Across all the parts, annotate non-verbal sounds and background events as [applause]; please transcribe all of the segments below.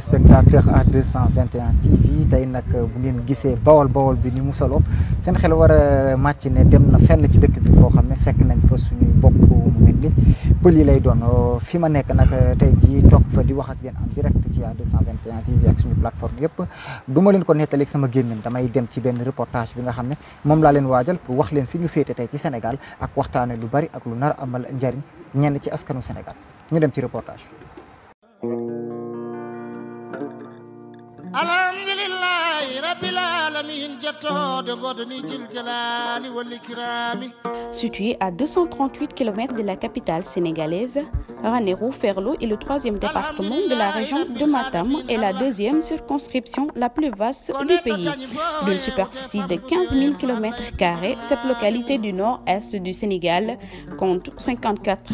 téléspectateurs à 221 TV tey nag euh, bu ngeen gisee bawol bawol bi ni mu sen xel wara match màcc ne dem na fenn ci dëkk bi bo xamné ne fekk nañ fa suñu bokk mu melni ni pël yi lay doon oh, fi ma nekk nag euh, tey jii toog fa di wax ak yéen en direct ci à 221 TV ak suñu plateforme yépp duma leen ko netalé sama gémmiñ damay dem ci benn reportage bi nga xamné mom la leen wajal pour wax leen fi ñu féete tey ci Sénégal ak waxtaane lu bari ak lu nar amal njariñ ñen ci askanu Sénégal ñu dem ci reportage bi Situé à 238 km de la capitale sénégalaise, Ranero Ferlo est le troisième département de la région de Matam et la deuxième circonscription la plus vaste du pays. D'une superficie de 15 000 km, cette localité du nord-est du Sénégal compte 54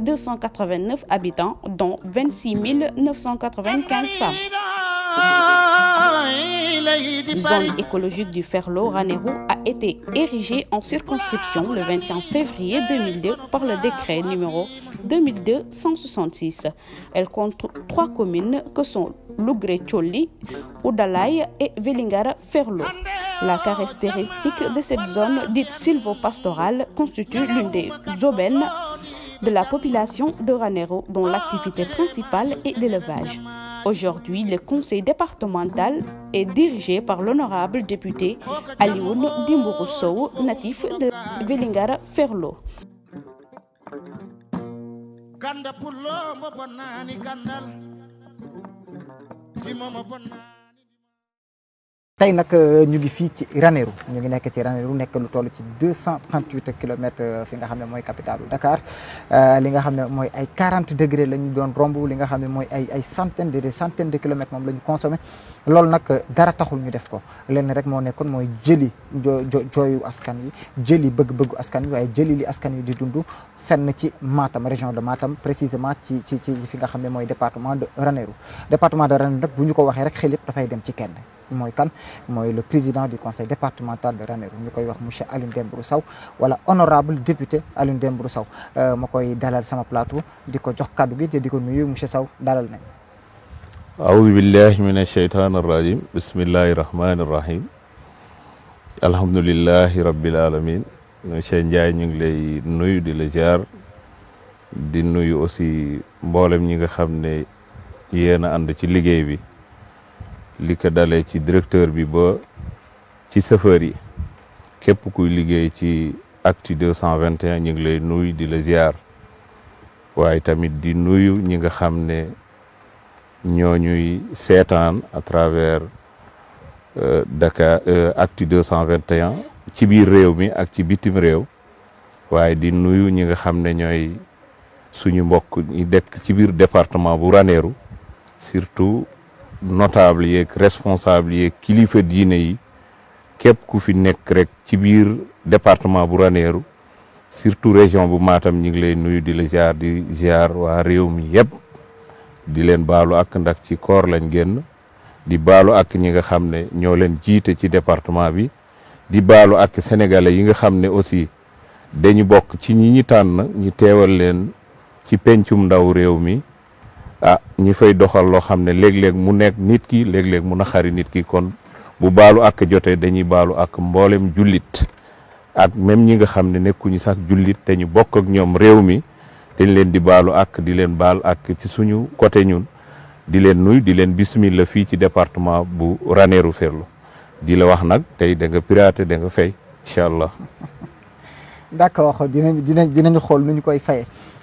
289 habitants, dont 26 995 femmes. Zone écologique du Ferlo, Ranero a été érigée en circonscription le 21 février 2002 par le décret numéro 2002 Elle compte trois communes que sont Tcholi, Oudalay et Velingara Ferlo. La caractéristique de cette zone dite sylvopastorale constitue l'une des aubaines de la population de Ranero dont l'activité principale est l'élevage. Aujourd'hui, le conseil départemental est dirigé par l'honorable député Alioun Dimouroussou, natif de vélingara Ferlo. tey nag euh, ñu ngi fii ci Ranérou ñu ngi nekk ci Ranérou nekk lu toll ci deux cent trente huit euh, fi nga xam ne mooy capitale Dakar euh, li nga xam ne mooy ay quarante degré la ñu doon romb li nga xam ne mooy ay ay centaine de centaine de kilomètres moom lañu ñu consommé loolu nag dara taxul ñu def ko lenn rek moo nekkoon mooy jëli jo jooyu askan wi jëli bëgg-bëggu askan wi waaye jëli li askan wi di dundu fenn ci Matam région de maatam précisément ci ci ci fi nga xam ne mooy département de Ranérou département de Ranérou nag bu ñu ko waxee rek xel dafay dem ci kenn mooy kan mooy le président du conseil départemental de Ranérou ñu koy wax monsieur Alioune Dembourou Sow wala honorable député Alioune Dembourou Sow euh, ma koy dalal sama plateau di ko jox kàddu gi di ko nuyu monsieur Sow dalal nañ aoudu billahi min asheytaan arrajim bismillahi rahmani irrahim alhamdulilahi rabbil alamin monsieur Ndiaye ñu ngi lay nuyu di la ziar di nuyu aussi mboolem ñi nga xam ne yéen a ànd ci liggéey bi li ko dalee ci directeur bi ba ci chauffeur yi képp kuy liggéey ci acti deux cent vingt et un ñu ngi lay nuyu di la ziar waaye tamit di nuyu ñi nga xam ne ñoo ñuy seetaan à travers euh, Dakar euh, actu deux cent vingt et un ci biir réew mi ak ci bitim réew waaye di nuyu ñi nga xam ne ñooy suñu mbokk ñu dekk ci biir département bu raneeru surtout notable yeeg responsable yeeg kilifa diine yi képp ku fi nekk rek ci biir département bu raneeru surtout région bu maatam ñu ngi lay nuyu di la ziar di ziar waa réew mi yëpp di leen baalu ak ndak ci koor lañ génn di baalu ak ñi nga xam ne ñoo leen jiite ci département bi di baalu ak sénégalais yi nga xam ne aussi dañu bokk ci ñi ñi tànn ñu teewal leen ci pencum ndaw réew mi ah ñi fay doxal loo xam ne léeg-léeg mu nekk nit ki léeg-léeg mu naxari nit ki kon bu baalu ak jote dañuy baalu ak mboolem jullit ak même ñi nga xam ne nekkuñu sax jullit te ñu bokk ak ñoom réew mi dañ leen di baalu ak di leen baal ak ci suñu côté ñun di leen nuyu di leen bismillah fii ci département bu Ranérou Ferlo di la wax nag tey da nga piraté da nga fay incha allah. [laughs] d' accord dinañ dinañ dinañu xool nu koy fayee.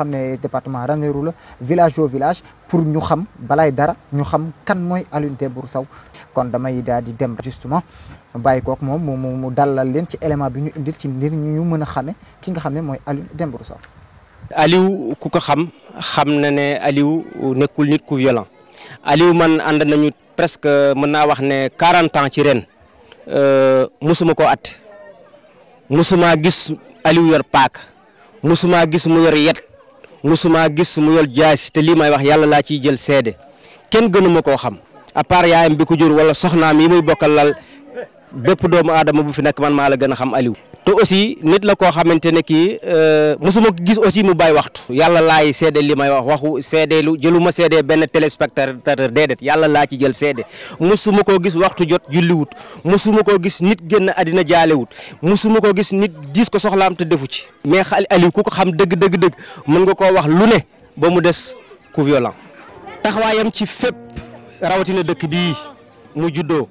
xam ne département Ranérou la village au village pour ñu xam balay dara ñu xam kan mooy Alioune Dembourou Sow kon damay daal di dem justement bàyyi kook moom mu mu dalal leen ci élément bi ñu ci ndir ñu mën a xame ki nga xam ne mooy Alioune Dembourou Sow aliw ku ko xam xam na ne aliw nekkul nit ku violent Aliou man ànd nañu presque mën naa wax ne quarante ans ci ren euh, musuma ko at musuma gis Aliou yor paak musuma gis mu yor yet musuma gis mu yor jaasi te lii may wax yàlla laa ciy jël seede kenn gënuma koo xam à yaayam bi ko jur wala soxnaam yi muy bokkal lal bépp doomu adama bu fi nekk man maa la gën a xam Aliou te aussi nit la koo xamante ne kii euh, mosuma ko gis aussi mu baay waxtu yàlla laay seede li may wax waxu seede lu jëluma seede benn téléspectateur déedéet yàlla laa ci jël seede mosuma koo gis waxtu jot julliwut mosuma koo gis nit génn àddina jaalewut mosuma koo gis nit diis ko soxlaam te defu ci mais Aliou ku ko xam dëgg dëgg dëgg mën nga koo wax lu ne ba mu des ku violent taxawaayam ci fépp rawatina dëkk bii mu juddoo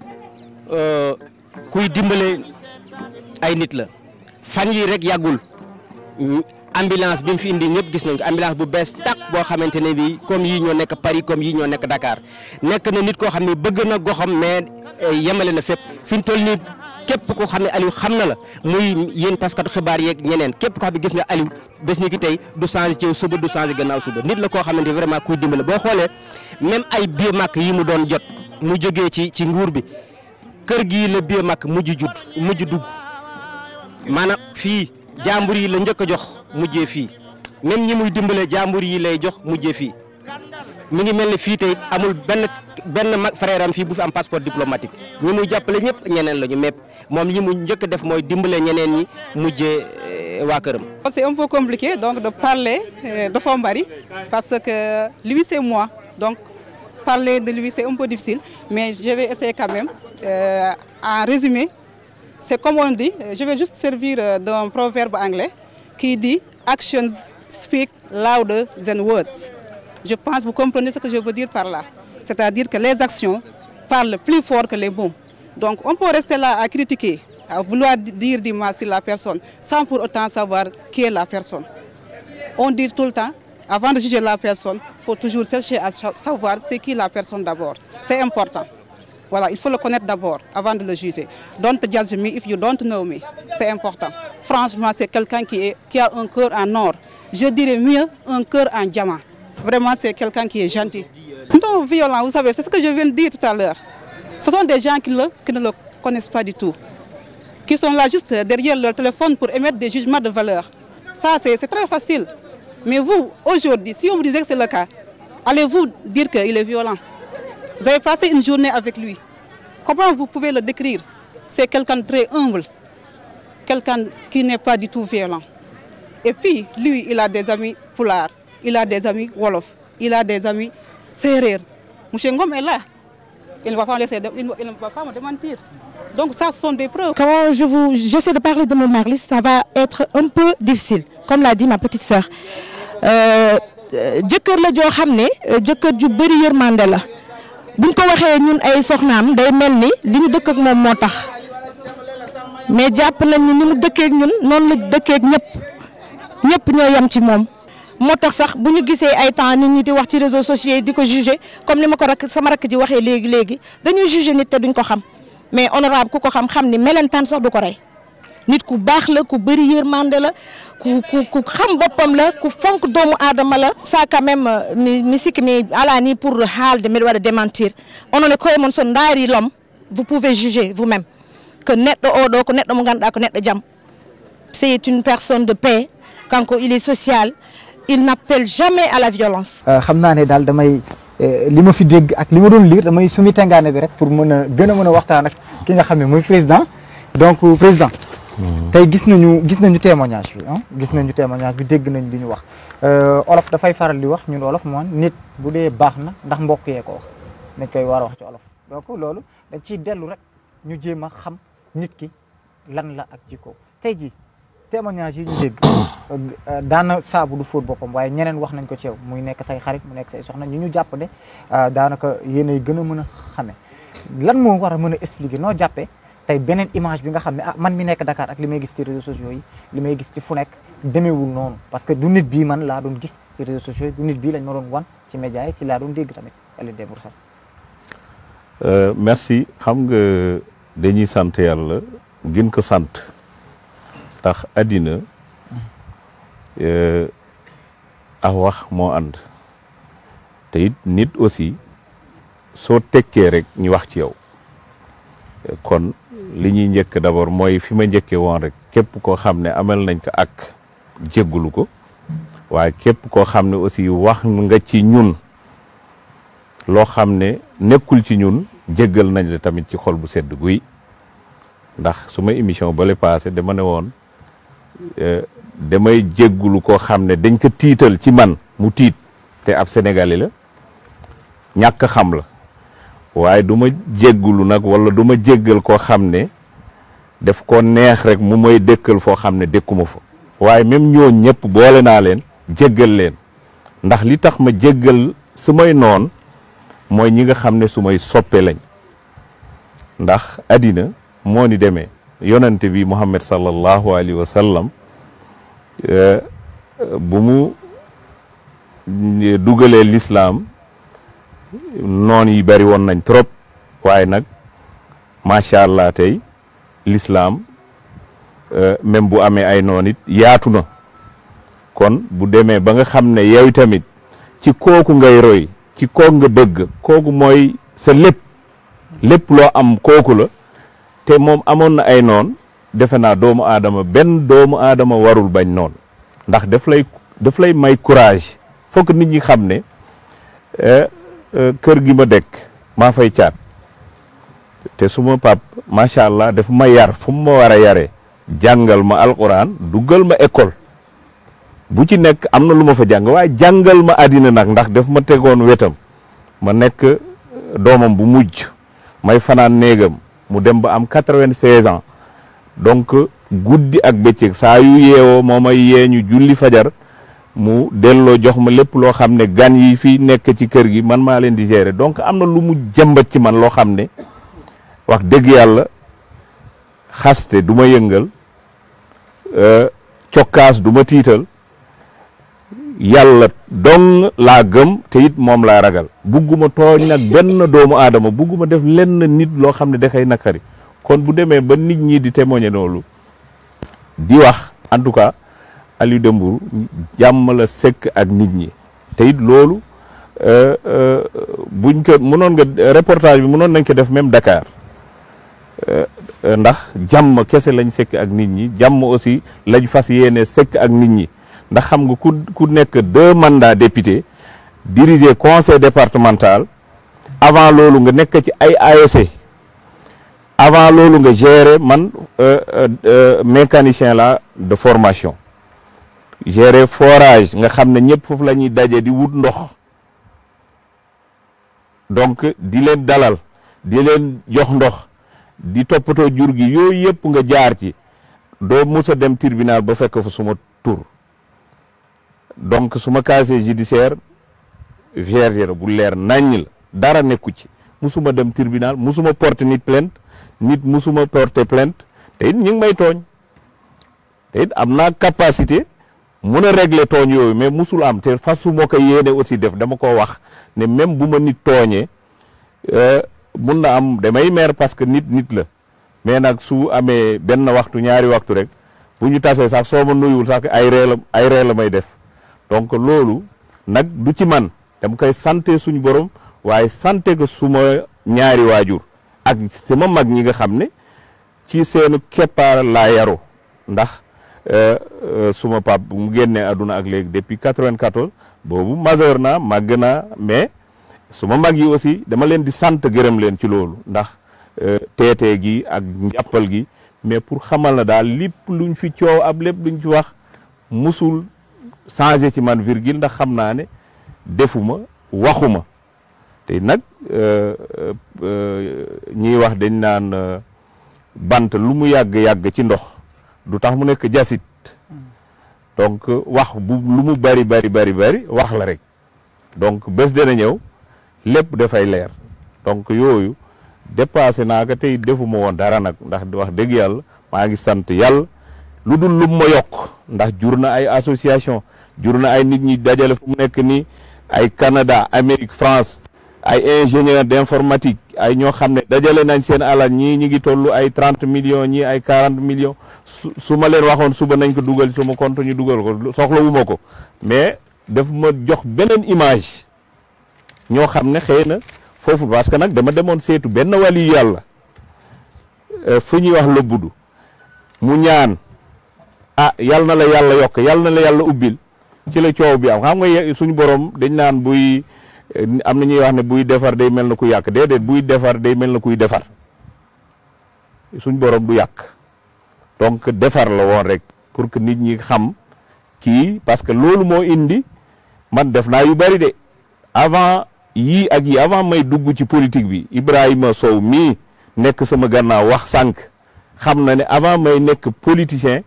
euh, kuy dimbale ay nit la fan yii rek yàggul ambulance bi mu fi indi ñëpp gis nañ ko ambulance bu bees tàq boo xamante ne bii comme yii ñoo nekk Paris comme yii ñoo nekk dakaar nekk na nit koo xam ne bëgg na goxam mais eh, yemale na fépp fi mu toll nii képp koo xam ne Aliou xam na la muy yéen taskatu xibaar yeeg ñeneen képp koo xam ne gis nga Aliou bés ni ki tey du changé ci suba du changé gannaaw suba nit la koo xamante vraiment kuy dimbale boo xoolee même ay biomak yi mu doon jot mu jógee ci ci nguur bi kër gii la biomak mujj judd mujj dugg. manam fi jàmbur la ñëk jox mujjé fi même ñi muy dimbale jàmbur yi lay jox mujjé fi mi ngi melni fi fii amul benn benn mag frère am fii bu fi am passeport diplomatique ñi muy jappalé ñëpp ñeneen lañu ñu mom yi li ñëk njëkk a def mooy dimbale ñeneen ñi mujjee eh, waa këram. c'est un peu compliqué donc de parler eh, de Fambary parce que lui c'est moi donc parler de lui c'est un peu difficile mais je vais essayer quand même euh, en résumé. C'est comme on dit, euh, je vais juste servir euh, d'un proverbe anglais qui dit « Actions speak louder than words ». Je pense vous comprenez ce que je veux dire par là. C'est-à-dire que les actions parlent plus fort que les mots. Donc on peut rester là à critiquer, à vouloir dire du mal sur la personne, sans pour autant savoir qui est la personne. On dit tout le temps, avant de juger la personne, il faut toujours chercher à savoir c'est qui la personne d'abord. C'est important. Voilà, il faut le connaître d'abord avant de le juger. Don't judge me if you don't know me. C'est important. Franchement, c'est quelqu'un qui, qui a un cœur en or. Je dirais mieux, un cœur en diamant. Vraiment, c'est quelqu'un qui est gentil. Non, violent, vous savez, c'est ce que je viens de dire tout à l'heure. Ce sont des gens qui, qui ne le connaissent pas du tout, qui sont là juste derrière leur téléphone pour émettre des jugements de valeur. Ça, c'est très facile. Mais vous, aujourd'hui, si on vous disait que c'est le cas, allez-vous dire qu'il est violent vous avez passé une journée avec lui. Comment vous pouvez le décrire C'est quelqu'un de très humble, quelqu'un qui n'est pas du tout violent. Et puis, lui, il a des amis Poulard, il a des amis Wolof, il a des amis Serrer. M. Ngom est là. Il ne va pas me, laisser, il va pas me démentir. Donc ça, ce sont des preuves. Quand je vous, j'essaie de parler de mon mari, ça va être un peu difficile, comme l'a dit ma petite sœur. Euh, euh jëkkër la joo je ne euh, buñ ko waxee ñun ay soxnaam day mel ni li ñu dëkk ak moom moo tax mais jàpp nañ ni ni mu dëkkeek ñun noonu la dëkkeek ñëpp ñëpp ñoo yam ci moom. moo tax sax bu ñu gisee ay temps nit ñu di wax ci réseaux sociaux yi di ko jugé comme ni ma ko rak sama rakk ji waxee léegi léegi dañuy jugé nit te duñ ko xam mais honorable ku ko xam xam ni melentaan sax du ko rey. nit ku bax la ku bëri yërmande la ku ku xam bopam la ku fonk doomu aadama la ça quand même euh, mi mi sikki mi alani pour de mbiɗa waɗa démentir onone koye mon son daari lom vous pouvez juger vous même que neɗɗo oɗo ko neɗɗo mo ganda ko neɗɗo jam c'est une personne de paix kanko il est social il n'appelle jamais à la violence euh, xam naa ne daal damay euh, li ma fi dégg ak li doon lire damay sumi tengane bi rek pour meuna a meuna a mën ak ki nga xam moy président donc président tey gis nañu gis nañu témoignage bi ah gis nañu témoignage bi dégg nañ lu ñu wax euh, olof dafay faral di wax ñun olof moom nit bu dee baax na ndax mbokk yee ko wax dañ koy war wax ci olof donc loolu dañ ciy dellu rek ñu jéem a xam nit ki lan la ak jikko tey jii témoignage yi ñu dégg euh, daana saabu du fóot boppam waaye ñeneen wax nañ ko ceew muy nekk say xarit mu nekk say soxna ñu ñu jàpp ne euh, daanaka yéenay gën a mën a xame lan moo war a mën a expliquer noo jàppee tey beneen image bi nga xam ne ah man mi nekk Dakar ak li may gis ci réseaux sociaux yi li may gis ci fu nekk demeewul noonu parce que du nit bii man laa doon gis ci réseaux sociaux yi du nit bii lañ ma doon wan ci média yi ci laa doon dégg tamit Aliou Dembourou Sarr euh, merci xam nga dañuy sant yàlla gën ko sant tax àddina ah wax moo ànd te it nit aussi soo tekkee rek ñu wax ci yow kon li ñuy njëkk d'abord mooy fi ma njëkkee woon rek képp koo xam ne amal nañ ko ak jéggulu ko waaye képp koo xam ne aussi wax nga ci ñun loo xam ne nekkul ci ñun jéggal nañ la tamit ci xol bu sedd guy ndax su ma émission bale passé dama ne woon euh, damay jéggulu koo xam ne dañ ko tiital ci man mu tiit te ab Sénégalais la ñàkk xam la waaye du ma jéggulu nag wala du ma jéggal koo xam ne daf ko neex rek mu may dëkkal foo xam ne dëkkuma fa waaye même ñoo ñëpp boole naa leen jéggal leen ndax li tax ma jéggal su may noon mooy ñi nga xam ne su may soppe lañ ndax àddina moo ni demee yonante bi muhammad sallallahu alayhi wa sallam eh, bu mu dugalee lislaam noon yi bari woon nañ trop waaye nag macha allah tey lislaam euh, même bu amee ay noon it yaatu na kon bu demee ba nga xam ne yow tamit ci kooku ngay roy ci kooku nga bëgg kooku mooy sa lépp lépp loo am kooku la te moom amoon na ay noon defe naa doomu aadama benn doomu aadama warul bañ noon ndax daf lay daf lay may courage fokk nit ñi xam ne euh, Euh, kër gi ma dekk maa fay caat te suma pap macha allah daf ma yar fu ma war yare yaree jàngal ma alquran duggal ma école bu ci nekk am na lu ma fa jàng waaye jàngal ma àddina nag ndax daf ma tegoon wetam ma nekk euh, doomam bu mujj may fanaan néegam mu dem ba am quatre-vingt-seize ans donc guddi ak bëccëg saa yu yeewoo moo may yee ñu julli fajar mu delo jox ma lepp lo xamne ne gan yi fi nek ci kër gi man ma len di géré donc amna lu mu jëmbat ci man lo xamne ne wax deug yalla xasté duma yëngal euh ciokas duma tital yalla dong lagam gëm te it mom laa ragal bugguma togn nak ben doomu adama bugguma def len nit lo xamne da dafay nakari kon bu démé ba nit ñi di témoigner loolu di wax en tout cas Aliou Dembourou jàmm la sekk ak nit ñi te it loolu euh, euh, buñ ko mënoon nga reportage bi mënoon nañ ko def même Dakar euh, ndax jàmm kese lañ sekk ak nit ñi jàmm aussi lañ fas yéene sekk ak nit ñi ndax xam nga ku ku nekk deux mandats député diriger conseil départemental avant loolu nga nekk ci ay ASC. E. avant loolu nga gérer man mécanicien la de formation gere forage nga xam ne ñëpp foofu la ñuy daje di wut ndox donc di leen dalal di leen jox ndox di toppatoo jur gi yooyu yëpp nga jaar ci doo mus a dem tirbinal ba fekk fa suma tur donc suma casier judiciaire vierge la bu leer naññ la dara nekku ci musuma dem tribunal musuma porter nit plainte nit musuma porter plainte te it ñu may tooñ te it am naa capacité mun a réglé tooñ yooyu mais musul am te fasu moo ko yéene aussi def dama ko wax ne même bu ma nit tooñee euh, mun na am damay mer parce que nit nit la mais nag su amee benn waxtu ñaari waxtu rek bu ñu tasee sax soo ma nuyul sax ay ree ay ree la may def donc loolu nag du ci man dam koy sante suñu borom waaye sante ko suma ñaari waajur ak sama mag ñi nga xam ne ci seenu keppaar laa yaru ndax Euh, euh, suma pap bu mu génnee àdduna ak léegi depuis 94 boobu majeur naa màgg naa mais suma mag yi aussi dama leen di sant gërëm leen ci loolu ndax euh, teetee gi ak njàppal gi mais pour xamal na daal lépp luñ fi coow ab lépp luñ ci wax musul changé ci man virgil ndax xam naa ne defuma waxuma te nag ñiy wax dañ naan bant lu mu yàgg-yàgg ci ndox du tax mu nek jasit donc wax bu lu mu bari bari bari bari wax la rek donc bés ñew lepp da fay leer donc yoyu dépassé naa tay tey defuma won dara nak ndax wax deug yalla ma ngi sante yalla lu lu ma yok ndax jurna ay association jurna ay nit ñi dajale fu nek ni ay Canada amerique France ay ingénieur d'informatique ay ño xamné ne dajale nañ seen alal ñi ñi ngi tollu ay 30 millions ñi ay 40 millions suma leen waxoon suba nañ ko duggal suma compte ñu duggal ko wu ko mais def ma jox benen image ño xamné xeyna fofu parce que nak dama demoon seetu benn wàllu yàlla euh, fu ñuy wax le boudou mu ñaan ah yal na la yalla yok yal na la yalla ubbil ci la ciow bi am xam nga suñu borom dañ nan buy am na ñuy wax ne buy defar day mel na ku yàq déedéet buy defar day mel na kuy defar suñ borom du yàq donc defar la woon rek pour que nit ñi xam kii parce que loolu moo indi man def naa yu bari de avant yii ak yi avant may dugg ci politique bi Ibrahima Sow mii nekk sama gannaaw wax sànq xam na ne avant may nekk politicien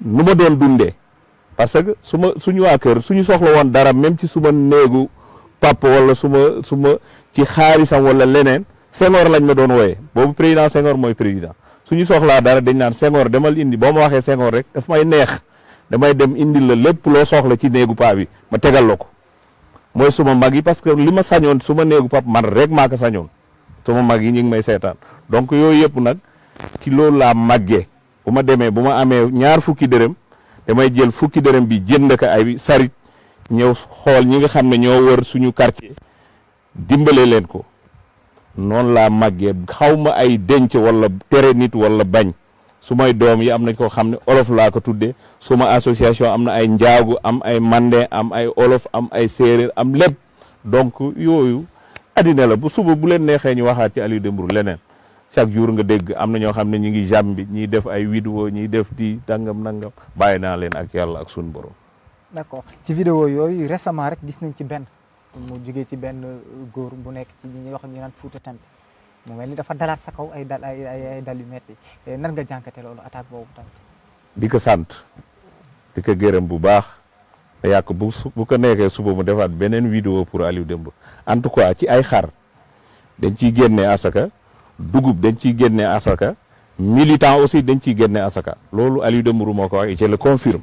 nu ma doon dundee parce que suma suñu waa kër suñu soxla woon dara même ci suma néegu papa wala su ma su ma ci xaarisam wala leneen Senghor lañ ma doon wooyee boobu président Senghor mooy président suñu soxlaa dara dañ naan Senghor demal indi boo ma waxee Senghor rek daf may neex damay dem indi la lépp loo soxla ci néegu paa bi ma tegal la ko mooy suma mag yi parce que li ma sañoon su ma néegu pap man rek maa ko sañoon su ma mag yi ñu ngi may seetaan donc yooyu yëpp nag ci loolu laa màggee bu ma demee bu ma amee ñaar fukki dërëm damay jël fukki bi jënd ko ñëw xool ñi nga xam ne ñoo wër suñu quartier dimbale leen ko noonu laa màggee xawma ay denc wala tere nit wala bañ su may doom yi am na koo xam ne olof laa ko tuddee suma association am na ay njaagu am ay mandé am ay olof am ay séeréer am lépp donc yooyu addina la bu suba bu leen neexee ñu waxaat ci Aliou Dembourou leneen chaque jour nga dégg am na ñoo xam ne ñu ngi jàmbi ñiy def ay vidéo ñiy def di dangam nangam bàyyi naa leen ak yàlla ak suñu borom. d'accord ci vidéo yooyu récemment rek gis nañ ci ben mu jugee ci ben goor bu nek ci ñi wax ñu nane foot Tampi mu melni dafa dalat sa kaw ay dal ay ay dal yu metti eh, nan nga jànkate lolu attaque bobu tamit. di sante sant di gërëm bu baax te yàq bu bu ko nekkee suba mu defaat benen vidéo pour Aliou demb en tout cas ci ay xar dañ ci génné asaka dugub dañ ci génné asaka militant aussi dañ ci génné asaka lolu Aliou demb moo ko wax je le confirme.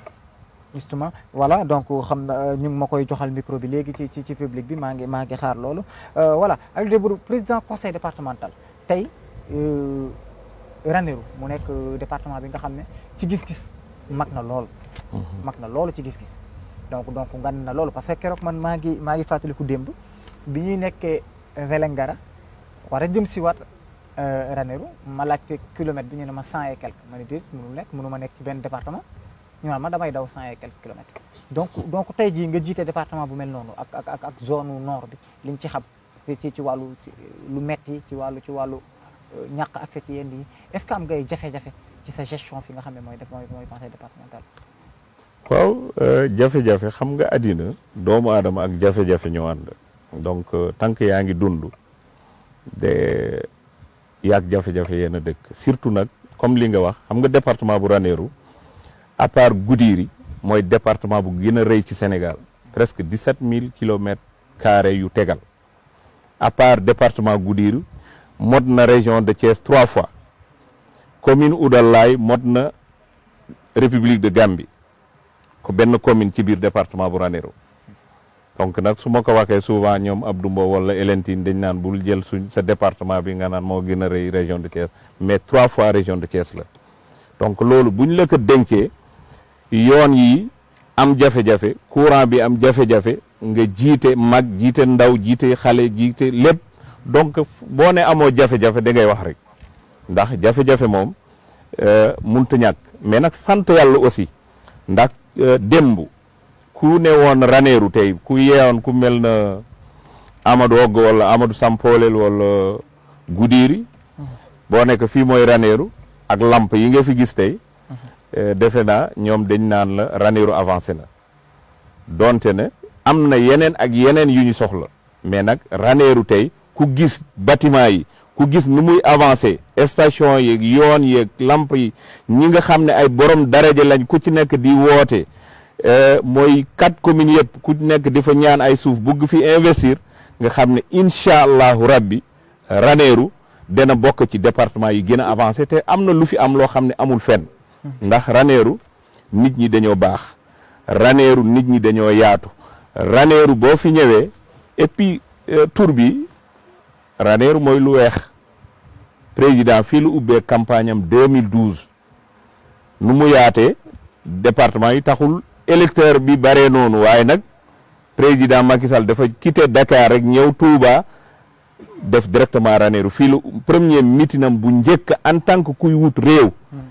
justement voilà donc xam euh, ñu ngi ma koy joxal micro bi légui ci ci public bi maa ngi maa ngi xaar loolu euh, voilà Aliou Dembourou président conseil départemental tey euh, raneru mu nekk département bi nga xam ne ci gis-gis mag na lool mhm. mag na loolu ci gis-gis donc donc ngan na loolu parce que keroog man maa ngi maa ngi fàttaliku démb bi ñuy nekkee Vélingara war a jëm si waat raneru ma laajte kilomètre bi ñu ne ma cent et quelque ma ne déet mënul nekk mënu nekk ci benn département ñu naan ma damay daw cent et quelques donc tey jii nga jiite département bu mel noonu ak ak ak ak zone nord bi liñ ci xam ci ci wàllu lu metti ci wàllu ci wàllu euh, ñàkk accès ci yenn yi est-ce que am ngay jafe-jafe ci sa gestion fi nga xam ne mooy mooy conseil départemental. waaw euh, jafe-jafe xam nga àddina doomu aadama ak jafe-jafe ñoo donc euh, tànk yaa ngi dund de yaag jafe-jafe yenn dëkk surtout nag comme li nga wax xam nga département bu Ranérou à part Goudiri le département bu est a ci Sénégal presque 17 000 km² kilomètres carrés yu à part département Goudiri mot na région de Thiès trois fois commune Oudalaye mot na république de Gambie ko la commune ci biir département bu donc nag su ma ko waxee souvent ñoom Abdou Mbow wala Elentine dañ naan bul jël sa département bi nga naan moo région de Thiès mais trois fois région de Thiès là. donc si bu ñu la ko yoon yi am jafe-jafe courant bi am jafe-jafe nga jiite mag jiite ndaw jiite xale jiite lépp donc boo ne amoo jafe-jafe da ngay wax rek ndax jafe-jafe moom euh, munta ñàkk mais nag sant yàlla aussi ndax euh, démb ku ne woon Ranérou tey ku yeewoon ku mel na Amadou Ogg wala Amadou Sampolel wala Goudiri mm. boo nekk fii mooy Ranérou ak lamp yi nga fi gis tey Euh, defe naa ñoom dañ naan la Ranérou avancé na donte na am na yeneen ak yeneen yu ñu soxla mais nag Ranérou tey ku gis bâtiment yi ku gis nu muy avancer station yeeg yoon yeeg lamp yi ñi nga xam ne ay borom daraja lañ ku ci nekk di woote euh, mooy quatre communes yëpp ku ci nekk di fa ñaan ay suuf bugg fi investir nga xam ne incha allahu rabbi Ranérou dana bokk ci département yi gën avancer te am na lu fi am loo xam ne amul fenn ndax Ranérou nit ñi dañoo baax Ranérou nit ñi dañoo yaatu Ranérou boo fi ñëwee et puis euh, tur bi Ranérou mooy lu weex président fii lu ubbee campagne am 2012 nu mu yaatee département yi taxul électeur bi bare noonu waaye nag président Macky Sall dafa quitté Dakar rek ñëw Touba def directement Ranérou fii lu premier mitinam bu njëkk en tant que kuy wut réew hmm.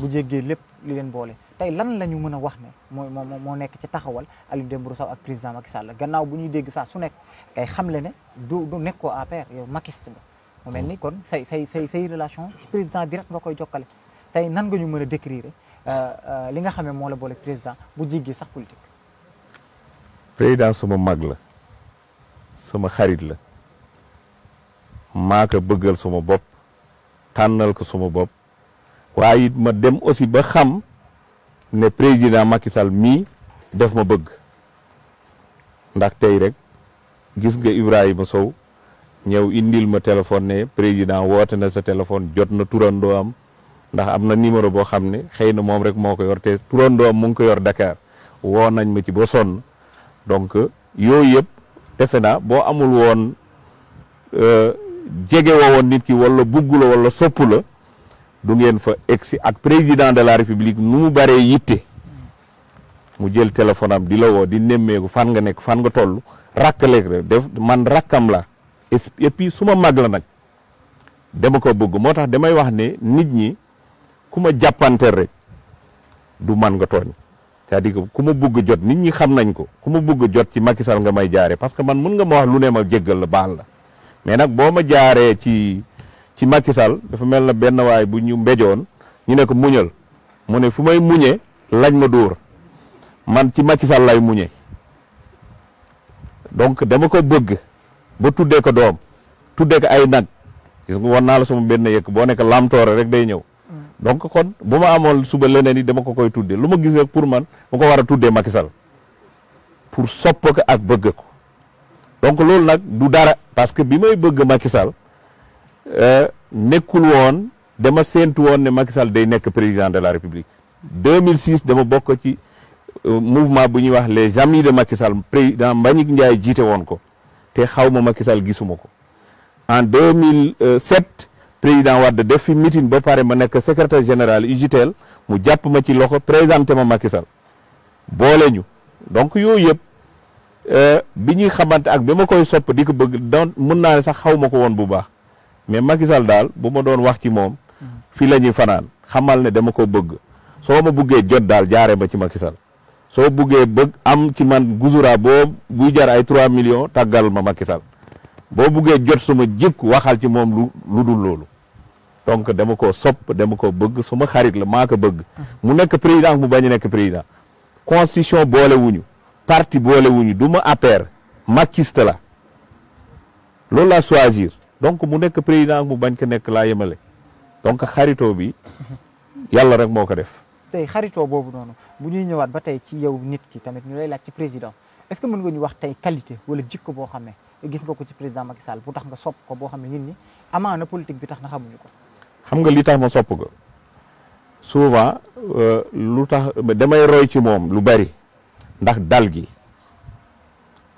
bu jéggee lépp li leen boole tey lan la ñu mën a wax ne mooy moo moo nekk ci taxawal Aliou Dembourou Sow ak président Macky Sall gannaaw bu ñuy dégg sax su nekk kay xamle ne du du nekk ko APR yow makiste ba mu mel ni kon say say say say relation ci président direct nga koy jokkale tey nan nga ñu mën a décrire euh, euh, li nga xam ne moo la boole président bu jéggee sax politique président suma mag la suma xarit la maa ko bëggal sama bopp tànnal ko suma bopp waaye it ma dem aussi ba xam ne président Macky Sall mii def ma bëgg ndax tey rek gis nga Ibrahima Sow ñëw indil ma téléphone ne président woote na sa téléphone jot na turandoo am ndax am na numéro boo xam ne xëy na moom rek moo ko yor te turandoo am mu ngi ko yor Dakar woo nañ ma ci ba sonn donc yooyu yëpp defe naa boo amul woon euh, jege woo woon nit ki wala bugg la wala sopp la du ngeen fa egsi ak président de la république nu mu baree yitte mu jël téléphone am di la woo di nemmeeku fan nga nekk fan nga toll rakk léeg def man rakkam la et puis su ma mag la nag dama ko bëgg moo tax damay wax ne nit ñi ku ma jàppanteer rek du man nga tooñ cest à ku ma bugg jot nit ñi xam nañ ko ku ma bugg jot ci Macky Sall nga may jaare parce que man mun nga ma wax lu ne ma jéggal la baal la mais nag boo ma jaaree ci ci Macky dafa mel na benn waay bu ñu mbéjoon ñu ne ko muñal mu ne fu may muñe lañ ma dóor man ci Macky lay muñe donc dama ko bëgg ba tuddee ko doom tuddee ko ay nag gis nga wan naa la sama benn yëkk boo nekk lamtoore rek day ñëw mm. donc kon bu ma amoon suba leneen yi dama ko koy tuddee lu ma gis rek pour man mu ko war a tuddee Macky Sall pour sopp ko ak bëgg ko donc loolu nag du dara parce que bi may bëgg Macky Euh, nekkul woon dama séentu woon ne Macky day nekk président de la République 2006 dama bokk ci euh, mouvement bu ñuy wax les amis de makisal président Mbagnick Ndiaye jiite woon ko te xaw ma Macky gisuma ko en 2007 président Wade def fi meeting ba pare ma nekk secrétaire général UGTEL mu jàpp ma ci loxo présenté ma makisal Sall boole ñu donc yooyu yëpp euh, bi ñuy xamante ak bi ma koy sopp di ko bëgg donc mun naa ne sax xaw ko woon bu baax. mais Macky daal bu ma doon wax ci moom fii la ñuy fanaan xamal ne dama ko bëgg soo ma buggee jot daal jaare ma ci makisal soo buggee bëgg am ci man gusura boo buy jar ay 3 millions tàggal ma makisal boo buggee jot suma jikk waxal ci moom lu lu dul loolu donc dama ko sopp dama ko bëgg suma xarit la maa ko bëgg mu nekk président mu bañ a nekk président constitution boole wuñu parti boole wuñu du ma APR Macky la loolu laa choisir donc mu nekk président mu bañ ko nekk laa yema le donc xaritoo bi yàlla rek moo ko def. tey xaritoo boobu noonu bu ñuy ñëwaat ba tey ci yow nit ki tamit ñu lay laaj ci président est-ce que mën nga ñu wax tey qualité wala jikko boo xam ne gis nga ko ci président Macky Sall bu tax nga sopp ko boo xam ne nit ñi amaana politique bi tax na xamuñu ko. xam nga li tax ma sopp ko souvent euh, lu tax damay roy ci moom lu bari ndax dal gi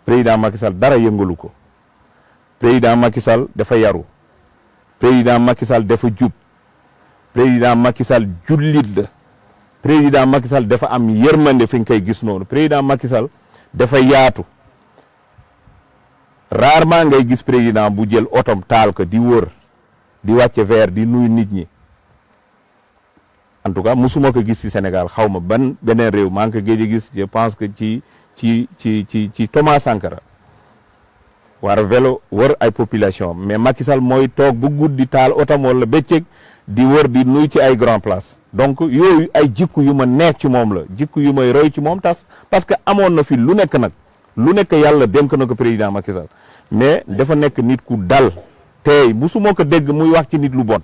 président Macky Sall dara yëngalu ko. président Macky Sall dafa yaru président Macky defa dafa jub président Macky Sall jullit la président Macky Sall dafa am yërmande fi nga koy gis noonu président Macky Sall dafa yaatu rarement ngay gis président bu jël otom taal ko di wër di wàcce verre di nuyu nit ñi en tout cas musuma ko gis ci Sénégal xaw ma ban beneen réew maa ngi ko géej a gis je pense que ci ci ci ci ci Thomas Sankara war velo wër ay population mais Macky mooy toog bu guddi taal otam wala bëccëg di wër di nuy ci ay grand place donc yooyu ay jikku yu ma neex ci moom la jikku yu may roy ci moom tas parce que amoon na fi lu nekk nag lu nekk yàlla dénk na ko président makisal mais dafa nekk nit ku dal tey bu su moo ko dégg muy wax ci nit lu bon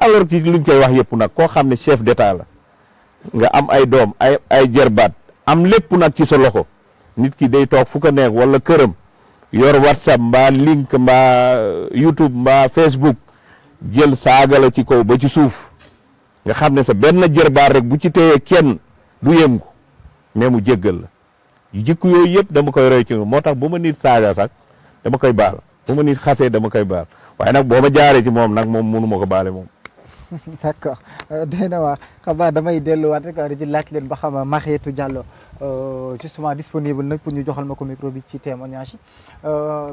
alors que luñ koy wax yëpp nag koo xam ne chef d'état la nga am ay doom ay ay jërbaat am lépp nag ci sa loxo nit ki day toog fu ko neex wala këram yor whatsapp mbaa link mbaa youtube mbaa facebook jël saaga la ci kaw ba ci suuf nga xam ne sa benn jër jërbaar rek bu ci téyee kenn du yëngu mais mu jéggal la jikko yooyu yëpp dama koy roy ci moo tax bu ma nit saaga sax dama koy baal bu ma nit xasee dama koy baal waaye nag boo ma jaaree ci moom nag moom mënu ko baale moom [laughs] d' accord euh, doy na waar xam naa damay delluwaat rek euh, di laaj leen ba xam euh, Marietou Diallo justement disponible nag pour ñu joxal ma ko micro bi ci témoignage yi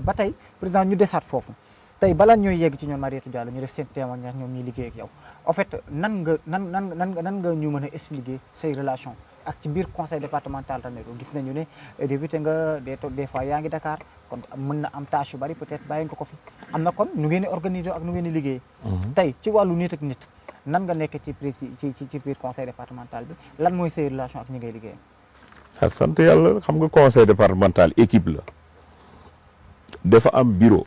ba tey président ñu desaat foofu tey bala ñuy yegg ci ñoom Marietou Diallo ñu def seen témoignage ñoom ñuy liggéey ak yow en fait nan nga nan nan nan nan nga ñu mën a expliquer say relation ak ci biir conseil départemental tamit gis nañu ne député nga des des fois yaa ngi Dakar kon mën na am tâche bari peut-être nga ko fi am na kon nu organiser ak nu liggéey mhm. tey ci wàllu nit ak nit nan nga nekk ci ci ci ci biir conseil départemental bi lan mooy say relation ak ñi ngay liggéey ah sant yàlla xam nga conseil départemental équipe la dafa am bureau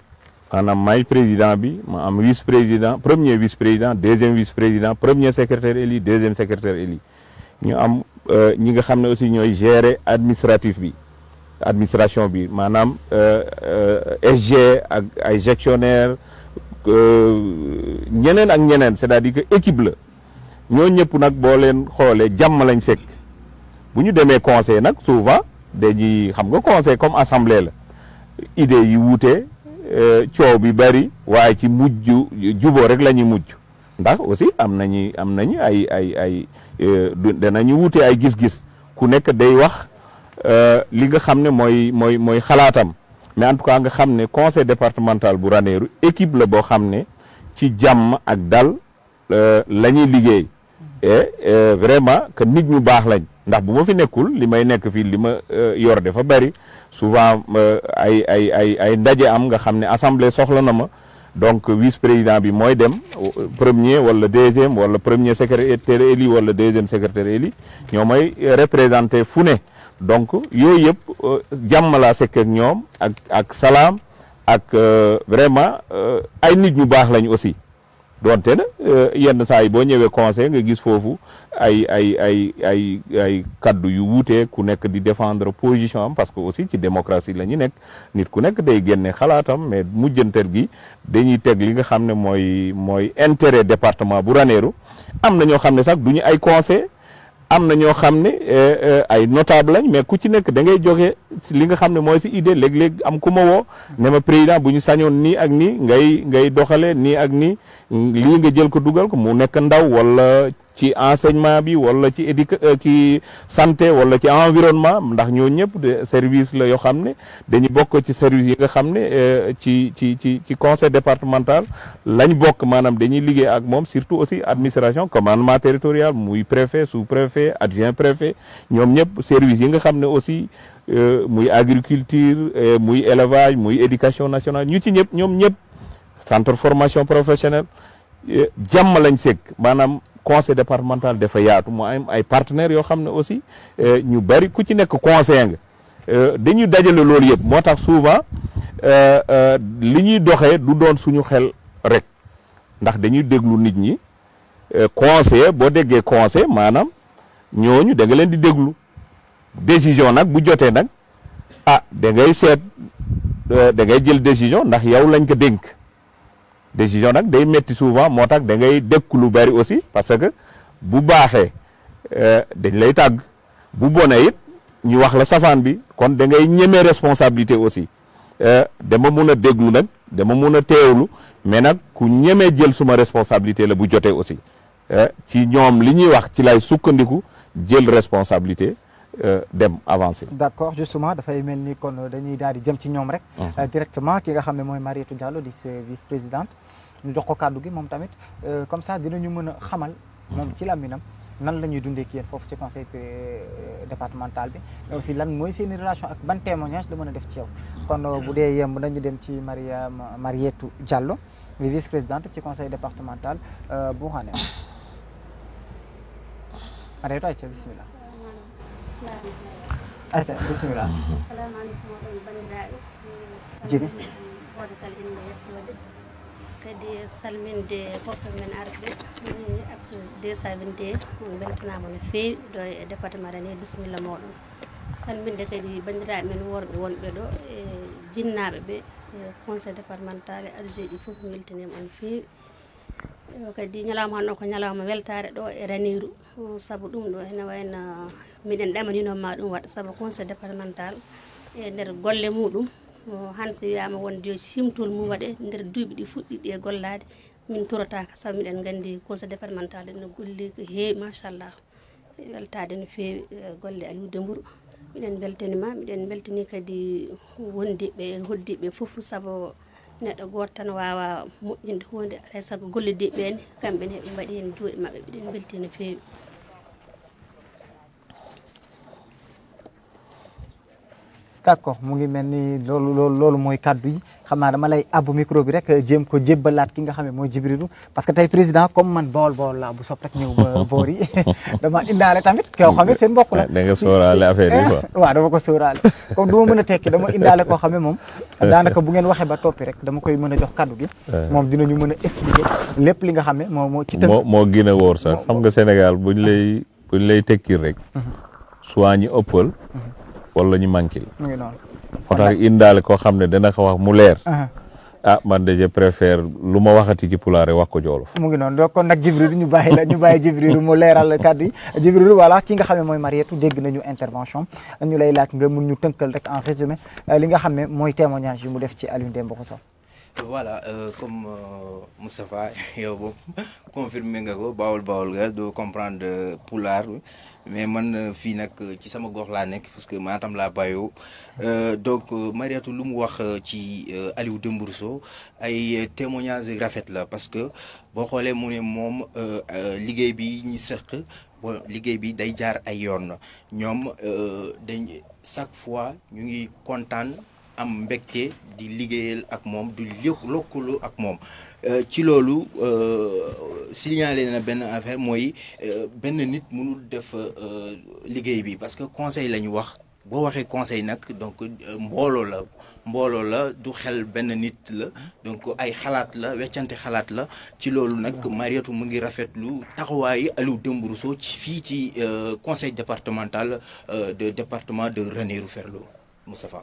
maanaam may président bi ma am vice président premier vice président deuxième vice président premier secrétaire élu deuxième secrétaire élu Euh, ñi nga xam ne aussi ñooy gérer administratif bi administration bi maanaam euh, euh, SG ak ay gestionnaire ñeneen ak ñeneen c'est-à-dire que équipe la ñoo ñëpp nag boo leen xoolee jàmm lañ sekk bu ñu demee conseil nag souvent dañuy xam nga conseil comme assemblée la idée yi wuute coow bi bari waaye ci mujj jubo rek la ñuy mujj ndax aussi am nañu am nañu ay ay ay euh, danañu wute ay gis-gis ku nekk day wax euh, li nga xam ne mooy mooy mooy xalaatam mais en nga xam ne conseil départemental bu Ranérou équipe la boo xam ne ci jàmm ak dal euh, la ñuy liggéey e vraiment que nit ñu baax lañ ndax bu ma fi nekkul li may nekk fii li ma yor dafa bari souvent ay ay ay ay ndaje am nga xam ne assemblée soxla na ma donc vice président bi mooy dem euh, premier wala deuxième wala premier secrétaire élu wala deuxième secrétaire élu ñoo mooy représenté fu ne donc yooyu yëpp euh, jàmm laa ñoom ak ak salaam ak euh, vraiment ay nit ñu baax lañ aussi doonte na euh, yenn saa yi boo ñëwee conseil nga gis foofu ay ay ay ay ay kaddu yu wuutee ku nekk di défendre position am parce que aussi ci démocratie la ñu nekk nit ku nekk day génne xalaatam mais mujjantel gi dañuy teg li nga xam ne mooy mooy intérêt département bu Ranérou am na ñoo xam ne sax du ñu ay conseil am na ñoo xam ne euh, euh, ay notable lañ mais ku ci nekk da ngay joxe li nga xam ne mooy si idée léeg-léeg am ku ma woo ne ma président bu ñu sañoon nii ak nii ngay ngay doxalee nii ak nii lii nga jël ko dugal ko mu nekk ndaw wala ci enseignement bi wala ci éduc euh, ci santé wala ci environnement ndax ñoo ñëpp de service la yoo xam ne dañu bokk ci service yi nga xam ne euh, ci ci ci ci conseil départemental lañ bokk maanaam dañuy liggéey ak moom surtout aussi administration commandement territorial muy préfet sous préfet adjoint préfet ñoom ñëpp service yi nga xam ne aussi euh, muy agriculture muy élevage muy éducation national ñu ci ñëpp ñoom ñëpp centre formation professionnelle eh, jàmm lañ sëg maanaam conseil départemental dafa yaatu moo ay partenaires yoo xam ne aussi eh, ñu bari ku ci nekk conseil nga eh, dañu dajale loolu yëpp moo tax souvent li ñuy doxee du doon suñu xel rek ndax dañuy déglu nit ñi conseil boo déggee conseil maanaam ñooñu da nga leen di déglu décision nag bu jotee nag ah da ngay seet da ngay jël décision ndax yow lañ ko dénk décision nag day métti souvent moo tax da ngay dëkk lu bari aussi parce que bu baaxee euh, dañ lay tàgg bu bone it ñu wax la safaan bi kon da ngay ñemee responsabilité aussi euh, dama mun a déglu nag dama mun a teewlu mais nag ku ñemee jël suma responsabilité la bu jotee aussi euh, ci ñoom li ñuy wax ci lay sukkandiku jël responsabilité Euh, dem avancer d'accord justement da fay melni kon dañuy daal di jëm ci ñom rek. Mhm. Euh, directement ki nga xamné moy mooy Diallo di vice présidente ñu jox ko cadeau gi mom tamit euh, comme ça dinañu mëna xamal. mom mhm. ci làmminam nan lañuy dundé dundee fofu ci conseil départemental bi mais aussi lan moy seen relation ak ban témoignage la mëna def ci yow. kon bu dé yemb nañu dem ci Maria Mariétou Diallo vice présidente ci conseil départemental euh bu Xané. Mariétou ayca bismillah. ata bisimila jibi kadi salminde foppe men arde ac de savinte on beltanama no fewi ɗo e département rani bisimilla moɗon salminde kadi bandiraɓe men worɓe wonɓe ɗo e jinnaɓe ɓe e conseil départemental e adg ɗi foof beltanima on fewi kadi ñalawma hanno ko ñalawma weltare ɗo e raniru sabu ɗum ɗo ene wayno miɗen ɗamaninoma ɗum waɗa saabu conseil départemental e nder golle muɗum han so wiyama won jo simtol mum waɗe nder duuɓi ɗi fuɗɗiɗi e gollade min torotaka saabu miɗen gandi conseil départemental ene golli ko heewi machallah e weltade no fewi e golle aliou demboure miɗen beltanima miɗen beltani kadi wondiɓe e hoddiɓe foof saabu neɗɗo goto tan wawa moƴƴinde hunde alay saago gollidiɓɓene kamɓene heɓe mbaɗi hen juuɗe mabɓe mbiɗen belti no fewi d'accord mu ngi mel ni loolu mooy kaddu yi xam naa dama lay abbu micro rek euh, jéem ko jébbalaat ki nga xam ne mooy Jibrilu parce que tey président kom man bool bool laa bu sob rek ñëw ba [laughs] boor yi [laughs] dama indaale tamit koo xam ne seen mbokk la [laughs] da nga sóoraale affaire yi quoi waaw du ma mën a tekki dama indaale koo xam ne moom daanaka bu ngeen waxee ba toppi rek dama koy mën a jox kaddu gi moom dinañu mën a expliquer lépp li nga xam ne moo moo ci tënk moo gën a wóor xam nga Sénégal buñ lay buñ lay tekkil rek mhm. soit ñi ëppal mhm. wala ñu la. indaale koo xam ne dana ko wax mu leer. ah man de je préfère lu waxati ci pulaare wax ko joolof mu ngi noonu donc kon Jibril ñu bàyyi ñu bàyyi Jibril mu leeral kàddu yi Jibril voilà ki nga xam ne mooy dégg nañu intervention ñu lay nga ñu rek en résumé euh, li nga xam ne témoignage yu mu def ci voilà euh, comme vous euh, Moustapha [laughs] yow boobu confirmé nga ko bawul bawul nga comprendre pulaar mais man euh, fi nak euh, ci sama gox la nek parce que Matam laa euh, donc euh, mariatu lu mu wax ci Aliou Dembourou ay témoignages rafet la parce que boo xoolee mu ne euh, liggéey bi ñu sëq bon liggéey bi day jaar ay yoon euh, dañ chaque fois ñu ngi kontaan am mbégte di liggéeyal ak mom du lëkkaloo ak moom euh, ci loolu euh, signaler na ben affaire mooy ben nit mënul def liggéey bi parce que conseil lañ wax boo waxé conseil nak donc mbolo la mbolo la du xel ben nit la donc ay xalaat la weccante xalaat la ci lolu nak mm-hmm. mariatu mu ngi rafetlu taxawayi Aliou Dembourou ci fi ci conseil départemental de département de Ranérou Ferlo Moustapha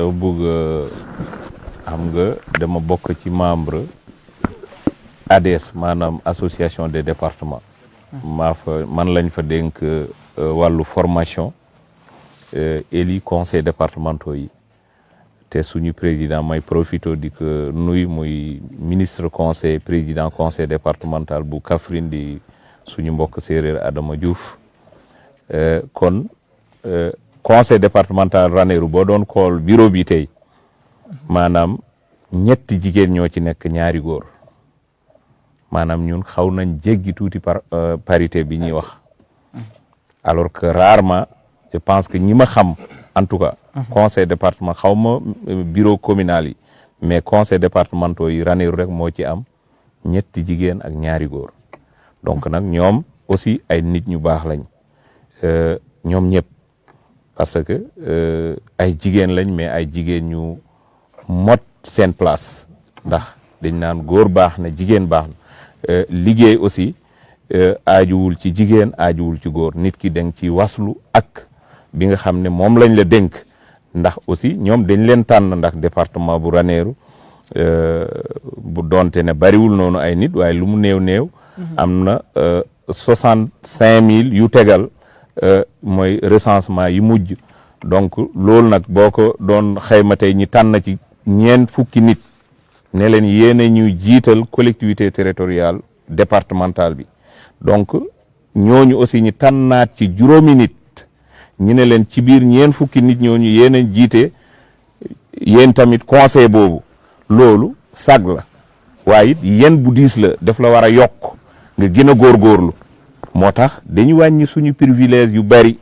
dama bëgg am nga dama bokk ci membre ADS maanaam association des départements maa fa man lañ fa dénk euh, wàllu formation euh, éli conseil départementaux yi te suñu président may profito di que nuy muy ministre conseil président conseil départemental bu Kaffrine di suñu mbokk séeréer Adama Diouf euh, kon conseil départemental Ranérou boo doon xool bureau bi maanaam ñetti jigéen ñoo ci nekk ñaari góor maanaam ñun xaw nañ jéggi tuuti par euh, parité bi ñuy wax alors que rarement je pense que ñi ma xam en tout ca conseil département xaw ma euh, bureau communal yi mais conseil départementaux yi Ranérou rek moo ci am ñetti jigéen ak ñaari góor donc nag ñoom aussi ay nit ñu baax lañ euh, ñoom ñëpp parce que euh, ay jigéen lañ mais ay jigéen ñu mot seen place ndax dañ naan góor baax na jigéen baax na euh, liggéey aussi euh, aajuwul ci jigéen aajuwul ci góor nit ki deng ci waslu ak bi nga xam ne moom lañ la dénk ndax aussi ñoom dañ leen tànn ndax département bu Ranérou bu doonte ne bariwul noonu ay nit waaye lu mu néew néew mhm. am na soixante cinq mille yu tegal Euh, mooy recensement yi mujj donc loolu nag boo ko doon xayma tey ñi tànn ci ñeent fukki nit ne leen yéen a ñu jiital collectivité territoriale départementale bi donc ñooñu aussi ñi tànnaat ci juróomi nit ñu ne leen ci biir ñeent fukki nit ñooñu yéen jiite yéen tamit conseil boobu loolu sag la waaye yéen bu diis la daf la war a yokk nga gën a góorgóorlu motax dañu wàññi suñu privilège yu bari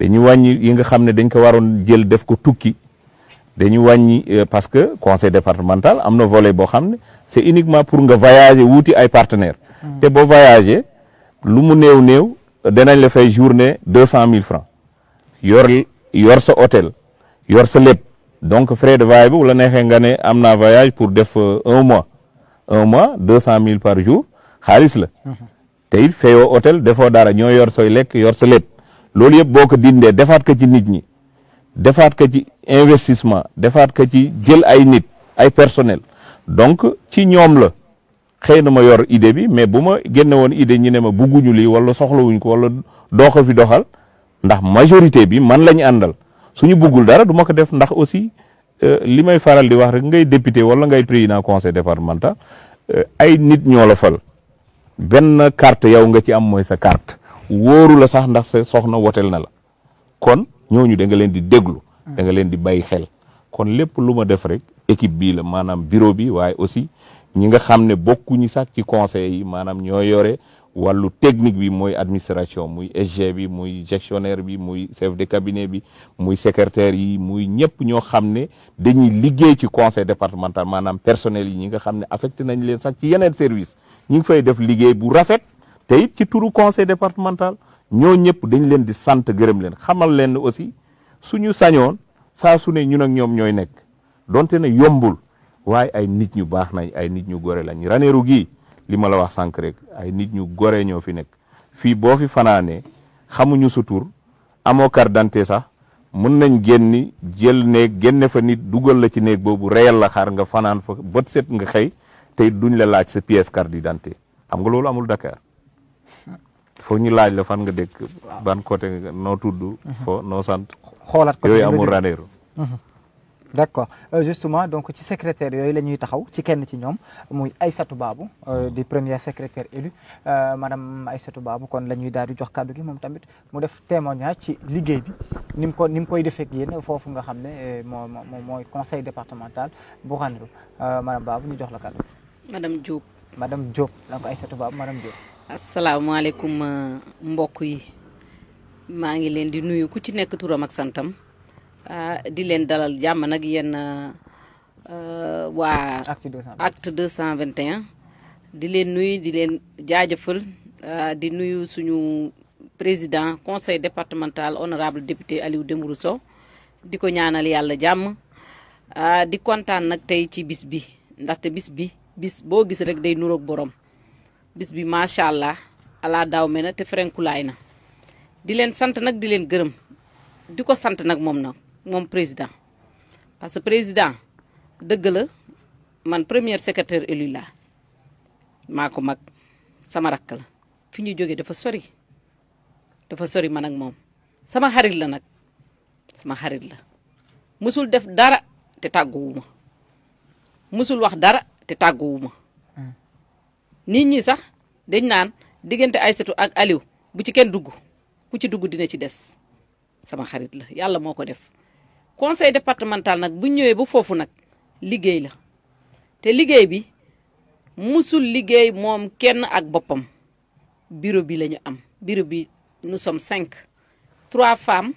dañu wàññi yi nga xamné dañ ko waroon jël def ko tukki dañu wàññi euh, parce que conseil départemental amna volé volet boo c'est uniquement pour nga voyager wouti ay partenaires. Mm. té bo voyager lu mu néew néew danañ la fay journée deux cent mille francs yor yor sa hôtel yor sa lépp donc frais de voyage wala la nga né amna voyage pour def euh, un mois un mois deux cent mille par jour xaalis la. Mm-hmm. te it feyoo hôtel defoo dara ñoo yor sooy lekk yor sa lépp loolu yëpp boo ko dindee defaat ko ci nit ñi defaat ko ci investissement defaat ko ci jël ay nit ay personnel donc ci ñoom la xëy na ma yor idée bi mais bu ma génne woon idée ñi ne ma bugguñu lii wala soxlawuñ ko wala doo ko fi doxal ndax majorité bi man lañu àndal suñu buggul dara du ma ko def ndax aussi euh, li may faral di wax rek ngay député wala ngay président conseil départemental euh, ay nit ñoo la fal benn carte yow nga ci am mooy sa carte wóoru la sax ndax sa soxna woteel na la kon ñooñu danga nga leen di déglu da leen di bàyyi xel kon lépp lu ma def rek équipe bii la maanaam bureau bi waaye aussi ñi nga xam ne bokkuñu sax ci conseil yi maanaam ñoo yore wàllu technique bi mooy administration muy SG bi muy gestionnaire bi muy chef de cabinet bi muy secrétaire yi muy ñëpp ñoo xam ne dañuy liggéey ci conseil départemental maanaam personnel yi ñi nga xam ne affecté nañ leen sax ci yeneen service ñu ngi fay def liggéey bu rafet te it ci turu conseil départemental ñoo ñëpp dañ leen di sant gërëm leen xamal leen aussi suñu sañoon saa su ne ñun ak ñoom ñooy nekk donte ne yombul waaye ay nit ñu baax nañ ay nit ñu gore lañ Ranérou gii li ma la wax sànq ay nit ñu gore ñoo fi nekk fii boo fi fanaanee xamuñu sa tur amoo kar d'identité sax mën nañ génni jël néeg génne fa nit dugal la ci néeg boobu reyal la xaar nga fanaan fa bët set nga xëy te duñ la laaj sa pièce carte d'identité xam nga loolu amul Dakar foo ñu laaj la fan nga dëkk ban côté noo tudd foo noo sant xoolat ko yooyu amul rendez-vous mhm. d' accord euh, justement donc ci secrétaire yooyu la ñuy taxaw ci kenn ci ñoom muy Aïssatou Babou euh, di première secrétaire élue euh, ay Aïssatou baabu kon la ñuy daal di jox kàddu gi moom tamit mu def témoignage ci liggéey bi ni mu ko ni mu koy defee ak foofu nga xam ne moo mooy conseil départemental bu Ranérou madame Babou ñu jox la kàddu madame Diop. madame Diop la ko euh, mbokk yi maa ngi leen di nuyu ku ci nekk turam ak santam ah, di leen dalal jàmm nag yéen euh, euh, waa. acte deux cent vingt di leen nuyu di leen jaajëfal ah, di nuyu suñu président conseil départemental honorable député Aliou Dembourou Sow di ko ñaanal yàlla jàmm ah, di kontaan nag tey ci bis bi ndaxte bis bi. bis bo gis rek day nuro borom bis bi macha allah ala daw me na te frenku layna di len sante nak di len geureum diko sante nak mom nak mom president parce que président deug la man premier secrétaire élu la mako mak sama rak la fiñu joggé dafa sori dafa sori man ak mom sama xarit la nak, sama xarit la musul def dara te taguuma musul wax dara te tàgguwuma nit ñi sax dañ naan diggante ay Aysatu ak Aliou bu ci kenn dugg ku ci dugg dina ci des sama xarit la yàlla moo ko def conseil départemental nag bu ñëwee ba foofu nag liggéey la te liggéey bi musul liggéey moom kenn ak boppam bureau bi lañu am bureau bi nous sommes cinq trois femmes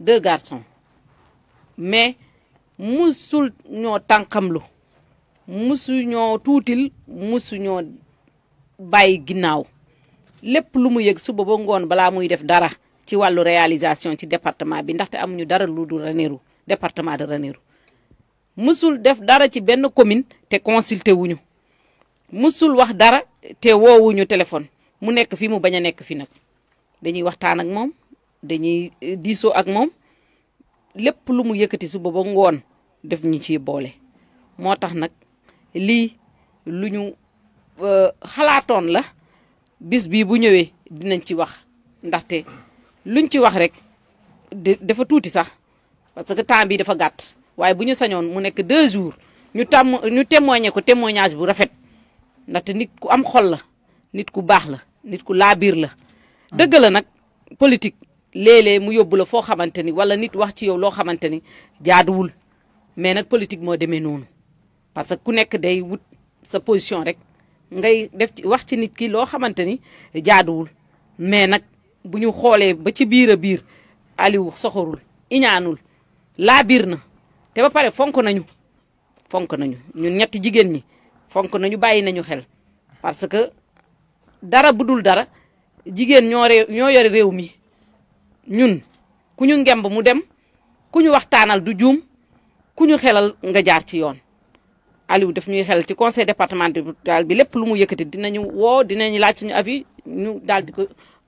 deux garçons mais mu musul ñoo tànqamlu ñoo tuutil musuñoo bàyyi ginnaaw lépp lu mu yeg suba ba ngoon balaa muy def dara ci wàllu réalisation ci département bi ndaxte amuñu dara lu dul Ranérou département de Ranérou musul def dara ci benn commune te consulté wuñu musul wax dara te woowuñu téléphone mu nekk fi mu bañ a nekk fi nag dañuy waxtaan ak moom dañuy eh, diso ak moom lépp lu mu yëkkati suba ba ngoon def ci boole moo tax nag lii lu ñu euh, xalaatoon la bis bii bu ñëwee dinañ ci wax ndaxte luñ ci wax rek dafa tuuti sax parce que temps bi dafa gàtt waaye bu ñu sañoon mu nekk deux jour ñu tam ñu ko témoignage bu rafet ndaxte nit ku am xol la nit ku baax la nit ku laabiir la dëgg la nag politique léeg-léeg mu yóbbu la foo xamante ni wala nit wax ci yow loo xamante ni jaaduwul mais nag politique moo demee noonu parce que ku nekk day wut sa position rek ngay def ci wax ci nit ki loo xamante ni jaaduwul mais nag bu ñu xoolee ba ci biir biir Aliou soxorul iñaanul laa biir na te ba pare fonk nañu fonk nañu ñun ñetti jigéen ñi fonk nañu bàyyi nañu xel parce que dara budul dara jigéen ñoo ñoo yore réew mi ñun ku ñu ngemb mu dem ku ñu waxtaanal du juum ku ñu xelal nga jaar ci yoon Aliou daf ñuy xel ci conseil départemental bi lépp lu mu yëkkati dinañu woo dinañu laaj suñu avis ñu daal di ko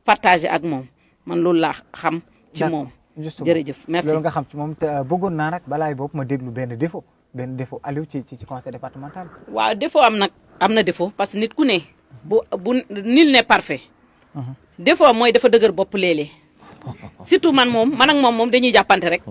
partager ak moom man loolu laa xam. ci moom jërëjëf merci loolu nga xam ci moom te euh, bëggoon naa nag balaay boobu ma déglu benn défaut benn défaut Aliou ci ci conseil départemental. waaw défaut am nag am na défaut parce que nit ku ne. bu bu nul n'est parfait. Mhm. défaut mooy dafa dëgër bopp léeg-léeg [laughs] surtout man moom man ak moom moom dañuy jàppante rek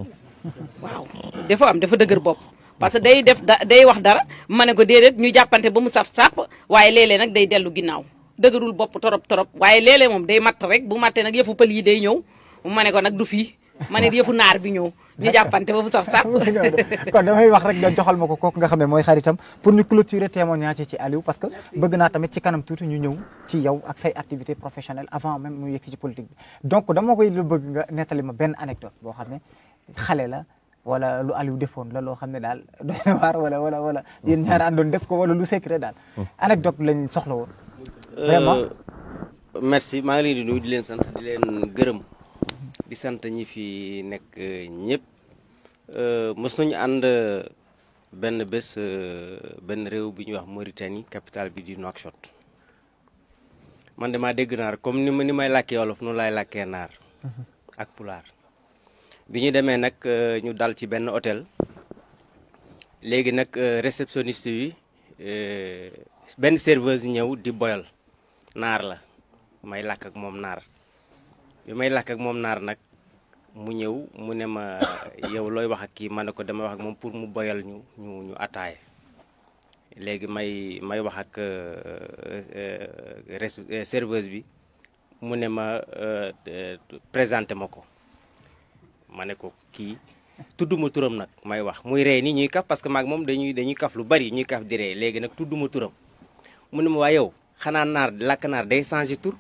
waaw défaut am dafa dëgër bopp. parce que day def da day wax dara ma ne ko déedéet ñu jàppante ba mu saf sàpp waaye léeg nag day dellu ginnaaw dëgërul bopp torop torop waaye léeg moom day matt rek bu mattee nag yëfu pël yi day ñëw ma ne ko nag du fii ma ne yëfu naar bi ñëw ñu jàppante ba mu saf sàpp [laughs] kon damay wax rek nga joxal ma ko kooku nga xam ne mooy xaritam pour ñu clôturer ñaa ci Aliou parce que bëgg naa tamit ci kanam tuuti ñu ñëw ci yow ak say activité professionnelle avant même mu yegg ci politique bi donc dama koy bëgg nga nettali ma benn anecdote boo xam ne xale la wala lu Aliou defoon la loo xam ne daal [laughs] doy waar wala wala wala yéen ñaar àndoon def ko wala lu secret daal. anecdote lañ soxla woon. Euh, vraiment. merci maa ngi leen di nuyu di leen sant di leen gërëm di sant ñi fi nekk euh, ñëpp euh, mës nañu ànd benn bés benn réew bi ñuy wax Mauritanie capitale bi di Nouakchott man damaa dégg naar comme ni ma ni may làkkee wolof noonu lay làkkee naar mhm. ak pulaar. bi ñu demee nag euh, ñu dal ci benn hôtel léegi nag euh, réceptionniste bi euh, benn serveuse ñëw di boyal naar la may làkk ak moom naar bi may làkk ak moom naar nag mu ñëw mu ne ma [coughs] yow looy wax ak kii ma ne ko damay wax ak moom pour mu boyal ñu ñu ñu ataaye léegi may may wax ak serveuse bi mu ne ma présenté ma ko ma ne ko kii tudduma turam nag may wax muy ree ni ñuy kaf parce que maag moom dañuy dañuy kaf lu bari ñuy kaf di ree léegi nag tudduma turam mu ne ma waa yow xanaa naar lakk naar day changé tur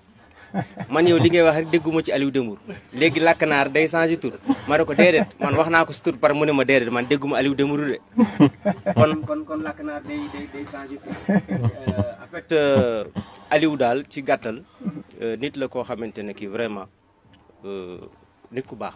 man yow li ngay wax rek dégguma ci Aliou Dembour léegi lakk naar day changé tur ma ne ko déedéet man wax naa ko si tur par mu ne ma déedéet man dégguma Aliou Dembour de kon kon kon làkk naar day day tur euh, en euh, daal ci gàttal euh, nit la koo xamante ne kii vraiment baax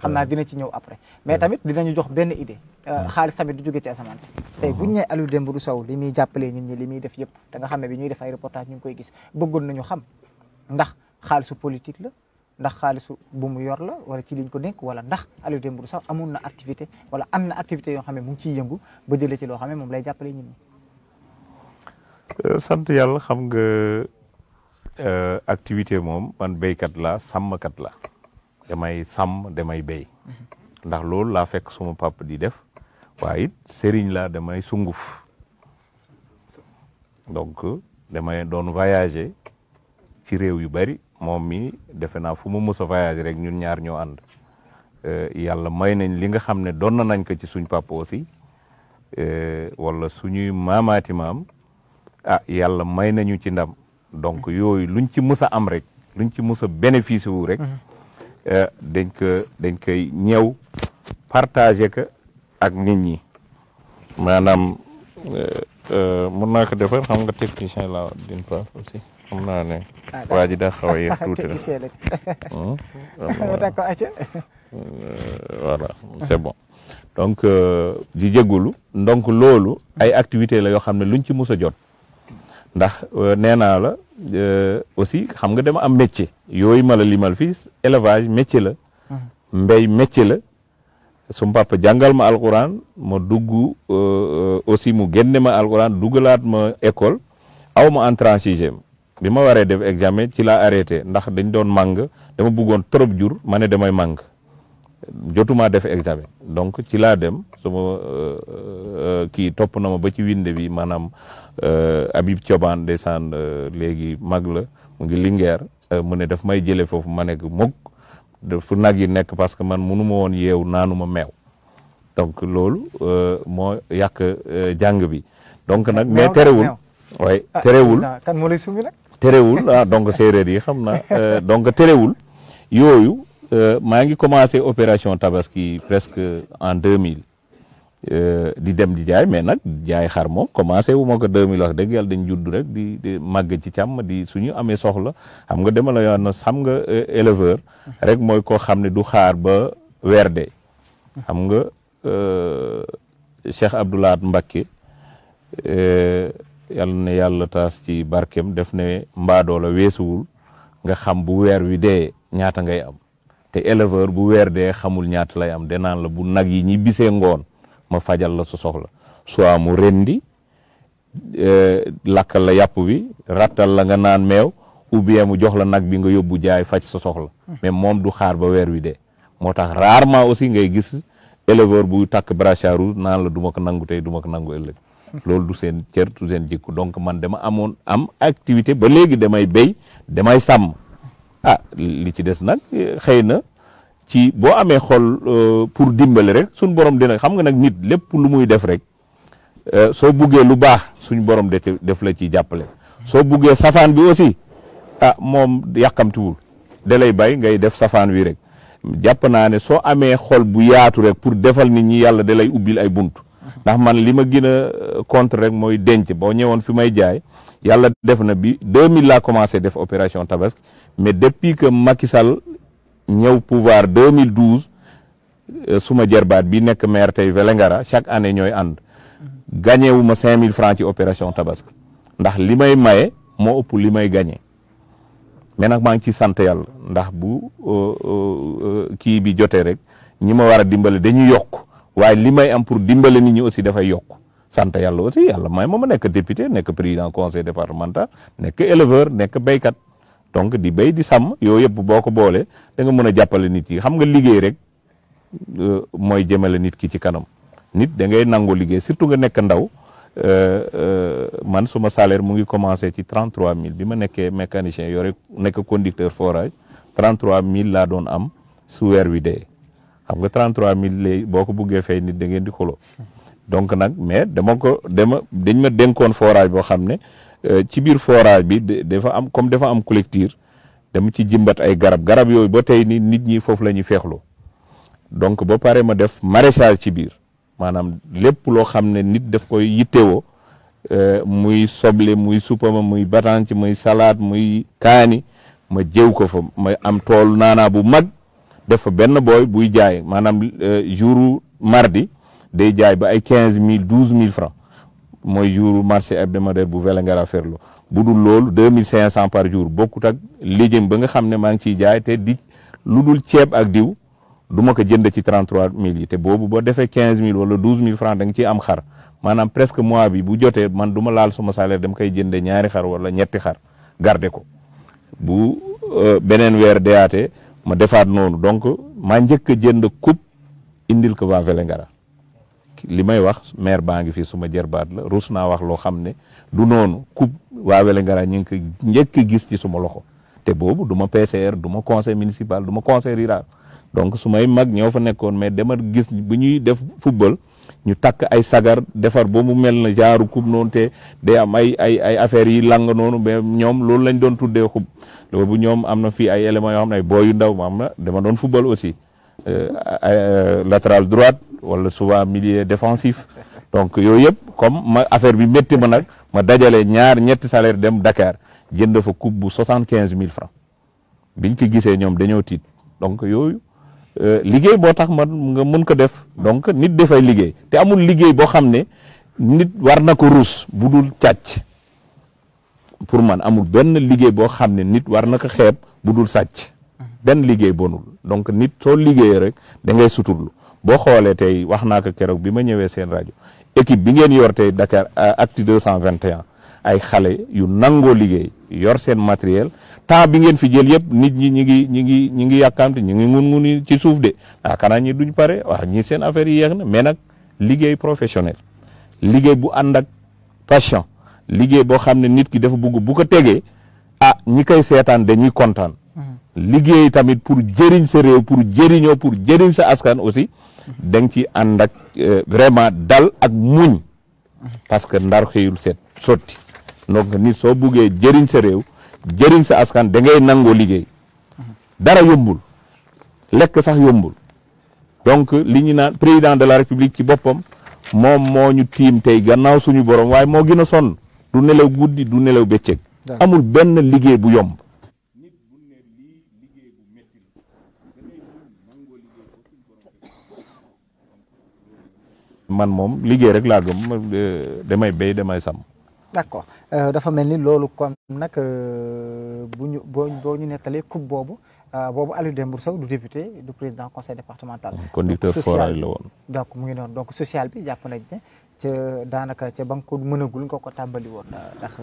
xam naa dina ci ñëw après mais tamit dinañu jox benn idée euh, xaalis tamit du jóge ci asamaan si tey buñ ne Aliou Dembourou Sow li muy jàppalee nit ñi li muy def yëpp da nga xam ne bi ñuy def ay reportage ñu koy gis bëggoon nañu xam ndax xaalisu politique la ndax xaalisu bu mu yor la wala ci liñ ko dénk wala ndax Aliou Dembourou Sow amoon na activité wala am na activité yoo xam ne mu ngi ciy yëngu ba jëlee ci loo xam ne moom lay jàppalee nit ñi euh, sant yàlla xam nga euh, activité moom béykat la sàmmkat la damay sàmm damay béy ndax loolu laa fekk suma papp di def waaye it sëriñ laa damay sunguf donc damay doon voyager ci réew yu bari moom mi defe naa fu mu mës voyager rek ñun ñaar ñoo ànd euh, yàlla may nañ li nga xam ne doon nañ ko ci suñ papa aussi euh, wala suñuy maamaati maam ah yàlla may nañu ci ndam donc yooyu luñ ci mës a am rek luñ ci mës a bénéficier wu rek mm-hmm. Eh, dañ ko dañ koy ñëw partagé ak nit ñi maanaam eh, eh, mën naa ko defar xam nga technicien la d'une part aussi xam naa ne. Ah, waa ji daa xaw a yéex [laughs] tuuti hmm? [laughs] c'est bon donc euh, di jégalu donc loolu ay activité la yoo xam ne luñ ci mës a jot. ndax euh, nee la euh, aussi xam nga dama am métier yoy ma limal fii élevage métier la mhm. mbey métier la sum papa jangal ma alcorane ma duggu euh, aussi mu genné ma alcorane duggalaat ma école aw ma entrant sixième bima ma def examen ci la arrêté ndax dañ don mang dama bëggone trop jur ma ne damay mang jotuma def examen donc ci la dem suma ki top na ma ba ci winde bi manam Euh, Habib Thioban ndeysaan euh, léegi mag la mu ngi Linguère euh, mu ne daf may jëlee foofu ma nekk mukk fu nag yi nekk parce que man munu ma woon yeew naanu ma meew donc loolu moo yàq jàng bi donc nag mais terewul way ah, terewul kan moo lay terewul ah donc séeréer yi xam na donc terewul yooyu maa ngi commencé opération tabaski presque en deux mille Euh, di dem di jaay mais nag jaay xar moom commencé wu ma ko 2000 wax dëgg yàlla dañ judd rek di di màgg ci càmm di su ñu amee soxla xam nga dema la yoon na xam nga euh, éleveur rek mooy koo xam ne du xaar ba weer de xam nga euh, Cheikh Abdoulaat Mbacké yàlla na yàlla taas ci barkeem def ne mbaadoo la nga xam bu weer wi de ñaata ngay am te éleveur bu weer de xamul ñaata lay am danaan la bu nag yi ñi bisee ngoon ma fajal la so soxla so amu rendi eh, lakal la yàpp wi ratal la nga nan mew ou bien mu jox la nak bi nga yobbu jaay faj so soxla mais mom du xaar ba wer wi de motax rarement aussi ngay gis éleveur bu tak bracard nan la duma ko nangou tay tu ko nangou ëllëg lolou du sen cër tu sen jikko donc man dama amone am activité ba léegi damay bay, damay sam. ah li ci dess nak eh, xeyna ci boo amee xol euh, pour dimbale rek suñ borom dina xam nga nag nit lépp lu muy def rek euh, soo buggee lu baax suñ borom de def la ci jàppale soo buggee safaan bi aussi ah moom yàkkamtiwul da lay bay ngay def safaan wi rek jàpp naa ne soo amee xol bu yaatu rek pour defal nit ñi yàlla da lay ubbil ay bunt ndax man li ma gën a euh, contre rek mooy denc boo ñëwoon fi may jaay yàlla def na bi 2000 la commencé def opération tabaski mais depuis que Macky ñëw pouvoir 2012 euh, suma jerbaat bi nekk maire tey Vélingara chaque année ñooy ànd gagné wu cinq mille francs ci opération tabaski ndax li may maye moo ëpp li may gagné mais nag maa ngi ci sant yàlla ndax bu euh, euh, kii bi jotee rek ñi ma war a dimbale dañuy yokk waaye li may am pour dimbale ni ñu aussi dafay yokk sant yàlla aussi yàlla may ma ma nekk député nekk président conseil départemental nekk éleveur nekk béykat donc di bay di sàmm yooyu yëpp boo ko boolee da nga mën a jàppale nit yi xam nga liggéey rek euh, mooy jëmale nit ki ci kanam nit da ngay nangoo liggéey surtout nga nekk ndaw euh, euh, man suma salaire mu ngi commencé ci mille bi ma nekkee mécanicien yooyu nekk conducteur forage mille laa doon am su weer wi dee xam nga 33000 léegi boo ko buggee fay nit da ngeen di xuloo donc nag mais dama ko dama dañ ma dénkoon forage boo xam ne. Euh, ci biir forage bi dafa am comme dafa am collecteur dama ci jimbat ay garab garab yooyu ba tey ni nit ñi foofu la ñuy feexloo donc ba pare ma def maraîchage ci biir maanaam lépp loo xam ne nit daf koy yittewoo euh, muy soble muy suppama muy batanc muy salade muy kaani ma jëw ko fa ma am tool naanaa bu mag def fa benn booy buy jaay maanaam euh, jour mardi day jaay ba ay quinze mille douze mille francs mooy jour marché hebdomadaire bu Vélingara Ferlo bu dul loolu deux mille cinq cent par jour bokkut ak léjëm ba nga xam ne maa ngi ciy jaay te di lu dul ceeb ak diw du ma ko jënd ci trente trois mille yi te boobu boo defe quinze mille wala douze mille franc da nga am xar maanaam presque mois bi bu jotee man duma laal sama salaire dama koy jënde ñaari xar wala ñetti xar garde ko bu euh, beneen weer deyaatee ma defaat noonu donc maa njëkk a jënd coupe indil ko waa Vélingara li may wax maire baa ngi fi suma jërbaat la rus naa wax loo xam ne du noonu coupe waa ngara ñu ngi ko njëkk gis ci suma loxo te boobu duma ma PCR du ma conseil municipal du ma conseil rural donc su may mag ñoo fa nekkoon mais dema gis bu ñuy def football ñu takk ay sagar defar ba mu mel na genre coupe noonu te day am ay ay ay affaires yi lang noonu be ñoom loolu lañ doon tuddee xub boobu ñoom am na fii ay éléments yoo xam ne ay booy ndaw ndaw am na dama doon football aussi Euh, euh, latéral droite wala souvent milieu défensif donc yoyep comme ma affaire bi metti ma nak ma dajale ñaar ñetti salaire dem Dakar jënd fa coupe bu soixante francs biñ ko gisee ñom dañoo tit donc euh, liguey bo tax man nga mën ko def donc nit defay liguey té amul liguey bo xamné ne nit war na ko ruus bu dul pour man amul ben liguey bo xamné ne nit war na ko xeeb benn liggéey bonul donc nit soo liggéeyee rek da ngay suturlu boo xoolee tey wax naa ko keroog bi ma ñëwee seen rajo équipe bi ngeen yor tey Dakar euh, Actu 221 ay xale yu nangoo liggéey yor seen matériel temps bi ngeen fi jël yëpp nit ñi ñi ngi ñi ngi ñi ngi yàkkamti ñi ngi ngun-nguni ci suuf de ah xanaa ñi duñ pare waaw ñi seen affaire yi yéex na mais nag liggéey professionnel liggéey bu ànd ak passion liggéey boo xam ne nit ki dafa bugg bu ko tegee ah ñi koy seetaan dañuy kontaan liggéey tamit pour jëriñ sa réew pour jëriñoo pour jëriñ sa askan aussi da nga ci ànd ak euh, vraiment dal ak muñ parce que ndar xëyul seet sotti donc nit soo buggee jëriñ sa réew jëriñ sa askan da ngay nangoo liggéey dara yombul lekk sax yombul donc li ñu naan président de la république ci boppam moom moo ñu tiim tey gannaaw suñu borom waaye moo gën a sonn du nelaw guddi du nelaw bëccëg amul benn liggéey bu yomb man moom liggéey rek laa gëm damay béy damay sàmm. d'accord euh, dafa mel ni loolu kon nag euh, bu ñu boo ñu nettalee coupe boobu euh, boobu dem Dembourou Sow du député du président conseil départemental. conducteur forage la woon. donc mu ngi noonu donc social bi jàpp nañ ne ca daanaka ca ba nga ko mënagul nga ko tàmbali woon ndax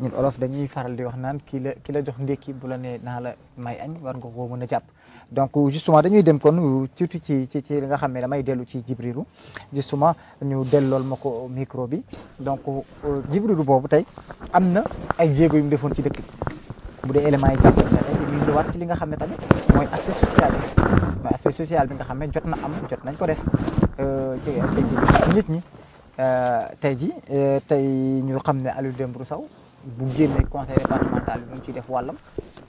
ñun olof dañuy faral di wax naan ki la ki la jox ndékki bu la nee naa la may añ war nga koo mën jàpp. donc justement dañuy dem kon surtout ci ci ci li nga xam ne damay dellu ci jibrilu justement ñu dellool ma ko micro bi donc jibrilu boobu tey am na ay jéego yu mu defoon ci dëkk bi bu dee élément yi jàppal na tey ci li nga xam ne tamit mooy aspect social bi mooy bi nga xam na am nañ ko def euh, ci nit ñi euh, tey ji euh, tey ñu xam ne Aliou Dembourou saw bu génnee conseil départemental mu ciy def wàllam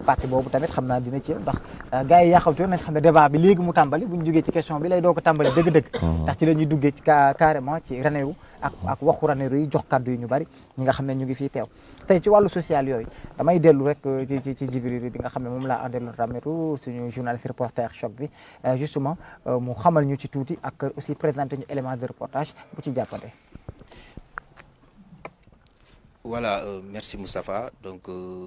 parti bobu tamit xamna dina ci ndax gaay ya xawtu nañ xam débat bi légui mu tambali buñu joggé ci question bi lay doo ko tàmbali deug dëgg ah. ndax ci lañuy duggé ci carrément ci Ranérou ak ak waxu Ranérou yi jox kàddu yu ñu bari ñi nga xam ñu ngi fi tew tay ci walu social yoy damay déllu rek euh, ci ci ci Djibril bi nga xam mom la laa àndeloon Ranérou suñu journaliste reporter choc bi euh, justement euh, mu xamal ñu ci tuuti ak aussi présenté ñu élément de reportage bu ci jappalé Voilà, euh, merci Moustapha. Donc, euh,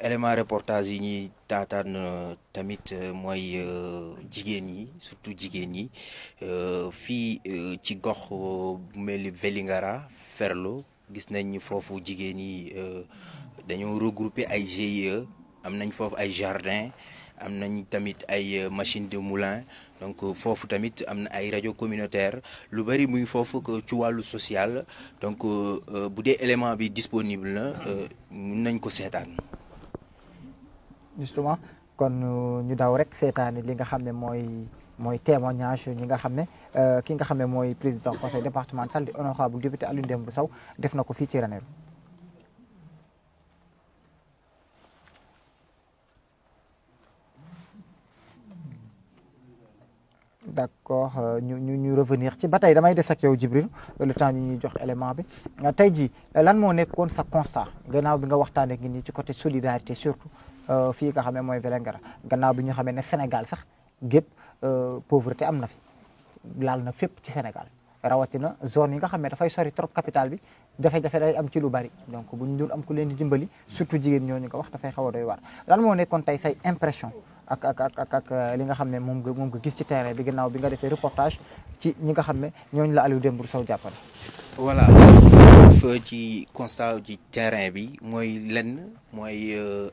élément reportage yi ñuy taataan euh, tamit euh, moy euh, jigen yi surtout jigen yi fi ci gox meli velingara Vélingara Ferlo gis nañ fofu jigen yi dañoo regrouper ay GIE am nañ fofu ay jardin am nañ tamit ay machine de moulin donc fofu tamit am na ay radio communautaire lu bari muy foofu ci walu social donc boudé élément bi disponible na mun nañ ko sétane justement kon euh, ñu daw rek sétane li nga xamné moy moy témoignage ñi nga xamné euh ki nga xamné moy président conseil départemental di honorable député Alioune Dembourou Sow def nako fi ci Ranérou d' euh, ñu ñu ñu revenir ci bataille damay des ak yow Jibril le temps ñu jox élément bi euh, tay ji lan mo nekkoon sa constat gannaaw bi nga waxtane ngi nii ci côté solidarité surtout Euh, fii nga xam ne mooy Vélingara gannaaw bi ñu xamee ne Sénégal sax gépp euh, pauvreté am na fi laal na fépp ci Sénégal rawatina zone yi nga xam ne dafay sori trop capital bi jafe-jafe day am ci lu bari donc bu ñu dul am ku leen di dimbali surtout jigéen ñooñu ko wax dafay xaw a doy waar lan moo nekkoon tey say impression ak ak ak ak ak euh, li nga xam ne moom nga moom nga gis ci terrain bi gannaaw bi nga defee reportage ci ñi nga xam ne ñooñu la Aliou Dembourou Sow jàppale. voilà ci constat ci terrain bi mooy lenn mooy.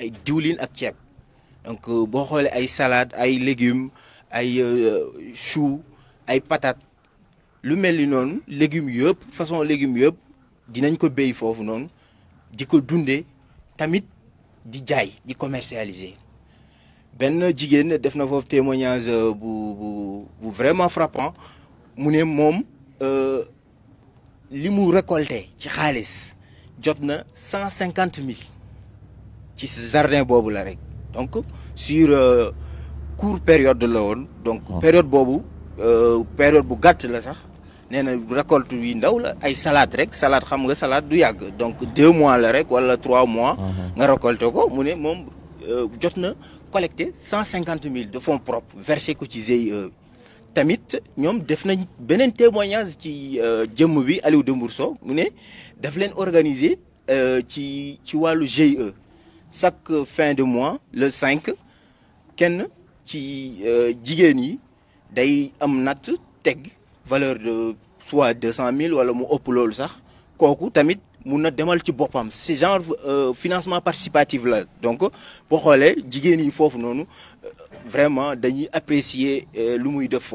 ay diwlin ak ceeb donc euh, bo xolé ay salade ay légumes ay euh, chou ay patate lu mel ni légumes yëpp façon légumes yëpp dinañ ko béy fofu non di ko tamit di jaay di commercialiser Ben jigen def na foofu témoignage euh, bu bu vraiment frappant mune mom euh li mu récolté ci xaalis jotna 150000 cent cinquante mille ci jardin la donc sur euh, courte période de l'eau, donc ah. période euh, période récolte salade salade donc deux mois la rek trois mois. Ah, ah. nga récolter ko euh, de fonds propres versés ko ci GIE tamit le def témoignage Aliou GIE chaque fin de mois le 5 quelqu'un qui, euh, jigeni yi day am valeur de soit 000 wala mu sax tamit demal ci ce genre euh, financement participatif là donc pour xolé jigen yi euh, vraiment apprécier lu muy def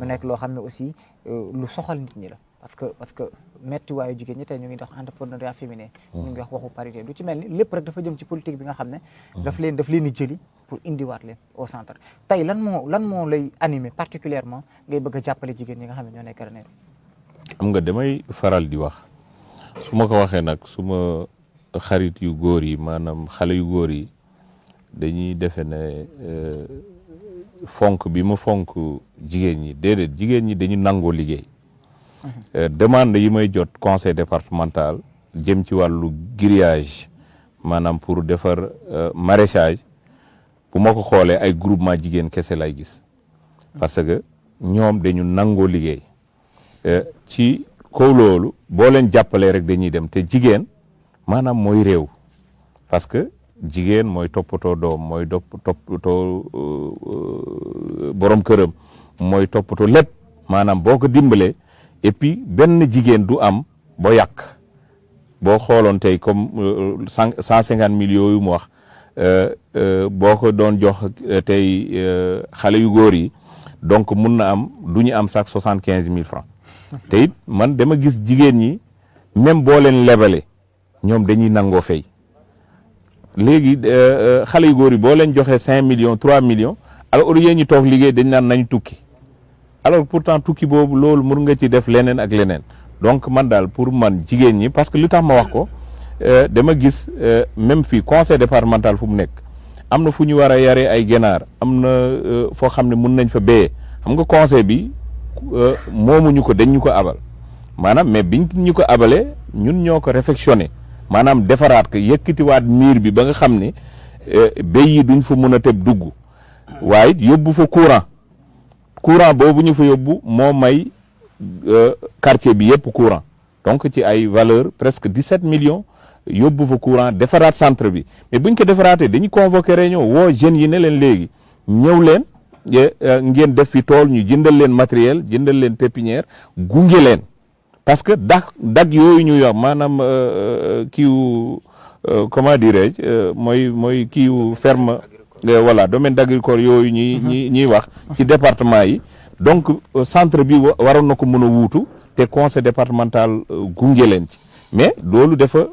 mu nekk loo xam ne aussi euh, lu soxal nit ñi la parce que parce que metti waayu jigéen ñi tey ñu ngi wax entrepreneuriat féminin mm. ñu ngi wax waxu parité du ci mel ni lépp rek dafa jëm ci politique bi nga xam ne mm. daf leen daf leen di jëli pour indiwaat leen au centre tey lan moo lan moo lay animé particulièrement ngay bëgg a jàppale jigéen ñi nga xam ne ñoo nekk Ranérou am nga damay faral di wax su ma ko waxee nag su ma xarit yu góor yi maanaam xale yu góor yi dañuy defe ne euh, fonk bi ma fonk jigéen ñi déedéet jigéen ñi dañu nangoo liggéey euh, demande yi may jot conseil départemental jëm ci wàllu grillage maanaam pour defar euh, maraîchage bu ma ko xoolee ay groupement jigéen kese lay gis parce que ñoom dañu nangoo liggéey euh, ci kaw loolu boo leen jàppalee rek dañuy dem te jigéen maanaam mooy réew parce que jigéen mooy toppatoo doom mooy dop toppatoo euh, borom këram mooy toppatoo lépp maanaam boo ko dimbalee et puis benn jigéen du am ba yàq boo xooloon tey comme euh, cent cent cinquante million yu mu wax euh, boo ko doon jox tey xale yu góor yi donc mun na am du ñu am sax soixante quinze mille francs te it man dama gis jigéen ñi même boo leen lebale ñoom dañuy nangoo fay léegi euh, euh, xale yu góor yi boo leen joxee cinq million trois million alors au lieu ñu toog liggéey dañ naan nañ tukki alors pourtant tukki boobu loolu mën nga ci def leneen ak leneen donc man daal pour man jigéen ñi parce que lu tax ma wax ko euh, dama gis même fii conseil départemental fu mu nekk am na fu ñu war a yare ay ganaar am na foo xam ne mun nañ fa béyee xam nga conseil bi moomuñu ko dañ ñu ko abal maanaam mais biñ ñu ko abale ñun ñoo ko réfectionné maanaam defaraat ko yëkkatiwaat miir bi ba nga xam ne eh, béy yi duñ fa mën a teb dugg waaye yóbbu fa courant courant boobu ñu fa yóbbu moo may eh, quartier bi yëpp courant donc ci ay valeur presque 17 million yóbbu fa courant defaraat centre bi mais buñ ko defaraate dañuy convoqué réunion woo jeunes yi ne leen léegi ñëw leen eh, ngeen def fi tool ñu jëndal leen matériel jëndal leen pépinière gunge leen parce que dag dag yooyu ñuy yor maanaam euh, euh, kiiwu euh, comment dirais-je mooy mooy kiiwu ferme voilà domaine d'agriculture yooyu ñuy ñi mhm. ñuy wax ci département yi donc centre bi waroon na ko mun a wuutu te conseil départemental gunge leen ci mais doolu dafa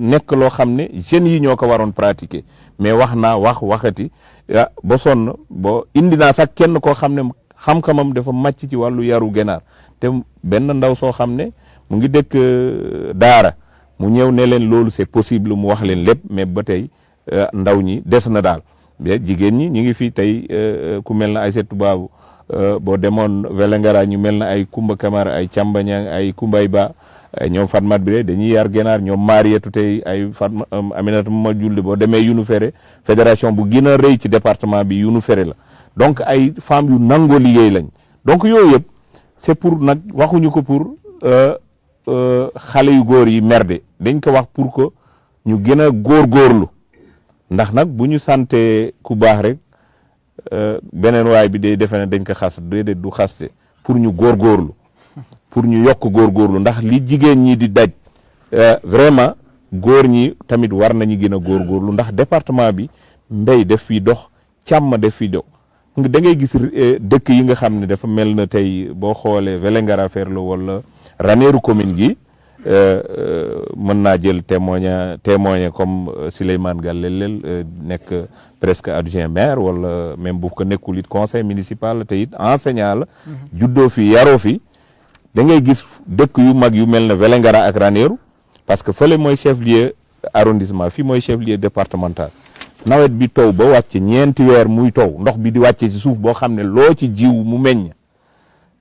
nekk loo xam ne jeunes yi ñoo ko waroon pratiquer mais wax naa wax waxati ah, ba sonn indi naa sax kenn koo xam ne xam-xamam dafa màcc ci wàllu yaru ganaar benn ndaw soo xam ne mu ngi dëkk euh, daara mu ñëw ne leen loolu c'est possible mu wax leen lépp mais ba tey euh, ndaw ñi des na daal jigéen ñi ñu ngi fi tey euh, ku mel na Aïssatou Babou boo demoon Vélingara ñu mel na ay Kumba Kamara ay Camba Niang ay Kumbay Ba ñoom Fatma Biré dañuy yar gànnaar ñoom Mariétou tey ay Fatma Aminata ma julli boo demee Younu fere fédération bu gën a rëy ci département bi yunu fere la donc ay femmes yu nangoo liggéey lañ donc yooyu yëpp c'est pour nag waxuñu ko pour euh, euh, xale yu góor yi merde dañ ko wax pour ko ñu gën a góorgóorlu ndax nag bu ñu sante ku baax rek euh, beneen waay bi day defe ne dañ ko xas déedéet du xaste pour ñu góorgóorlu pour ñu yokk lu ndax li jigéen ñi di daj vraiment góor ñi tamit war nañu gën a góorgóorlu ndax département bi mbéy def fi dox càmm def fi dox da ngay gis eh, dëkk yi nga xam ne dafa mel na tey boo xoolee Vélingara la wala Ranérou commune gi eh, eh, mën naa jël témoigna témoigné comme Souleymane Gallel nekk presque adjoint maire wala même bu ko nekkul it conseil municipal te it enseignant la mhm. juddoo fi yaroo fi da ngay gis dëkk yu mag yu mel na Vélingara ak Ranérou parce que fële mooy chef lieu arrondissement fii mooy chef lieu départemental nawet bi taw ba wàcc ñeenti weer muy tow ndox bi di wàcce ci suuf boo xam ne loo ci jiw mu meññ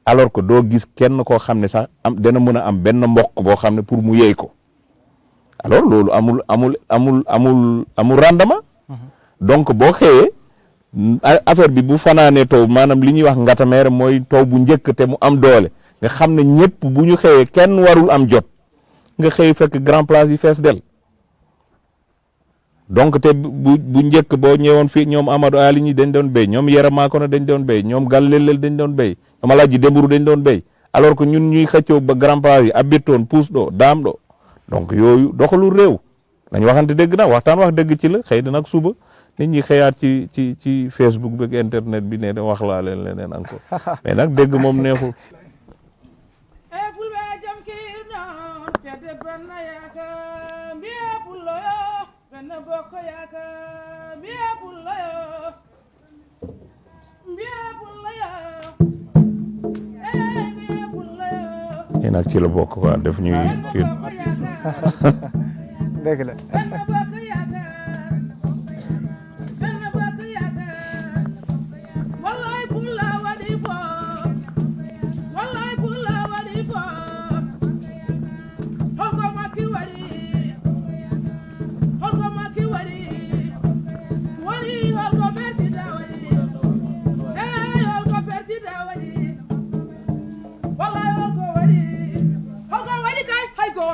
alors que doo gis kenn koo xam ne sax am dana mën a am benn mboq boo xam ne pour mu yey ko alors loolu amul amul amul amul amul rendement mhm. donc boo xëyee affaire bi bu fanaanee taw maanaam li ñuy wax ngatameere mooy taw bu njëkk te mu am doole nga xam ne ñëpp bu ñu xëyee kenn warul am jot nga xëy fekk grand place yi fees del donc te bu bu bo boo fi ñom Amadou Ali ñi dañ doon ñom ñoom Yara na dañ doon béy ñoom dendon dañ doon bay dama laaji Demburu dañ doon bay alors que ñun ñuy xëccio ba grand place yi abitoon puus donc yoyu doxalu rew dañ waxante dëgg na waxtaan wax dëgg ci la xëy na suba nit ñi xëyaat ci ci ci Facebook beeg internet bi nee na wax la leen leneen encore [laughs] mais dëgg benn bokk yaakaar biyeebul la yoo biyeebul la yoo ee eh, biyeebul ci la bokk quoi def ñuy kii [laughs] dëgg la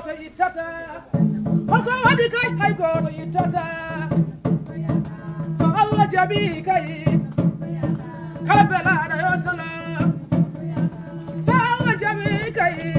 goto ittata holko waɗi kay to goto ittata so allah jaaɓi kay kala so allah jaaɓi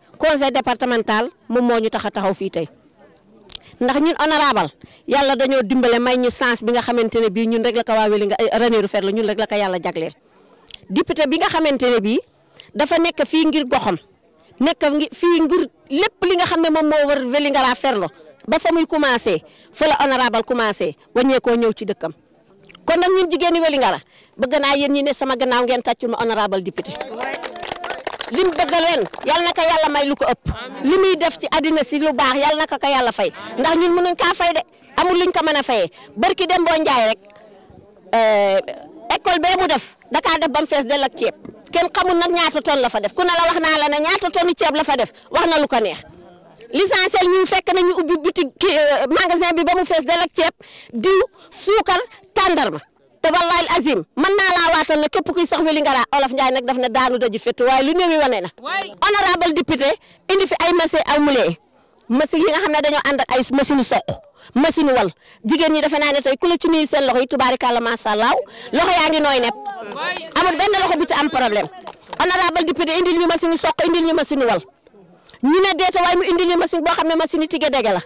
conseil départemental moom moo ñu tax a taxaw fii tey ndax ñun honorable yàlla dañoo dimbale may ñu sens bi nga xamante ne bii ñun rek la ko nga Wélinga eh, Ranérou Ferlo ñun rek la ko yàlla jagleel dippite bi nga xamante ne bii dafa nekk fii ngir goxam nekk fii ngir lépp li nga xam ne ma moo war Wélingara la ba fa muy commencé fa la honorable commencé wàññeekoo ñëw ci dëkkam kon nag ñun jigéeni Wélingara bëgg naa yéen ñi ne sama gannaaw ngeen tàccul ma honorable li mu bëgg ren yal na ko yàlla may lu ko ëpp li muy def ci àddina si lu baax yal na ka ko yàlla fay ndax ñun mënuñ kaa fay de amul luñ ko mën a fayee barki dem boo njaay rek eh, école bee mu def dakaa def ba mu fees dell ak ceeb kenn xamul nag ñaata ton la fa def ku ne la wax naa la ne ñaata tonu ceeb la fa def wax na lu ko neex l'essentiel ñu fekk nañu ubbi boutique euh, magasin bi ba mu fees dell ak ceeb diw suukar tàndarma te wallaay azim man naa laa waatal ne képp kuy sax Vélingara Olof Ndiaye nag daf ne daanu daju fett waaye lu néew yi wane na. honorable député indi fi ay machines aw mulee masin yi nga xam ne dañoo ànd ay masin soq masin wal jigéen ñi defe naa ne tey ku la ci nuyu seen loxo yi tubaarikàlla macha allah loxo yaa ngi nooy nepp amul benn loxo bu ci am problème honorable député indil ñu machine soq indil ñu machine wal ñu ne deeta waaye mu indil ñu machine boo xam ne machine yi la.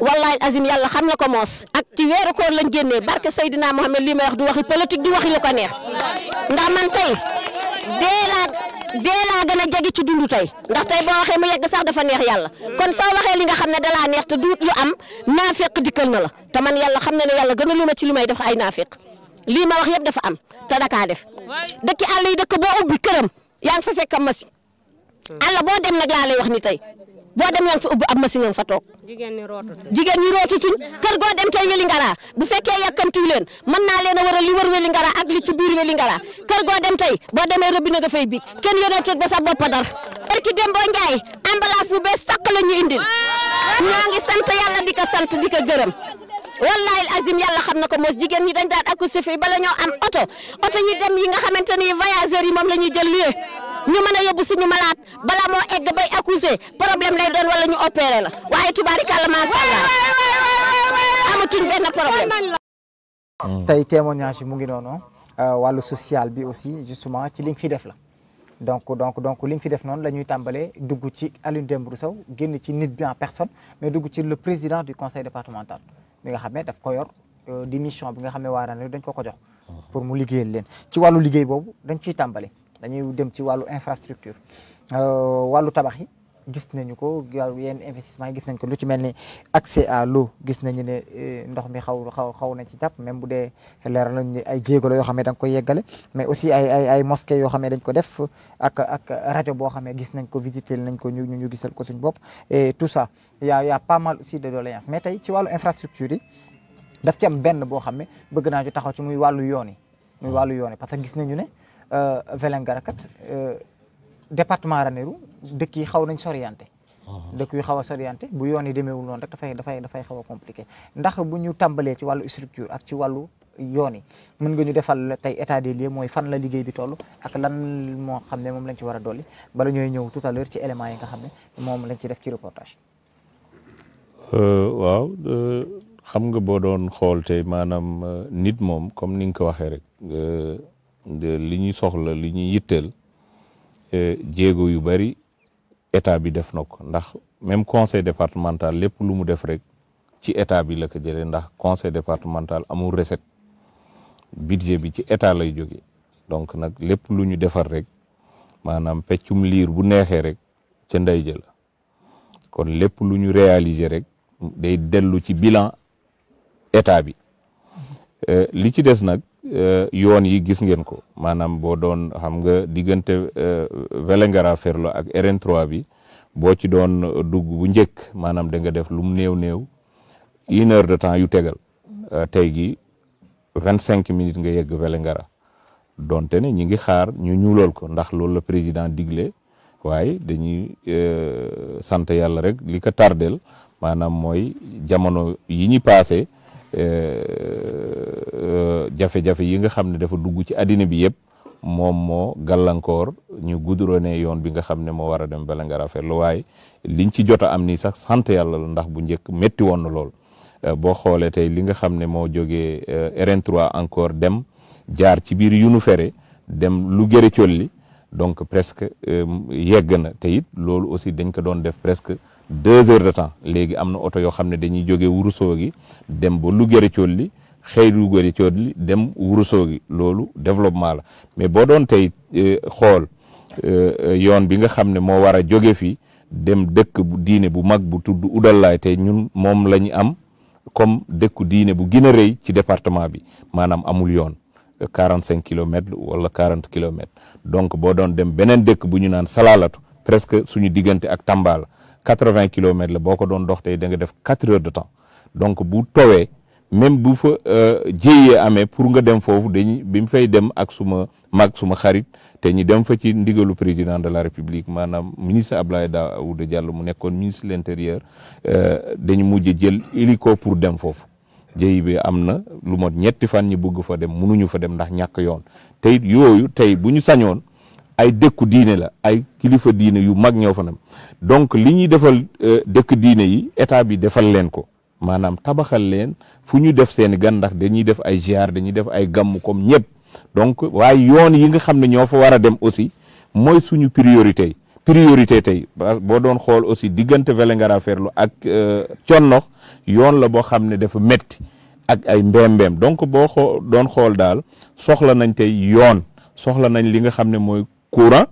والله العظيم يلا خم لكم موس اكتيفيرو كور لا نغيني بارك سيدنا محمد لي ما يخ دو وخي بوليتيك دي وخي لوكو نيه ندا مان تاي دي لا دي لا غنا جيغي تي دوندو تاي ندا تاي بو وخي ما ييغ صاح دا فا نيه يالا كون سو وخي ليغا خامني دلا لا نيه تي دوت لو ام نافق ديكل نلا تا مان يالا خامني يالا غنا لوما تي لي ماي داف اي نافق لي ما وخ ييب دا فا ام تا داكا ديف دكي الله يدك بو اوبي كرم يان فا فيك مسي الله بو ديم نك لا لي وخ ني تاي boo dem yaa ngi fa ubbi ab machine nga fa toog. jigéen ñi rootutuñ jigéen ñi rootutuñ kër goo dem tey Wélingara bu fekkee yàkkamtiwu leen mën naa leen a waral li wër Wélingara ak li ci biir Wélingara kër goo dem tey boo demee robinet nga fay biig kenn yónnee ba sa bopp barki Demba Ndiaye ambulance bu bees takk la ñu indil ñoo ngi sant yàlla di ko sant di ko gërëm wallahi azim yàlla xam na ko moos jigéen ñi dañ daan accouché fii bala ñoo am oto oto ñi dem yi nga xamante ni yi moom la jël luye ñu mën a suñu malaat bala moo egg bay accouché problème lay doon wala ñu opéré la waaye tubaarikàlla macha allah amatuñ benn problème. tey témoignage bi mu ngi noonu euh, wàllu social bi aussi justement ci li fi def la. donc donc donc liñ fi def non la tambalé duggu ci Alioune Dembourou Sow génn ci nit bi en personne mais duggu ci le président du conseil départemental mi nga xamé daf ko yor euh, démission bi nga xamé ne waa dañ ko ko jox. pour mu liggéeyal leen ci walu liggéey bobu dañ ci tambalé dañuy dem ci walu infrastructure euh, walu tabax yi. gis nañu ko yenn investissement yi gis nañ ko lu ci mel ni accès à l'eau gis nañu ne eh, ndox mi xaw xaw xaw na ci jàpp même bu dee leer nañ ni ay jéego la yoo xam ne da nga koy yeggale mais aussi ay ay ay mosquée yoo xam ne dañ ko def ak ak rajo boo xam ne gis nañ ko visiter nañ ko ñu ñu gisal ko suñu bopp et tout ça y a y a pas mal aussi de doléances mais tey ci wàllu infrastructure yi daf ci am benn boo xam ne bëgg naa ju taxaw ci muy wàllu yoon yi muy wàllu yoon yi parce que gis nañu ne euh, Vélingara kat euh, département Ranérou dëkk yi xaw nañ soriante uh-huh. dëkk yu xaw a soriante bu yoon yi demeewul noonu rek dafay dafay dafay xaw a compliqué ndax bu ñu tàmbalee ci wàllu structure ak ci wàllu yoon yi mën nga ñu defal tey état des lieux mooy fan la liggéey bi toll ak lan moo xam ne moom lañ ci war a dolli bala ñooy ñëw tout à l'heure ci éléments yi nga xam ne moom lañ ci def ci reportage euh, waaw euh, xam nga boo doon xool tey maanaam euh, nit moom comme ni nga ko waxee rek li ñuy soxla li ñuy yitteel jéego yu bari état bi def na ko ndax même conseil départemental lépp lu mu def rek ci état bi la ko jëlee ndax conseil départemental amul recette budget bi ci état lay jóge donc nag lépp lu ñu defar rek maanaam peccum liir bu neexee rek ca ndey jël kon lépp lu ñu réaliser rek day dellu ci bilan état bi euh, li ci des nag Euh, yoon yi gis ngeen ko maanaam boo doon xam nga diggante euh, Vélingara Ferlo ak RN3 bi boo ci doon dugg bu njëkk maanaam da nga def lu mu néew néew une heure de temps yu tegal euh, tey gi vingt cinq minutes nga yegg Vélingara donte ne ñi ngi xaar ñu ñuulool ko ndax loolu la président digle waaye dañuy sant yàlla rek li ko tardel maanaam mooy jamono yi ñu paase Euh, euh, jafe-jafe yi nga xam ne dafa dugg ci addina bi yëpp moom moo gàllankoor ñu goudronné yoon bi nga xam ne moo war a dem Vélingara Ferlo waaye liñ ci jot am ni sax sant yàlla ndax bu njëkk métti woon na lool euh, boo xoolee tey li nga xam ne moo jógee RN3 encore dem jaar ci biir Yunu Fere dem lu gërë colli donc presque yegg na te it loolu aussi dañ ko doon def presque. deux heures de temps léegi am na oto yoo xam ne dañuy jóge Wourossogui gi dem ba Lougéré Thiolly xëy Lougéré Thiolly dem Wourossogui loolu développement la mais boo doon tey euh, xool euh, yoon bi nga xam ne moo war a jóge fii dem dëkk bu diine bu mag bu tudd Oudalaye tey ñun moom la ñu am comme dëkku diine bu gën a rëy ci département bi maanaam amul yoon quarante cinq kilomètres wala quarante kilomètres donc boo doon dem beneen dëkk bu ñu naan Salalatu presque suñu diggante ak Tamba 80 kilomètres la boo ko doon dox tey da def 4 heures de temps donc bu towee même bu fa euh, jéyee amee pour nga dem foofu dañuy bi mu fay dem ak suma mag suma xarit te ñu dem fa ci ndigalu président de la république maanaam ministre Abdoulaye Daouda Diallo mu nekkoon ministre de l'intérieur euh, dañu mujj jël hélico pour dem foofu jéy bi am na lu mot ñetti fan ñu bëgg fa dem mënuñu fa dem ndax ñàkk yoon te yooyu tey bu ñu sañoon ay dëkku diine la ay kilifa diine yu mag ñoo fa nam donc li ñuy defal euh, dëkk diine yi état bi defal leen ko maanaam tabaxal leen fu ñu def seen i gan ndax dañuy def ay ziar dañuy def ay gàmm comme ñëpp donc waaye yoon yi nga xam ne ñoo fa war a dem aussi mooy suñu priorité yi priorité tey boo doon xool aussi diggante Vélingara Ferlo ak Connox euh, yoon la boo xam ne dafa metti ak ay mbéem-mbéem donc boo xoo doon xool daal soxla nañ tey yoon soxla nañ li nga xam ne mooy courant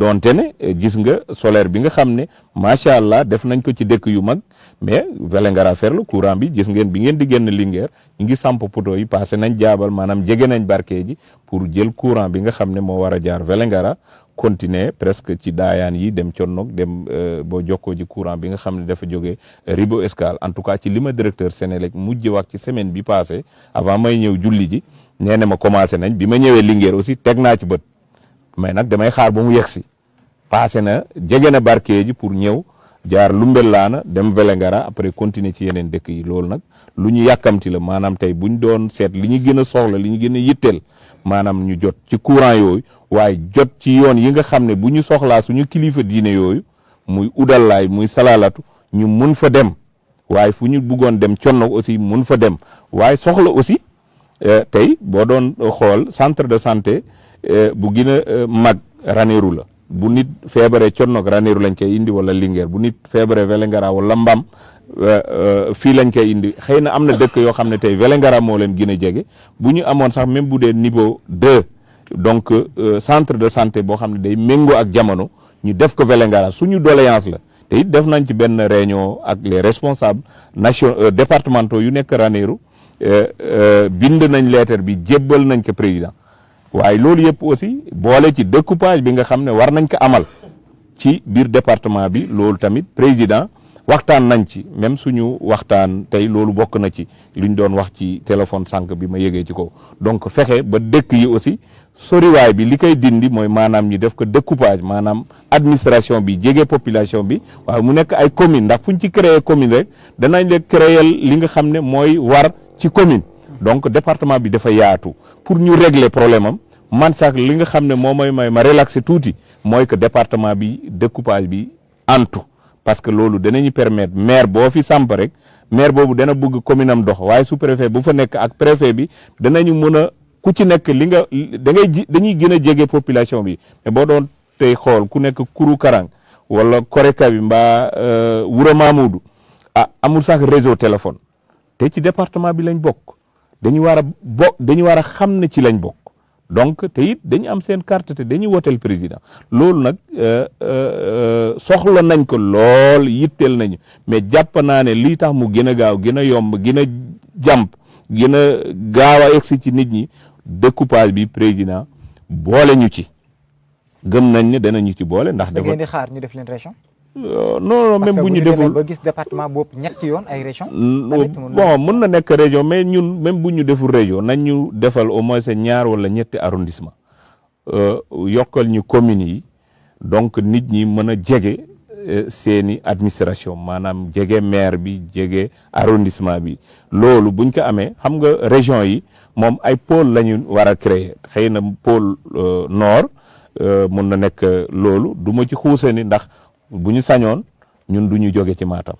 donte ne eh, gis nga solaire bi nga xam ne macha allah def nañ ko ci dëkk yu mag mais Vélingara Ferlo courant bi gis ngeen bi ngeen di génn Linguère ngi samp poteau yi passé nañ jaabal maanaam jege nañ barke ji pour jël courant bi nga xam ne moo war a jaar Vélingara continuer presque ci daayaan yi dem connoog dem eh, boo jokkoo ji courant bi nga xam ne dafa jógee Ribo Escale en tout cas ci li ma directeur Sénélec mujj wax ci semaine bi passé avant may ñëw julli ji nee na ma commencé nañ bi ma ñëwee Linguère aussi teg naa ci bët. mais nag damay xaar ba mu yegg si passé na jege na barke ji pour ñëw jaar Lumbelaana dem Vélingara après continuer ci yeneen dëkk yi loolu nag lu ñu yàkkamti la maanaam tey bu ñu doon seet li ñu gën a soxla li ñu gën a yitteel maanaam ñu jot ci courant yooyu waaye jot ci yoon yi nga xam ne bu ñu soxlaa suñu kilifa diine yooyu muy udallaay muy salaalatu ñu mun fa dem waaye fu ñu bëggoon dem conno aussi mun fa dem waaye soxla aussi eh, tey boo doon xool centre de santé Eh, bu gën a eh, mag Ranérou la bu nit feebaree connoog Ranérou lañ koy indi wala Linguère bu nit feebaree Vélingara wala Mbam eh, fii lañ koy indi xëy na am na dëkk yoo xam ne tey Vélingara moo leen gën a jege bu ñu amoon sax même bu dee niveau de donc centre de santé boo xam ne day méngoo ak jamono ñu def ko Vélingara suñu doléance la te it def nañ ci benn réunion ak les responsables nationaux départementaux yu nekk Ranérou bind nañ leetar bi jébbal nañ ko président waaye loolu yëpp aussi boole ci découpage bi nga xam ne war nañ ko amal ci biir département bi loolu tamit président waxtaan nañ ci même suñu waxtaan tey loolu bokk na ci lu ñu doon wax ci téléphone sànq bi ma yëgee ci ko donc fexe ba dëkk yi aussi soriwaay bi li koy dindi mooy maanaam ñu def ko découpage maanaam administration bi jege population bi waaye mu nekk ay commune ndax fu ñu ci créer commune rek danañ la créer li nga xam ne mooy war ci commune donc département bi dafa yaatu pour ñu régler problème am man sax li nga xam ne moo may may ma relaxer tuuti mooy que département bi découpage bi antu parce que loolu danañu permettre maire boo fi samp rek maire boobu dana bugg commune am dox waaye su préfet bu fa nekk ak préfet bi danañu mën a ku ci nekk li nga da ngay ji dañuy gën a jege population bi mais boo doon tey xool ku nekk Kourou Karang wala Koreka bi mbaa euh, Wuro Mamoudou ah amul sax réseau téléphone te ci département bi lañ bokk. dañu war a bokk dañu war a xam ne ci lañ bokk donc te it dañu am seen carte te dañuy woteel président loolu nag euh, euh, soxla nañ ko lool yitteel nañu mais jàpp naa ne lii tax mu gën a gaaw gën a yomb gën a jàmp gën a gaaw a egsi ci nit ñi découpage bi président boole ñu ci gëm nañ ne danañu ci boole. ndax da ngeen xaar ñu def leen région. Euh, non non même bu ñu deful gis département boobu ñetti yoon ay région bon mën na nekk région mais ñun même bu ñu deful région nañ ñu defal au moins ñaar wala ñetti arrondissement euh, yokkal ñu communes yi donc nit ñi mën a jege euh, seeni administration maanaam jege maire bi jege arrondissement bi loolu buñ ko amee xam nga région yi moom ay pôle la ñu war a créer xëy na pôle nord mun na nekk loolu duma ma ci xuuse ni ndax bu ñu sañoon ñun du ñu jóge ci Matam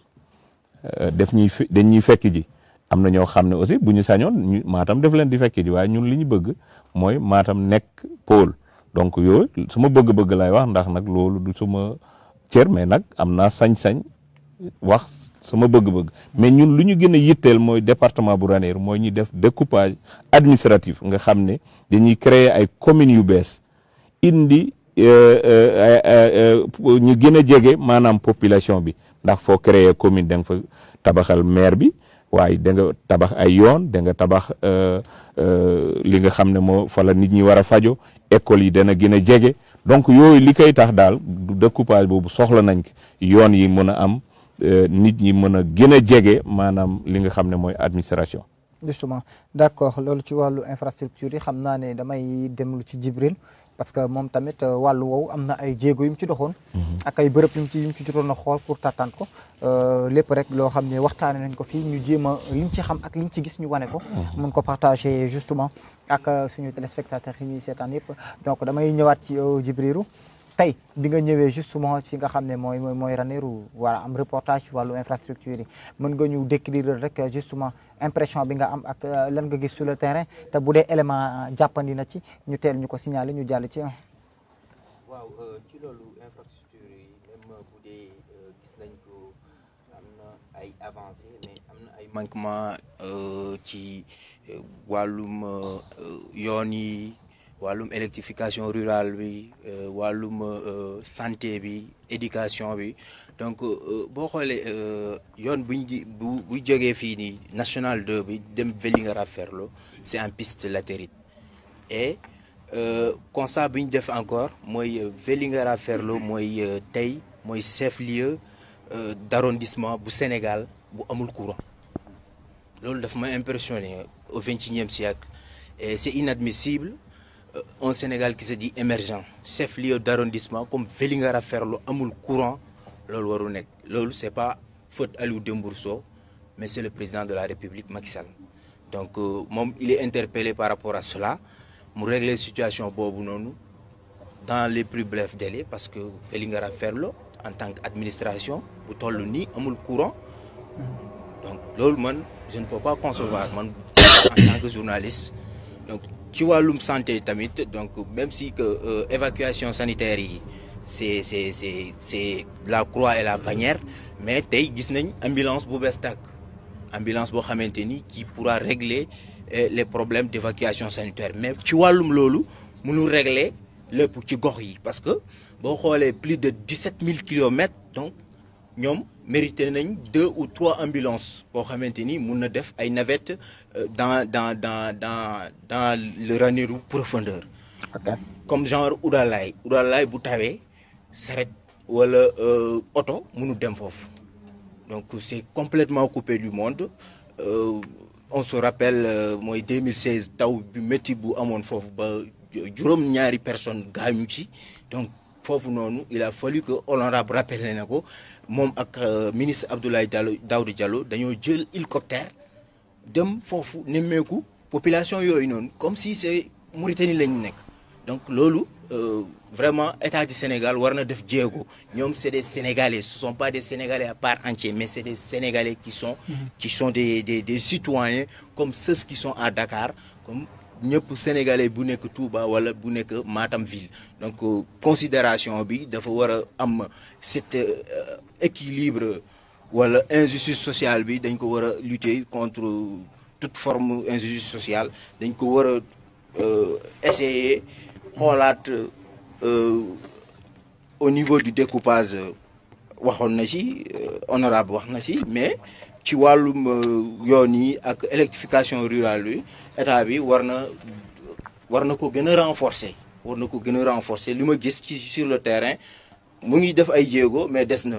euh, def ñuy dañ ñuy fekk ji am na ñoo xam ne aussi bu ñu sañoon ñu Matam def leen di fekk ji waaye ñun li ñu bëgg mooy maatam nekk pôle donc su ma bëgg-bëgg laay wax ndax nag loolu du ma cër mais nag am naa sañ-sañ wax su ma bëgg-bëgg mais ñun lu ñu gën a yitteel mooy département bu Ranérou mooy ñuy def découpage administratif nga xam ne dañuy créer ay communes yu bees indi Euh, euh, euh, ñu gën a jege maanaam population bi ndax foo créer commune da fa tabaxal maire bi waaye da nga tabax ay yoon da nga tabax li nga xam ne moo fala nit ñi war a fajo école yi dana gën a jege donc yooyu li koy tax daal découpage boobu soxla nañ ko yoon yi mën a am nit ñi mën a gën a jege maanaam li nga xam ne mooy administration. justement d'accord loolu ci wàllu infrastructure yi xam naa ne damay dem lu ci Jibril. parce que moom tamit euh, wàllu woowu amna ay jéego yum ci doxone mhm. ak ay bërëb yum ci yum ci jotoon xol pour tàttan ko euh lepp rek lo xamné ne waxtaane nañ ko fi ñu jéem liñ ci xam ak liñ ci gis ñu wané ko. mën mhm. ko partager justement ak euh, suñu téléspectateurs yi ñuy seetaan yëpp donc damay ñëwaat ci Djibril euh, tey bi nga ñëwee justement fi nga xam ne mooy mooy Ranérou war a am reportage ci wàllu infrastructure yi mën nga ñu décrire rek justement impression bi nga am ak euh, lan nga gis sur le terrain te bu dee élément jàppandi na ci ñu teel ñu ko signaler ñu jàlle ci. waaw euh, ci euh, am na ay avancées mais am ci wàllum yoon yi. walum électrification rurale bi euh, walum euh, santé bi éducation bi donc bo xolé yone buñ di bu bu fi ni national 2 bi dem Vélingara Ferlo c'est en piste latérite et euh, constat buñ def encore moy Vélingara Ferlo moy tay moy chef-lieu d'arrondissement bu Sénégal bu amul courant lolou daf ma impressionné au 21e siècle et c'est inadmissible ...en euh, Sénégal qui se dit émergent chef-lieu d'arrondissement comme Félingara Ferlo amul courant ...ce n'est c'est pas faute Aliou mais c'est le président de la République Macky donc euh, il est interpellé par rapport à cela ...il régler situation dans les plus brefs délais parce que Vélingara Ferlo en tant qu'administration pour toll amul courant donc je ne peux pas concevoir en tant que journaliste vois, santé tamit donc même si que euh, évacuation sanitaire c'est la croix et la bannière mais tey gis ambulance ambulance qui pourra régler euh, les problèmes d'évacuation sanitaire mais ci lolo nous nous régler le ci qui parce que bon les plus de 17 000 km, donc mérité deux ou trois ambulances pour maintenir, une à dans dans dans dans dans le Ranérou profondeur. comme genre Oudalay Oudalay bu tawee ou wala euh, oto mënu dem foofu donc c'est complètement coupé du monde euh, on se rappelle en euh, 2016 taw bi métti bu amoon foofu ba donc Fof, Donc il a fallu que Olorab rappelle mom ak euh, ministre Abdoulaye Daoud Diallo dañu jël hélicoptère dem que la population yoy non comme si c'est Mauritanie lañu donc lolu euh, vraiment état du Sénégal warna def djégo ñom c'est des Sénégalais ce sont pas des Sénégalais à part entière mais c'est des Sénégalais qui sont mhm. qui sont des des citoyens comme ceux qui sont à Dakar comme sénégalais bu sont Touba wala bu nek Matam ville donc euh, considération bi dafa wara am cette équilibre wala injustice sociale bi dañ ko lutter contre toute forme injustice sociale dañ ko war essayer, euh, essayer xoolaat euh, au niveau du découpage euh, waxoon na ci honorable wax ci mais ci wàllum yoni yi ak électrification rurale et état bi war na war ko gën renforcer war na ko gën renforcer li ma ci sur le terrain mu ngi def ay jéego mais des na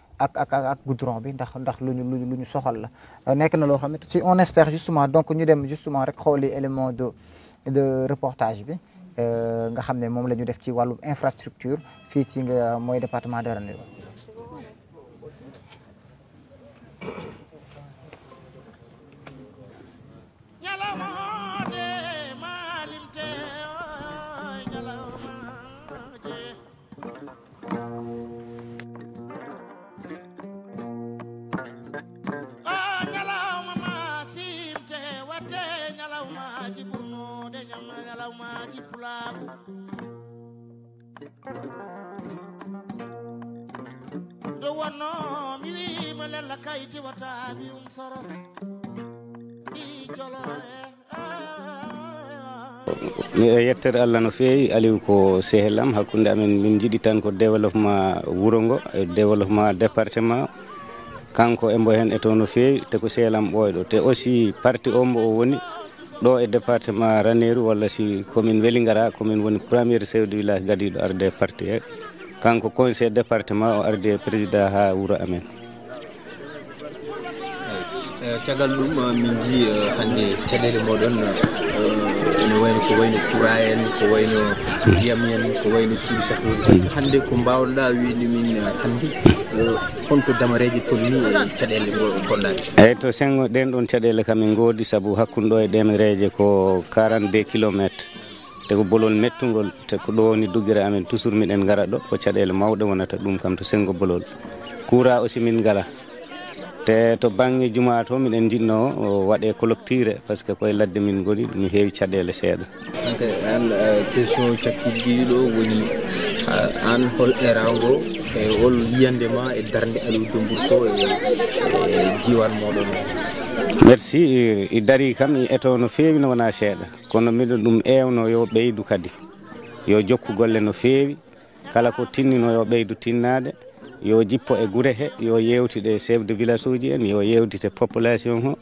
ak ak ak goudron bi ndax ndax luñu luñu luñu soxal la euh, nek na lo xam ci on espère justement donc ñu dem justement rek xooli élément de de reportage bi euh nga xamné mom lañu def ci walu infrastructure fi ci nga mooy département de Ranérou nde wonno mi wiima lella kay diwata mi um soro mi jolo e eh, yettere ah. allah no fewi aliw ko sehel am hakkunde amen min jiiɗi tan ko développement wuuro ngo e eh, développement département kanko embo hen e to no fewi te ko sehel am ɓooyɗo te aussi parti ombo o woni ɗo e département ranneru walla si commune weligara commune woni premiére chef de village gadiɗo arde parti he kanko conseil département o arde président ha wuuro amen eh, caggal ɗum eh, min ji eh, hande caɗele moɗon ene wayno ko wayno coura en ko wayno hmm. ndiyam en ko wayno suudi sahlo est ce que hande ko mbawɗa winde min hande honto damareji tolni e caɗele eyyi to senggo ɗen ɗon caɗele kam en goodi saabu hakkude ɗo e ɗemereje e ko 42 kilométre te ko bolol mettugol te ko ɗo woni duggira amen toujours miɗen gara ɗo ko caɗele mawɗe wonata ɗum kam to senggo bolol kuura aussi min te to bange juma to miɗen jinno waɗe colloctire par ce que koye ladde min goni mi heewi caɗele seeɗa an eh, question cakkilɗiɗi ɗo woni an hol erango e hol yiyandema e darde aliou dembourso e, e diwan moɗon merci i dari kam i eto no feewi no wona seeɗa kono miɗo ɗum ewno yo ɓeydu kadi yo jokku golle no feewi kala ko tinnino yo ɓeydu tinnade yo jippo e gure he yo yewtide chef de village uji en yo yewtide population o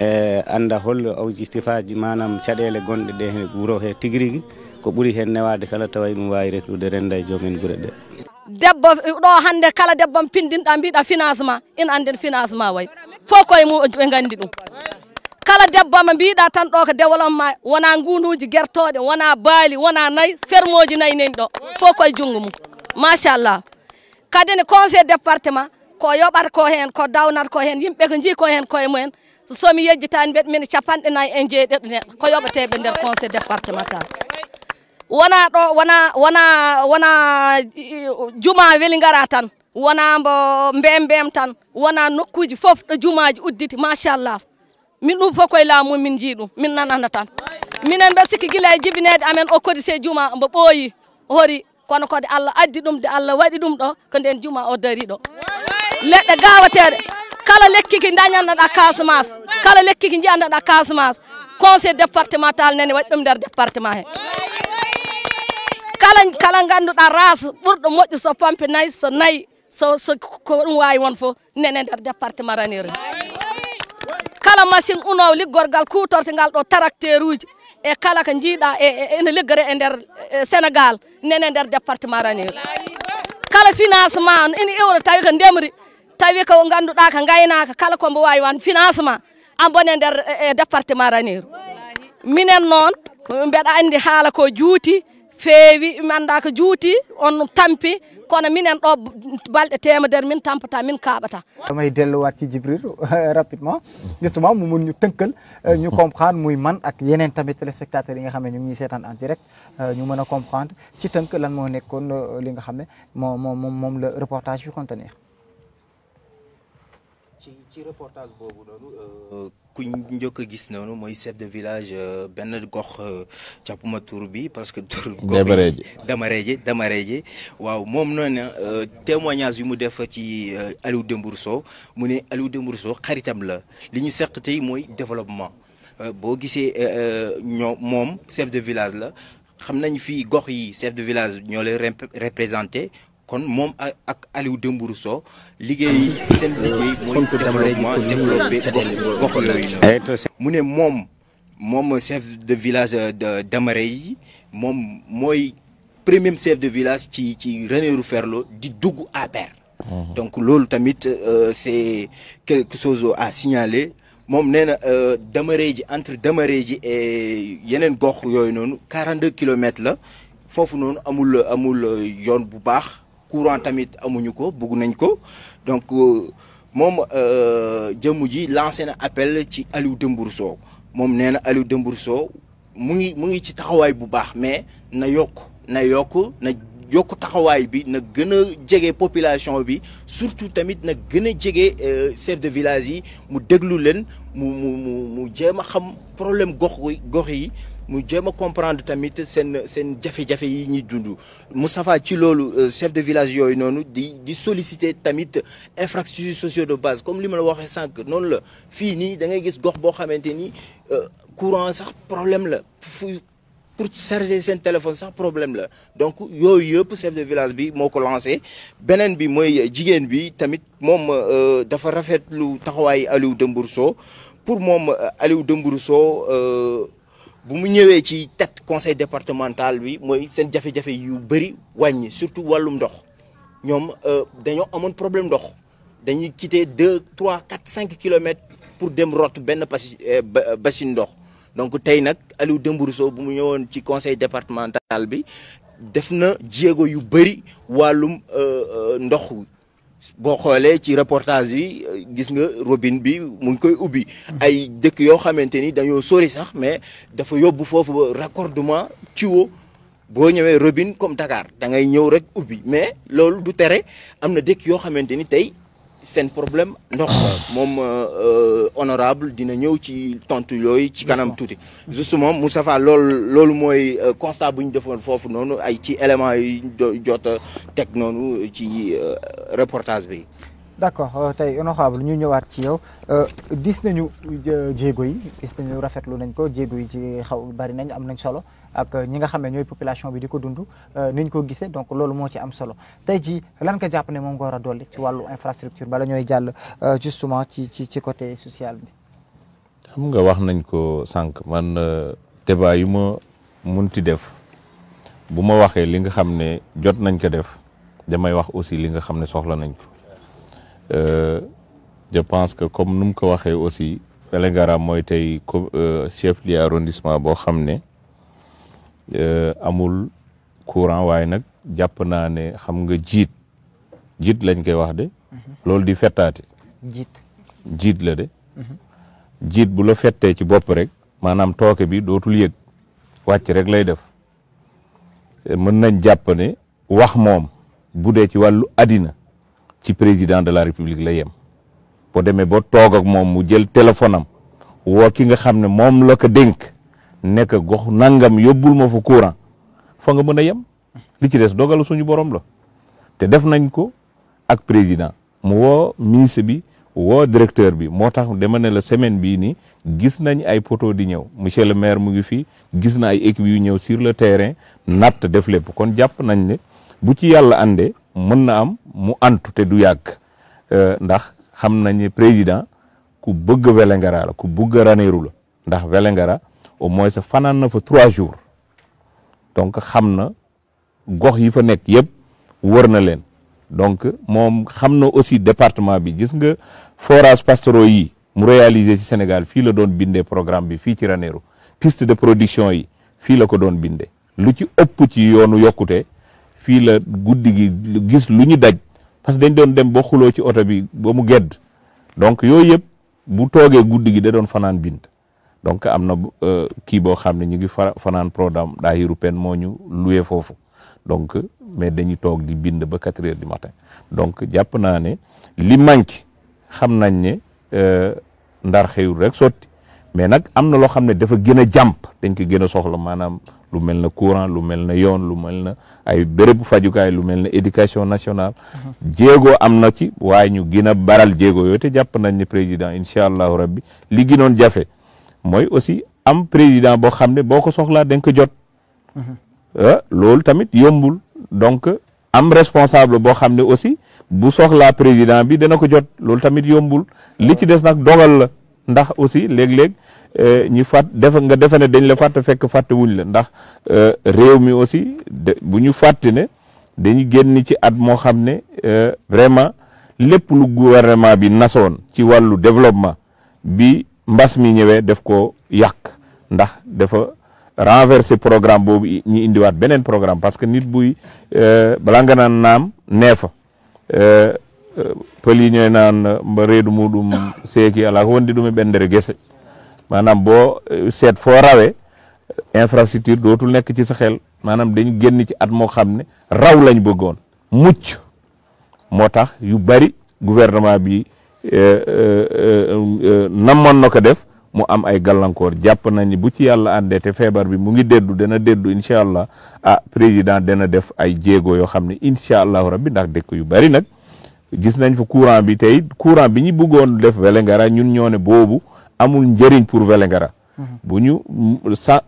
e anda holle ojistifaji manam caɗele gonɗe ɗe hen wuuro he tigui rigui ko ɓuuri hen newade kala taway ɗum wawi reclude renda e joomen guure ɗe debbo ɗo hande kala debbom pindinɗa mbiɗa financement ina anden financement way fof koye mu ɓe gandi ɗum kala debboma mbiɗa tan ɗo ko développement wona gunduji guertoɗe wona baali wona nayyi ferme oji nayyi nani ɗo fof koye junggo mum machallah kadi ne conseil département ko yoɓat ko hen ko dawnat ko hen yimɓe ko jii ko hen koye mumen somi yejjitani mbiɗa min capanɗe nayyi en jeeɗeɗo neɗɗo ko yoɓeteɓe nder conseil départemental wona ɗo wona wona wona juma weli gara tan wona mbo mbem mbem tan wona nokkuji foof ɗo jumaji udditi machallah min ɗum fof koye laamum min jii ɗum min nanana tan minen mbe sikki guila e jibinede amen o codicé juma mbo ɓooyi hori kono de allah addi dum de allah wadi dum do ko den juma o dari do leɗɗe gawateɗe kala lekki ki da kasmas kala lekki ki da kasmas conseil départemental nene wadi dum der département he kala kala da ras burdo moƴƴi so pompe nay so nay so so ko dum wawi won fo nene der département ranere kala machine gorgal ku kutorte gal do tracteur uji e kala ko jiiɗa e, e, e, ene liggore e nder sénégal nene nder département ranir kala financement ene iwra tawi ko ndemri tawi ko ganduɗa ko gaynaka kala kombo wawi wan financement an nder e département ranir minen noon mbeɗa andi haala ko juuti feewi mi anda ko juuti on tampi kono minen ɗo balɗe temedere min tampata min kaɓata damay delluwaat ci Djibril [laughs] rapidement justement mu mun ñu tënkal euh, ñu comprendre muy man ak yeneen tamit téléspectateurs yi nga xam ne ñu ngi ñuy seetaan en direct euh, ñu mën a comprendre ci tënk lan moo nekkoon euh, li nga xam ne moo moom moom la reportage bi contenir ci reportage boobu euh, euh, ku njëkk a gis noonu mooy chef de village euh, ben gokh euh, jàppuma tourbi parce que. tur bi Damareeje Damareeje waaw moom non témoignage yu mu def ci Aliou dembourso mune Aliou dembourso xaritam la li ñu seq moy développement bo gissé ñoo moom chef de village la xamnañ fi gokh yi chef de village ñoo représenter kon mom ak Aliou Dembourou Sow liggéey seen liggéey mooy développement développé gox yooyu mu ne moom moom chef de village euh, de damarey mom moy premier chef de village ci ci René ferlo di dugg APR oh. donc lolou tamit euh, c'est quelque chose à signaler mom néna euh, damarey ji entre damarey ji et yenen gox yoy noonu 42 km la fofu non amul amul yone bu baax courant tamit amuñu ko bëgg nañ ko donc mom euh, euh lancé appel ci Aliou Dembourso mom Aliou Dembourso mu ngi mu ngi ci bu baax mais na yok na yok na taxaway bi na population bi surtout tamit na euh, chef de village yi mu déglu len mu mu mu mu xam problème gox gox yi mu jéem comprendre tamit sen sen jafé jafé yi ñi dundu Moustapha ci lolu euh, chef de village yoy nonu di di solliciter tamit infrastructures sociaux de base comme li ma la waxee sànq noonu la fii nii da ngay gis gox bo xamanteni euh, courant sax problème la pour charger sen téléphone sax problème la donc yoy yep chef de village bi moko lancer benen bi moy jigen bi tamit mom euh, dafa lu taxaway Aliou Dembourou pour mom Aliou Dembourou Sow Lorsqu'il est arrivé à la tête du conseil départemental, il y a eu beaucoup de problèmes, surtout au Val-Oumdor. Ils ont eu des problèmes. Ils quitté 2, 3, 4, 5 km pour aller à un autre bassin. Donc, aujourd'hui, Alou Dembourso, qui est arrivé au conseil départemental, a fait beaucoup de problèmes au val bo xolé ci reportage yi gis nga robin bi mu ngi koy ubbi ay dëkk yo xamanteni ni dañoo sori sax mais dafa yóbbu fofu raccordement tuyau bo ñëwee Robin comme Dakar da ngay ñëw rek ubbi mais loolu du téré amna na dëkk yoo xamante c'est un problème ndox moom euh, honorable dina ñëw ci tontu yooyu ci kanam tuuti justement Moustapha loolu lol mooy euh, constat bu ñu defoon foofu non ay ci éléments yi jot a teg ci euh, reportage bi d' accord honorable ñu ñëwaat ci yow gis nañu jéego yi gis nañu rafetlu nañ ko jéego yi ci xaw bari nañ am nañ solo ak ñi nga xam ne ñooy population bi di ko dund euh, ni ko gisee donc loolu moo ci am solo tey jii lan nga jàpp ne moom nga war a ci wàllu infrastructure bala ñooy jàll euh, justement ci ci ci côté social bi. xam nga wax nañ ko sànq man euh, débat yu ma munti def bu ma waxee li nga xam ne jot nañ ko def damay wax aussi li nga xam ne soxla nañ ko je pense que comme nu mu ko waxee aussi Vélingara mooy tey chef lieu arrondissement boo xam ne. Euh, amul courant waaye nag jàpp naa ne xam nga jiit jiit lañ koy wax de. Mhm. loolu di fettaate. jiit jiit la de. Mhm. jiit bu la fettee ci bopp rek maanaam tooke bi dootul yëg wàcc rek lay def mën nañ jàpp wax moom bu dee ci wàllu àddina ci président de la république la yem. boo demee ba toog ak moom mu jël téléphone am woo ki nga xam ne moom la ko dénk. nekk gox nangam yóbbul ma fu courant fa nga mën a yem li ci des dogal suñu borom la te def nañ ko ak président mu woo ministre bi woo directeur bi moo tax dama ne la semaine bii nii gis nañ ay poteau di ñëw monsieur le maire mu ngi fii gis na ay équipe yu ñëw sur le terrain natt def lepp kon jàpp nañ ne bu ci yàlla àndee mën na am mu antu te du yàgg euh, ndax xam nañ ne président ku bëgg Vélingara la ku bëgg Ranérou la ndax Vélingara au moins sa fanaan na fa trois jours donc xam na gox yi fa nekk yëpp wër na leen donc moom xam na aussi département bi gis nga forage pastoraux yi mu réaliser ci Sénégal fii la doon bindee programme bi fii ci Ranérou piste de production yi fii la ko doon bindee lu ci ëpp ci yoonu yokkute fii la guddi gi gis lu ñu daj parce que dañ doon dem ba xuloo ci oto bi ba mu gedd donc yooyu yëpp bu toogee guddi gi da doon fanaan bind donc am na euh, kii boo xam ne ñu ngi fa fanaan programme daayiru pen moo loué foofu donc mais dañuy di bind ba quatre heures du matin donc jàpp naa ne li manque xam nañ ne euh, ndar xëyul rek sotti mais nag am na loo xam ne dafa gën a jàmp dañ ko gën soxla maanaam lu mel na courant lu na yoon lu na ay bérébu fajukaay lu na éducation nationale mhm. jéego amna ci waaye ñu baral jéego yooyu te jàpp nañ ne président incha rabbi li mooy aussi am président boo xam ne boo ko soxlaa da ko jot. Euh, loolu tamit yombul donc am responsable boo xam ne aussi bu soxlaa président bi dana ko jot loolu tamit yombul li ci des nag dogal la ndax aussi léeg-léeg euh, ñu fàtt def nga defe ne dañ la fàtte fekk fàtte wuñ la ndax euh, réew mi aussi bu ñu fàtti ne dañu génn ci at moo xam ne vraiment lépp lu gouvernement bi nasoon ci wàllu développement bi mbas mi ñëwé def ko yak ndax dafa renverser programme bobu ñi indiwaat benen programme parce que nit buy euh, bala nga nan nam nefa euh, euh pël ñoy nan naan euh, mba reedu muɗum seeki ala ko wondi dum ben dere gese manam bo set fo rawé infrastructure dotul nek ci sa xel manam dañu genn ci at mo xamné raw lañ bëggoon mucc motax yu bari gouvernement bi Eh, eh, eh, namoon na ko def mu am ay gàllankoor jàpp nañu bu ci yàlla àndee te feebar bi mu ngi déddu dana déddu incha allah ah président dana def ay jéego yoo xam ne incha allahu rabbi ndax dëkk yu bari nag gis nañ fu courant bi tey courant bi ñu bëggoon def Vélingara ñun ñoo ne boobu amul njëriñ pour Vélingara mhm. bu ñu mm,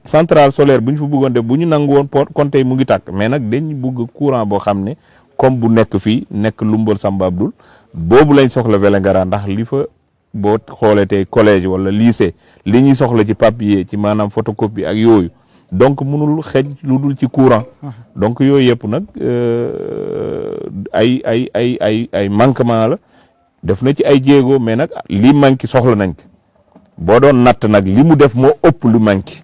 centrale solaire bu ñu fa bëggoon def bu ñu nangu woon kon tey mu ngi tàkk mais nag dañ bëgg courant boo xam ne comme bu nekk fii nekk Lumbol Samba Abdoul boobu lañ soxla Vélingara ndax li fa boo xoolee tey collège wala lycée li ñuy soxla ci papier ci maanaam photocopie ak yooyu donc mënul xej lu dul ci courant donc yooyu yëpp nag euh, ay ay ay ay ay manquement la def na ci ay jéego mais nag li manqué soxla nañ ko boo doon natt nag li mu def moo ëpp lu manqué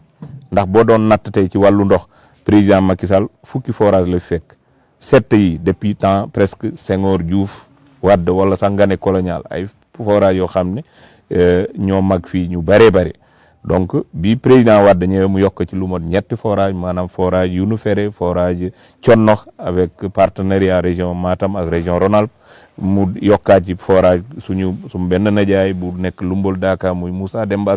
ndax boo doon natt tey ci wàllu ndox président Macky Sall fukki forage la fek sept yi depuis temps presque Senghor Diouf wadd wala sax nga ne colonial ay forage yoo xam ne eh, ñoo mag fii ñu bëree bëri donc bi président Wade ñëwee mu yokk ci lu ñetti forage maanaam forage yu nu fere forage connox avec partenariat région Matam ak région rhône mu yokkaat ci forage suñu suñu benn najaay bu nekk Lumbol Daaka muy Moussa Demba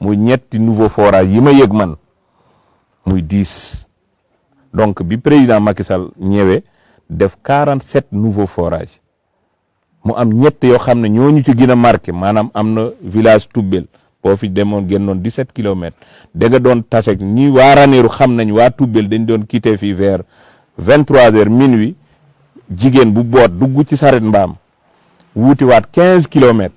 mu ñetti nouveau forage yi ma yëg man muy dix donc bi président Macky Sall ñëwee def quarante sept nouveau forage mu am ñett yo xamne ñoñu ci ma nam marqué manam am village Tubbel bo fi demoon non 17 km de nga tasik, tasek ñi waa nyiwa xam nañ don dañ don quitté fi vers 23 h minuit jigen bu boot duggu ci saret mbam wuti wat 15 km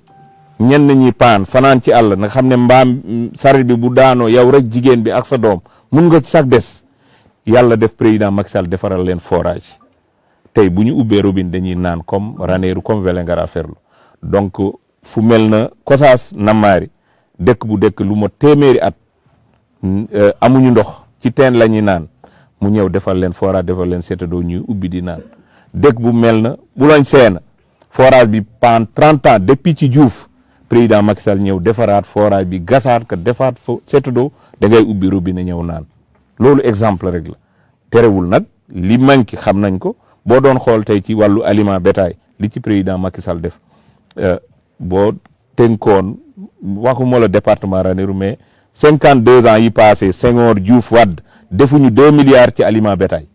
ñen ñi pan fanan ci àll nga xamne mbam saret bi bu daano yow rek jigen bi ak sa dom mun nga ci sax dess yalla def président Macky defaral len forage tey bu ñu ubbee robinet dañuy naan comme Ranérou comme Vélingara Ferlo donc fu mel na Kosaas Namaari dëkk bu dëkk lu ma téeméeri at euh, amuñu ndox ci teen la ñuy naan mu ñëw defal leen forage defal leen seetadoo ñuy ubbi di naan dëkk bu mel na Boulogne Sène forage bi pendant trente ans depuis ci Diouf président Macky Sall ñëw defaraat forage bi gasaat ko defaat fo seetadoo dangay ngay ubbi robinet ñëw naan loolu exemple rek la terewul nag li manqué xam nañ ko boo doon xool tey ci wàllu aliment bétail li ci président Macky Sall def euh, boo tënkoon waxuma la département Ranérou mais cinquante deux ans yi passé Senghor Diouf Wade defuñu deux milliards ci aliment bétail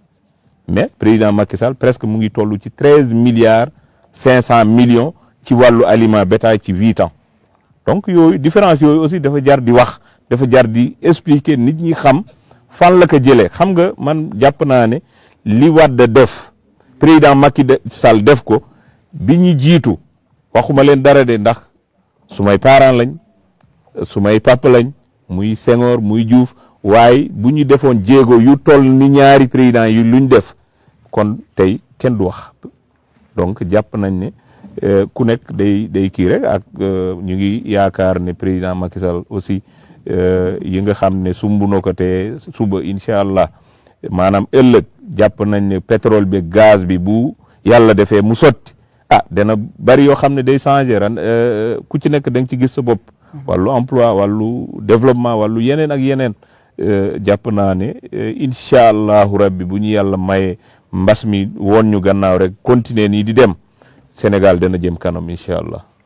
mais président Macky Sall presque mu ngi toll ci treize milliards cinq cent million ci wàllu aliment bétail ci huit ans donc yooyu différence yooyu aussi dafa jar di wax dafa jar di expliquer nit ñi xam fan la ko jëlee xam nga man jàpp naa ne li Wade def. président Macky Sall def ko bi ñu jiitu waxuma leen dara de ndax sumay may parents lañ su may lañ muy sengor muy Diouf waaye bu ñu defoon jéego yu toll ni ñaari président yi luñ def kon tey kenn du wax donc jàpp nañ ne euh, ku nekk day day kii rek ak euh, ñu ngi yaakaar ne président Macky Sall aussi euh, yi nga xam ne sumb ko te suba incha allah. maanaam ëllëg jàpp nañ ne pétrole bi gaz bi bu yàlla defee mu sotti ah dana bari yoo xam ne day changé ren euh, euh, ku ci nekk da nga ci gis sa bopp. wàllu emploi wàllu développement wàllu yeneen ak yeneen euh, jàpp naa ne incha allahu rabbi bu ñu yàlla maye mbas mi woon ñu gannaaw rek continuer nii di dem Sénégal dana jëm kanam incha allah.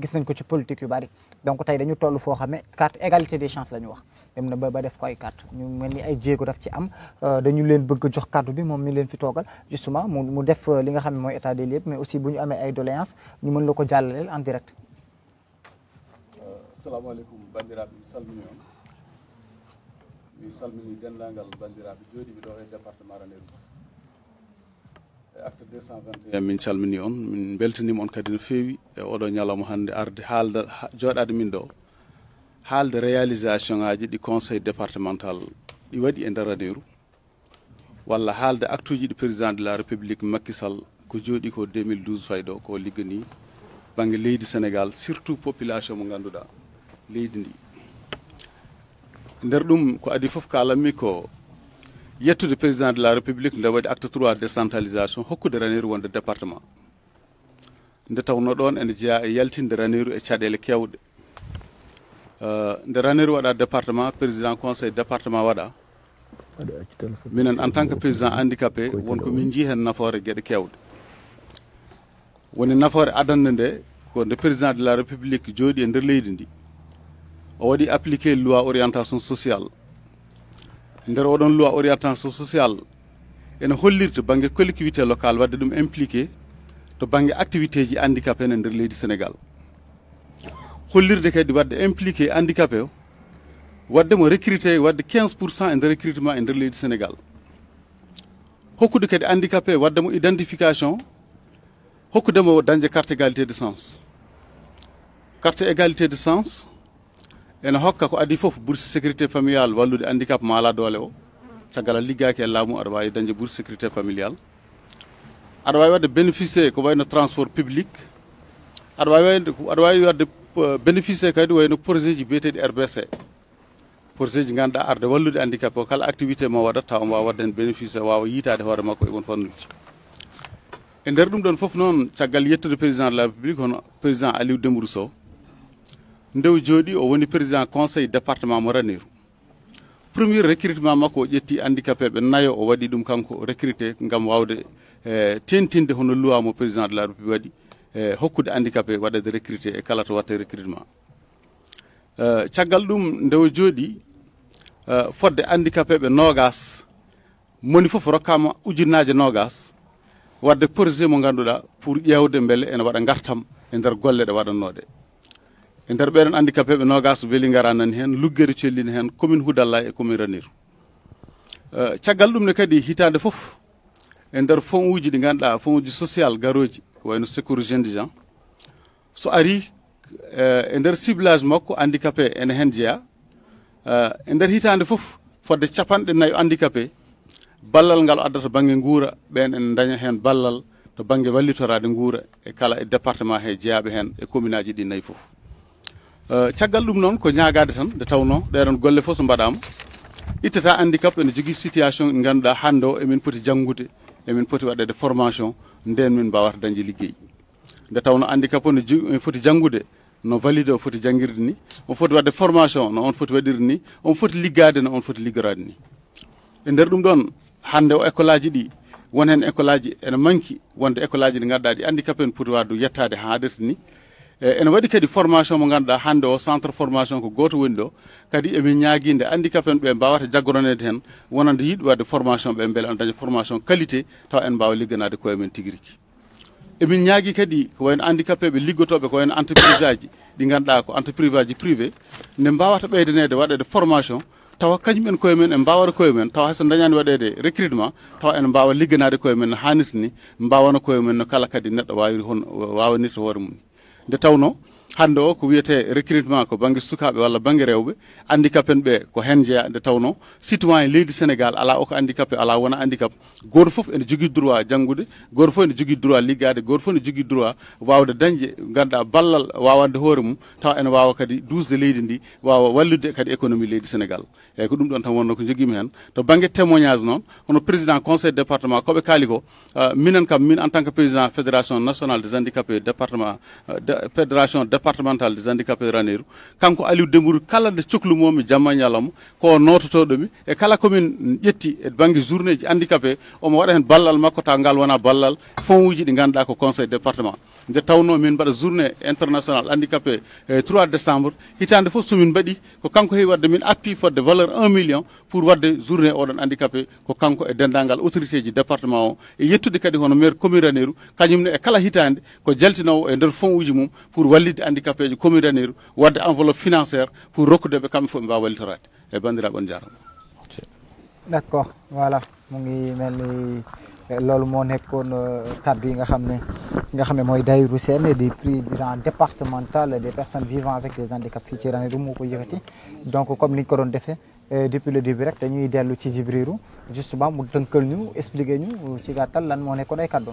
gis nañ ko ci politique yu bari donc tay dañu tollu fo xamé carte égalité des chances lañu wax dem na ba ba def ko ay carte ñu melni ay djégu daf ci am euh, dañu leen bëgg jox carte bi mom mi leen fi togal justement mu mu def euh, li nga xamné moy état des lieux mais aussi buñu amé ay doléances ñu mën la ko en direct assalamualeykum euh, bandiraɓe mi salmi on den langal bandira bi jodi bi doxé département rané min calmini on min beltanima on kadi no fewi e oɗo ñalawma hannde arde haalda jooɗade min ɗo haalde réalisation aji ɗi conseil départemental ɗi waɗi e ndeer aniru walla haalde acte uji ɗi président de la république makkisal ko jooɗi ko 2012 fay ɗo ko liggani bange leydi sénégal surtout population mo ngannduɗa leydi ndi nder ɗum ko adi fof kalatmi ko le président de la république nde waɗi acte 3 décentralisation hokkude raniru wonde département nde tawno ɗon ene jeeya e yaltinde raniru e caɗele kewɗe euh, nde raniru waɗa département président conseil département waɗa minen en tant que président handicapé wonko min jii hen nafoore gueɗe kewɗe woni nafoore adande nde ko nde président de la république jooɗi e nder leydi ndi o waɗi appliqué loi orientation sociale nder oɗon loi orientation sociale ene hollirta bange collectivité locale wadde ɗum impliqué to bange activité ji handicapé ene nder du sénégal hollirde kadi wadde impliqué handicapé wadde mo recruté wadde 15 pour cent en recrutement e nder leydi sénégal hokkude kadi handicapé wadde mo identification mo dañde carte égalité de sens carte égalité de sens ene hokka ko adi fof bourse sécurité familial wallude handicap ma ala doole o caggal a liggaki e laamu aɗa wawi dañde bourse sécurité familial aɗa wawi wadde bénéficié ko wayno transport public aɗa wawi aɗa wawi wadde euh, bénéficié kadi wayno projet ji biyeteɗi rbc projet ji ganduɗa arde wallude handicap o kala activité mo waɗat taw omo wawa wadde hen bénéficié wawa yitade hoore makko e won fannuji e nder ɗum ɗon foof noon caggal yettude président de la république hono président aliou dembourou ndew jooɗi o woni président conseil département mo raneru premier recrutement makko o ƴetti handicapé ɓe nayo o waɗi ɗum kanko recruté ngam wawde e, tentinde hono loi mo président de la république waɗi e hokkude handicapé waɗede recruté e kala to watte recrutement e, caggal ɗum ndew jooɗi e, fodde handicapé ɓe nogas moni foof rokkama ujunnaji nogas wadde projet mo ganduɗa pour ƴewde beele ene waɗa gartam e nder golle ɗe waɗannoɗe e nder ɓeɗen andi kapeɓe nogas beeli gara nani hen luggeri collina hen commune huudallah e commune raniru caggal ɗum ne kadi hitande foof e nder fon uji ɗi ganduɗa fon uji social garoji ko wayno sécurité indigent so ari e nder ciblage makko handicapé ene hen jeeya e nder hitande foof fodde capanɗe nayyo handicapé ballal ngal addata bangge guura ɓen en daña hen ballal to bangge wallitorade guura e kala e département he jeeyaɓe hen e commune aji ɗi nayyi foof Eh, caggal ɗum noon ko ñagade tan nde tawno ɗeɗon golle fof so mbaɗama ittata andi kap ene jogui situation en ganduɗa hande o emin poti janggude emin poti waɗede formation nden min mbawata dañde ligguey nde tawno andi kap ne jogimin foti janggude no valide o foti jangguirde ni on foti wadde formation no on foti waɗirde ni on foti liggade no on foti liggorade ni e nder ɗum ɗon hande o école aji ɗi won hen école aji ene manqui wonde école aji ɗi ganduɗa ɗi andi kap en poti wadde yettade ha aɗirta ni Eh, ene waɗi kadi formation mo ganduɗa hande o centre formation ko goto woni ɗo kadi emin ñaguinde handicap en ɓe mbawata jaggoronede hen wonande yiiɗi wadde formation ɓe beele an daña formation qualité taw en mbawa ligganade koye men tigui rigui emin ñaagui kadi ko wayno handicapé ɓe liggotoɓe ko wayno entreprise aji ɗi ganduɗa ko entreprise aji privé nde mbawata ɓeydanede waɗede formation tawa kañumen koye men en mbawata koye men tawa hayso dañani waɗede recrutement tawa en mbawa ligganade koye men no hannirta ni mbawano koye men no kala kadi neɗɗo wawiri hon wawanirta hoore mum ni nde tawno hande o ko wiyete recrutement ko banggue sukaɓe walla banggue rewɓe handicapé ɓe ko hen jeeya nde tawno citoyen leydi sénégal ala oko handicapé ala wona handicap goto foof ene jogui droit janggude goto foof ene jogui droit liggade goto foof ene jogui droit wawde dañde ganduɗa ballal wawande hoore mum taw ene wawa kadi dusde leydi ndi wawa wallude kadi économie leydi sénégal eyyi ko ɗum ɗon tan wonno ko joguimi hen to banggue témoignage noon hono président conseil département koɓe kaali ko euh, minen kam min en tant que président fédération nationale des handicapés département euh, fédération départemental des handicapés raneru kanko aliou dembouri kala nde cohlumomi jamma nyalam ko nototoɗomi e kala komin ƴetti e banggue journée ji handicapé omo waɗa hen ballal makko taw ngal wona ballal fonwuji uji ɗi ganduɗa ko conseil département nde tawno min mbaɗa journée international handicapé 3 e décembre hitande foof somin mbaɗi ko kanko heewi wadde min appi fodde valeur 1 million pour wadde journée oɗon handicapé ko kanko e dendangal autorité ji département o e yettude kadi hono maire commune raneru kañumne e kala hitande ko jaltinowo e nder fonwuji uji mum pour wallide handicapé ji commune raniru wadde enveloppe financière pour rokkude ɓe kamɓe fof ɓe mbawa wallitorade e bandiraɓe on jarama D'accord. voilà mu ngi mel ni eh, loolu moo nekkoon euh, yi nga xam ne nga xam ne mooy dayiru des présidents départemental des personnes vivant avec des handicaps fii ci Ranérou moo ko yëkkati donc comme ni ñu ko doon defee euh, depuis le début rek dañuy dellu ci Jibriru justement mu dënkal ñu expliquer ñu ci gàttal lan moo nekkoon ay kàddu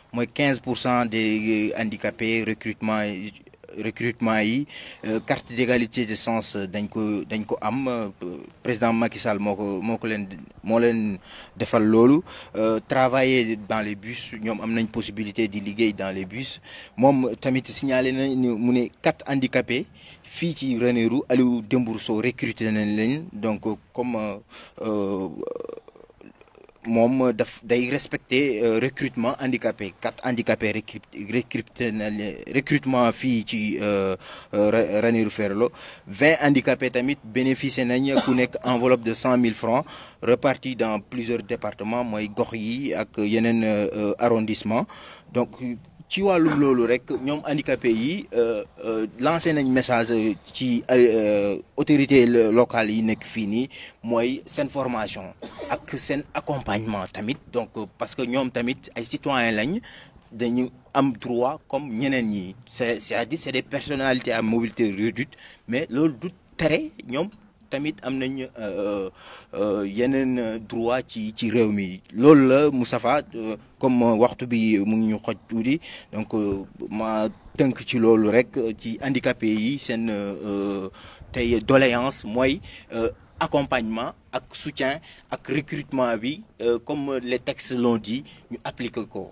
Moi, 15 des euh, handicapés recrutement recrutement euh, carte d'égalité de sens, euh, dañ ko dañ ko am président Macky Sall moko moko len mo travailler dans les bus ñom am une possibilité di liggéey dans les bus mom tamit signalé nañ mu né quatre handicapés fi ci Rou Aliou Dembourso recruter nañ donc comme mom daf day euh, recrutement handicapé quatre handicapé recruté recrutement fille ci euh, euh, Ranérou Ferlo 20 handicapé tamit handicapés nañ ku nek enveloppe de 100 000 francs reparti dans plusieurs départements moy gox yi ak yenen arrondissement donc ci walu lolu rek les handicapés yi euh, euh, lancé nañ message ci euh, autorité locale yi nek fini, moy sen formation ak un accompagnement donc parce que ñom tamit ay citoyens lañ dañu am droit comme ñeneen ñi c'est à dire c'est des personnalités à mobilité réduite mais lolu du très ñom tamit euh euh yenen euh, droit ci ci réew mi loolu la Moustapha euh, comme euh, waxtu bi mu ngi ñu xoj donc ma teunk ci loolu rek ci handicapé yi une tay doléance un accompagnement ak soutien ak recrutement bi comme les textes l'ont dit ñu appliquer ko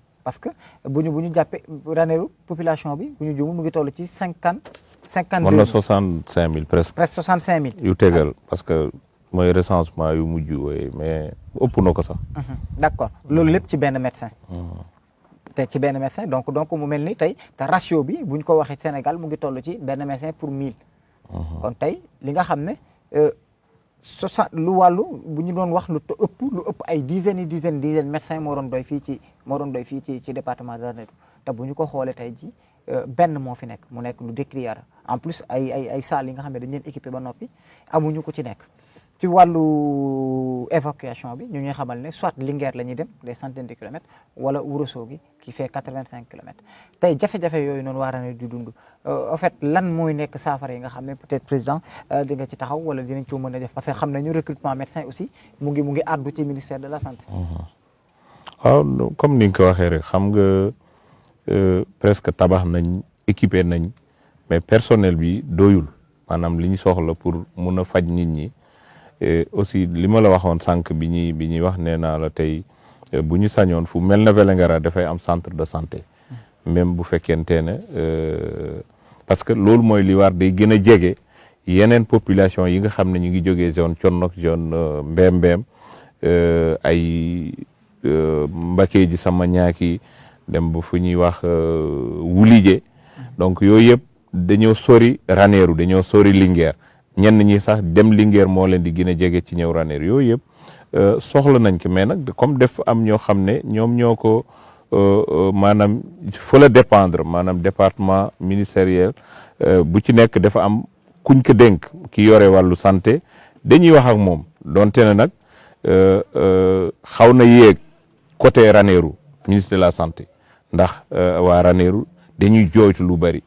parce que bu ñu bu ñu jàppee population bi bu ñu juum mu ngi toll ci cinquante. cinquante deux mille wala soixante cinq mille presque. presque soixante cinq mille. yu tegal parce que mooy recensement yu mujj yooyu mais ëpp na ko sax. Mhm. d' accord loolu lépp ci benn médecin. te ci benn médecin donc donc mu mel ni tey te ratio bi bu ñu ko waxee Sénégal mu ngi toll ci benn médecin pour mille. Mhm. kon tey li nga ne euh, soixante lu wàllu bu ñu doon wax lu ëpp lu ëpp ay dizaines yi dizaines dizaines médecins moo doon doy fii ci moo doon doy fii ci ci département de Ranérou te bu ñu ko xoolee tey ji euh, benn moo fi nekk mu nekk lu décrier en plus ay ay ay salles yi nga xam ne dañ leen ba noppi amuñu ko ci nekk ci walu évacuation bi soit des centaines de kilomètres ou qui fait 85 km. Euh, en fait lan mooy nekk saafara yi nga peut-être président euh, di nga parce que xam recrutement médecin aussi mu ngi mu ngi ministère de la santé. Mmh. Ah, comme ni nga ko euh, presque tabax équipé mais personnel bi doyul pour mun aussi li ma la waxoon sànq bi ñuy bi ñuy wax nee naa la tey euh, bu ñu sañoon fu mel na Vélingara dafay am centre de santé même bu fekkente ne euh, parce que loolu mooy li war day gën a jege yeneen population yi nga xam ne ñu ngi jógee zone Thionnok zone euh, Mbem Mbem ay Mbakee ji sama ñaaki dem ba fu ñuy wax Wulije donc yooyu yëpp dañoo sori Ranérou dañoo sori Linguère ñenn ñi sax dem Linguère moo leen di gën a jege ci ñëw Ranérou yooyu yëpp euh, soxla nañ ko mais nag comme def am ñoo xam ne ñoom ñoo ko euh, euh, maanaam fa la dépendre maanaam département ministériel bu ci nekk dafa am kuñ ko dénk ki yore wàllu santé dañuy wax ak moom don ne nag xaw na yéeg côté Ranérou ministre de la santé ndax waa Ranérou dañuy jooytu lu bari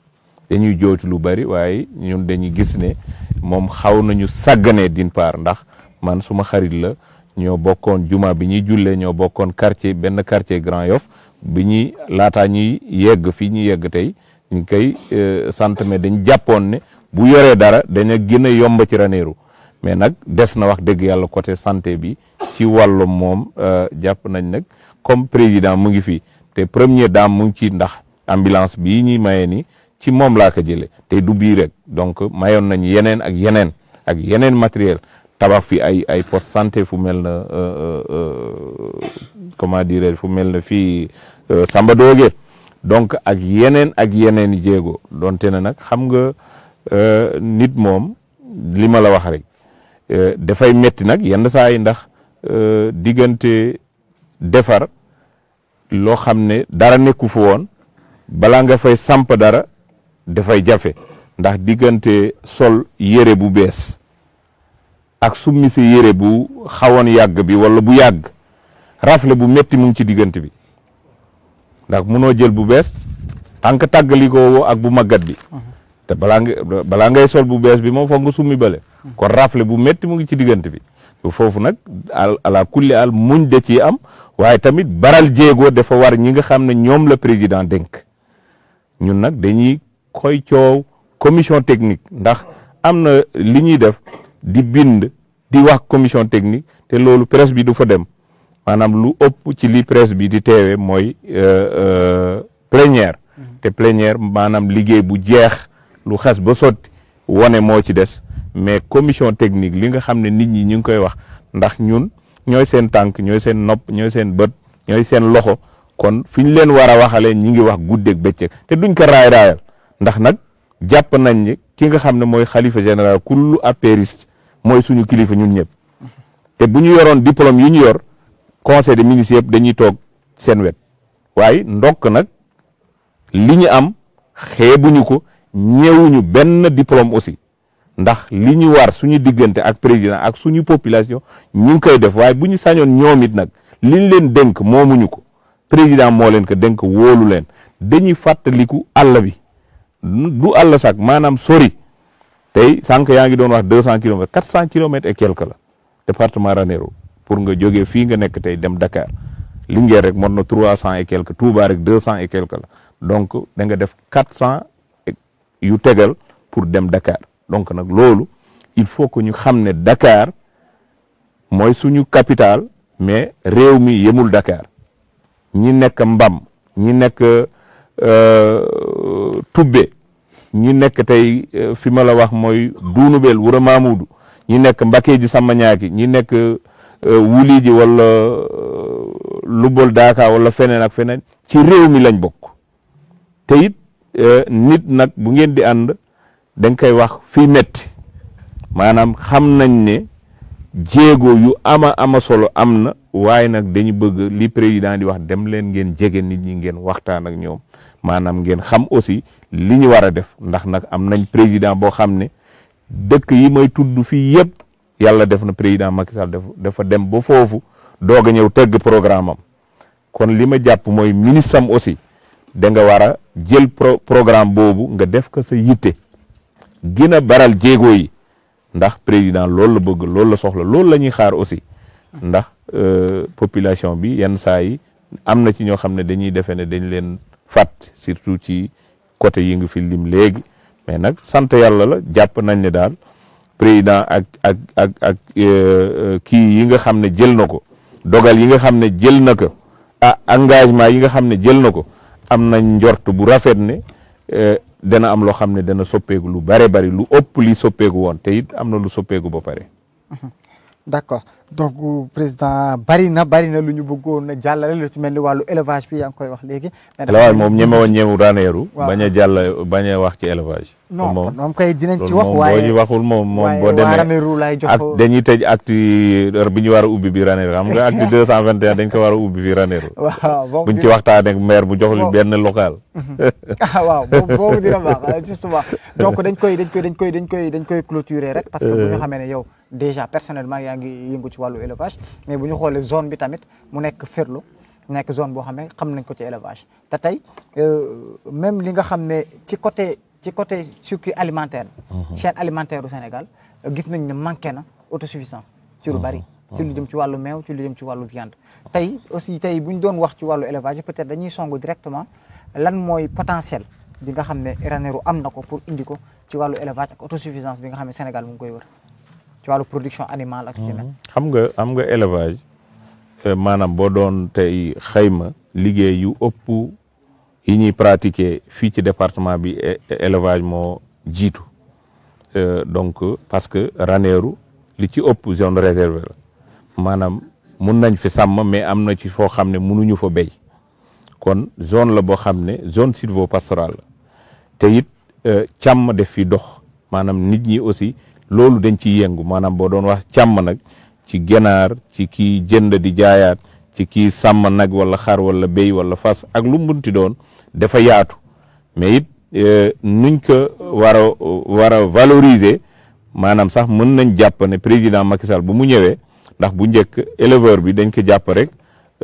dañuy jooytu lu bari waaye ñun dañu gis ne moom xaw nañu sàgganee d'une part ndax man suma xarit la ñoo bokkoon juma bi ñuy jullee ñoo bokkoon quartier benn quartier Grand Yoff bi ñuy laataa ñuy yegg fii ñu yegg tey ñu kay euh, sant mais dañ jàppoon ne bu yoree dara daña gën a yomb ci Ranérou mais nag des na wax dëgg yàlla côté santé bi ci wàllum moom euh, jàpp nañ nag comme président mu ngi fi te première dame mu ci ndax ambulance bii ñuy maye ni ci moom laa ko jële te du bii rek donc mayoon nañu yeneen ak yeneen ak yeneen matériel tabax fi ay ay poste santé fu mel na euh, euh, euh, comment dirais fu mel na fii Samba Doge donc ak yeneen ak yeneen i jéego donte ne nag xam nga nit moom li ma la wax rek dafay metti nag yenn saa yi ndax diggante defar loo xam ne dara nekku fu woon bala nga fay samp dara dafay jafé, ndax digënté sol yéré bu bees ak summi ci yéré bu xawon yàgg bi wala bu rafle bu metti mu ci digënté bi ndax mëno jël bu bees tank tàggali ko ak bu magat bi té bala nga sol bu bees bi mo fo nga summi bale kon rafle bu metti mu ngi ci digënté bi fofu nak ala kulli al muñ da am waye tamit baral jéego defa war ñi nga xam ñom le la président ñun nak dañuy koy coow commission technique ndax am na li ñuy def di bind di wax commission technique te loolu presse bi du fa dem maanaam lu ëpp ci li presse bi di teewe mooy euh, euh, plénière mhm. te plénière maanaam liggéey bu jeex lu xes ba sotti wane moo ci des mais commission technique li nga xam ne nit ñi ñu ngi koy wax ndax ñun ñooy seen tànk ñooy seen nopp ñooy seen bët ñooy seen loxo kon fi ñu leen war a waxalee ñi ngi wax guddeeg bëccëg te duñ ko raay raayal ndax nak japp nañ ni ki nga xamne moy Kulu general kullu apériste moy suñu kilifa ñun ñep té buñu yoron diplôme yi ñu yor conseil des ministres yep dañuy tok sen wet waaye ndok nak liñu am xébuñu ko ñewuñu ben diplôme aussi ndax liñu war suñu digënté ak président ak suñu population ñu ngi koy def waaye buñu sañon ñomit nak nag liñ leen dénk momuñu ko président mo leen ko dénk wolu leen dañuy fàttaliku Allah bi du àll sax maanaam sori tey sànq yaa ngi doon wax deux cent kilomètres quatre cent kilomètres et quelque la département pour nga jógee fii nga nekk tey dem dakaar Linguère rek mën na trois cent et quelque Touba rek deux cent donc da nga def quatre cent yu tegal pour dem dakaar donc nag loolu il faut que ñu xam ne Dakar mooy suñu capitale mais réew mi yemul dakaar ñi nekk Mbam ñi nekk euh, Toubé ñi nekk tey euh, fi ma la wax mooy duunu bel wura maamudu ñi nekk mbake ji sàmm ñaaki ñi nekk euh, wuli ji wala euh, lu bol daaka wala feneen ak feneen ci réew mi lañ bokk te it nit nag bu ngeen di ànd dañ koy wax fii metti maanaam xam nañ ne jéego yu ama ama solo am na waaye nag dañu bëgg li président di wax dem leen ngeen jege nit ñi ngeen waxtaan ak ñoom maanaam ngeen xam aussi li ñu war a def ndax nag am nañ président boo xam ne dëkk yi may tudd fii yëpp yàlla def na président Macky Sall dafa dem ba foofu doog a ñëw tëgg programme am kon li ma jàpp mooy ministre aussi da nga war a jël programme boobu nga def ko sa yitte gën a baral jéego yi ndax président loolu la bëgg loolu la soxla loolu la ñuy xaar aussi ndax euh, population bi yenn saa yi am na ci ñoo xam ne dañuy defe ne dañ leen fàtt surtout ci côté yi nga fi lim léegi mais nag sant yàlla la jàpp nañ ne daal président ak ak ak ak euh, euh, kii yi nga xam ne jël na ko dogal yi nga xam ne jël na ko ah engagement yi nga xam ne jël na ko am nañ njort bu rafet ne euh, dana am loo xam ne dana soppeeku lu bare bari lu ëpp li soppeeku woon te it am na lu soppeeku ba pare. [laughs] donc président bari na bari na lu ñu bëggoon a jàllale lu ci mel ni wàllu élevage bi yaa ngi koy wax léegi. waaw moom ñeme wa ñeemu rànneeru. waaw bañ a jàll bañ a wax ci élevage. non moom kay dinañ ci wax. waaye boo ñu waxul moom moom boo demee ak dañuy tëj acte war a ubbi bi rànneeru xam nga acte [laughs] deux cent dañ ko war a ubbi bi rànneeru. waaw buñ ci waxtaanee ak maire bu jox lu benn local. [laughs] ah waaw boobu dina baax justement donc dañ koy dañ koy dañ koy dañ rek parce que bu ñu euh. ne yow déjà personnellement yaa ngi yëngu ci wàllu élevage mais buñu xolé zone bi tamit mu nek ferlu nek zone bo xam ne xam nañ ko ci élevage ta tay euh même li nga xamné ci côté ci côté circuit alimentaire mhm. chaîne alimentaire au Sénégal gis nañ ne manqué na autosuffisance ci lu mhm. bari mhm. ci lu jëm ci walu mew ci lu jëm ci walu viande tay aussi tay buñ doon wax ci walu élevage peut-être dañuy songu directement lan moy potentiel bi nga xamné ne am nako pour indi ko ci walu élevage ak autosuffisance bi nga xamné Sénégal mu ngi koy wër ci wàllu production animale ak yu mel. Mhm. xam nga am nga élevage euh, maanaam boo doon tey xayma liggéey yu ëpp yi ñuy pratiquer fii ci département bi élevage moo jiitu euh, donc parce que Ranérou li ci ëpp zone réservée la maanaam mun nañ fi sàmm mais am na ci foo xam ne munuñu fa béy kon zone la boo xam ne zone sylvopastorale la te it euh, càmm def fi dox maanam nit ñi aussi. loolu dañ ciy yëngu maanaam boo doon wax càmm nag ci ginaar ci kii jënd di jaayaat ci kii sàmm nag wala xar wala béy wala fas ak lu munti doon dafa yaatu mais it euh, nuñ ko war a war a valoriser maanaam sax mën nañ jàpp ne président Macky bu mu ñëwee ndax bu njëkk éleveur bi dañ ko jàpp rek